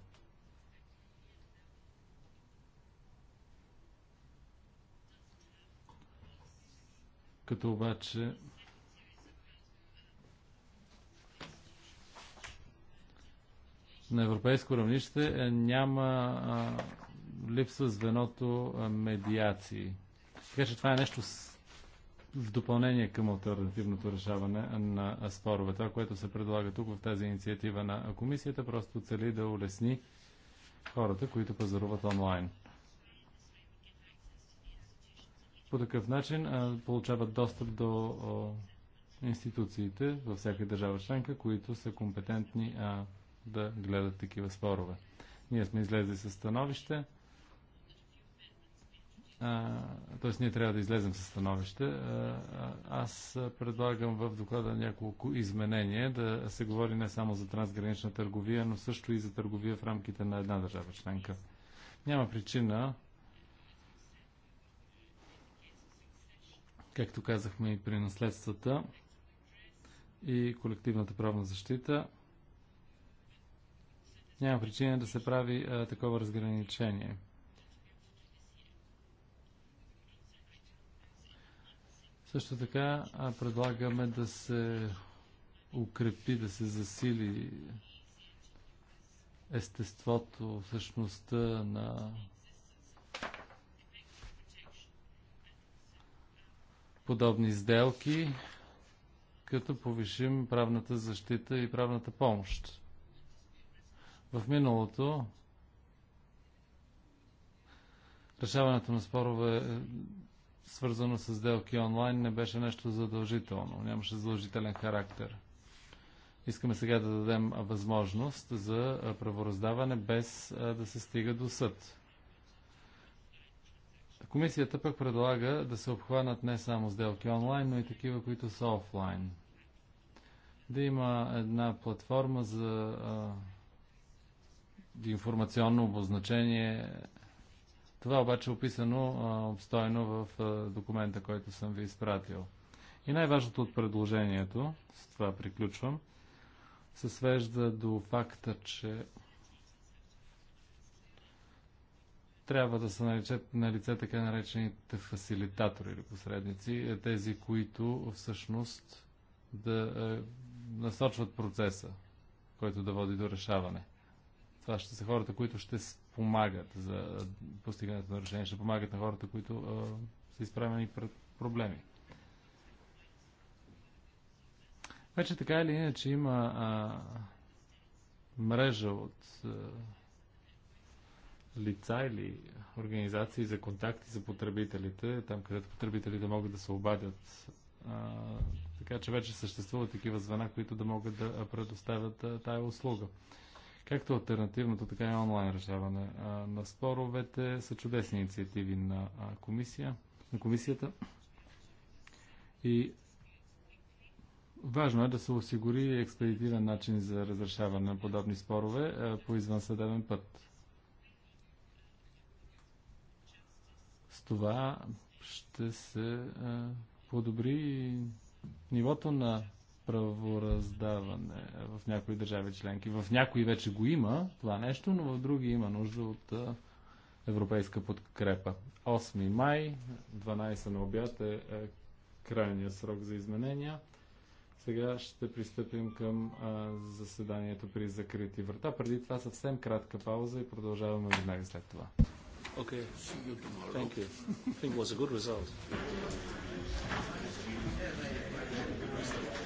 Като обаче на европейско равнище е, няма а, звеното медиации. Така че това е нещо в допълнение към альтернативното решаване на спорове. Това, което се предлага тук в тази инициатива на комисията, просто цели да улесни хората, които пазаруват онлайн. По такъв начин а, получават достъп до институциите във всяка държава членка, които са компетентни а, да гледат такива спорове. Ние сме излезли със становище т.е. ние трябва да излезем със становище. Аз предлагам в доклада няколко изменения да се говори не само за трансгранична търговия, но също и за търговия в рамките на една държава членка. Няма причина, както казахме и при наследствата и колективната правна защита, няма причина да се прави а, такова разграничение Също така предлагаме да се укрепи, да се засили естеството, всъщността на подобни сделки, като повишим правната защита и правната помощ. В миналото решаването на спорове свързано с сделки онлайн, не беше нещо задължително, нямаше задължителен характер. Искаме сега да дадем възможност за правораздаване без да се стига до съд. Комисията пък предлага да се обхванат не само сделки онлайн, но и такива, които са офлайн. Да има една платформа за а, информационно обозначение това обаче е описано а, обстойно в а, документа, който съм ви изпратил. И най-важното от предложението, с това приключвам, се свежда до факта, че трябва да са на лице, на лице така наречените фасилитатори или посредници, е тези, които всъщност да е, насочват процеса, който да води до решаване. Това ще са хората, които ще помагат за постигането на решение, ще помагат на хората, които а, са изправени пред проблеми. Вече така или иначе има а, мрежа от а, лица или организации за контакти за потребителите, там където потребителите могат да се обадят. А, така че вече съществуват такива звена, които да могат да предоставят а, тая услуга както альтернативното, така и онлайн решаване на споровете са чудесни инициативи на, комисия, на комисията. И важно е да се осигури експедитивен начин за разрешаване на подобни спорове по извънсъдебен път. С това ще се подобри нивото на правораздаване в някои държави членки. В някои вече го има това нещо, но в други има нужда от европейска подкрепа. 8 май, 12 на обяд е, е крайния срок за изменения. Сега ще пристъпим към а, заседанието при закрити врата. Преди това съвсем кратка пауза и продължаваме веднага след това. Okay, see you tomorrow. Thank you. I think it was a good result.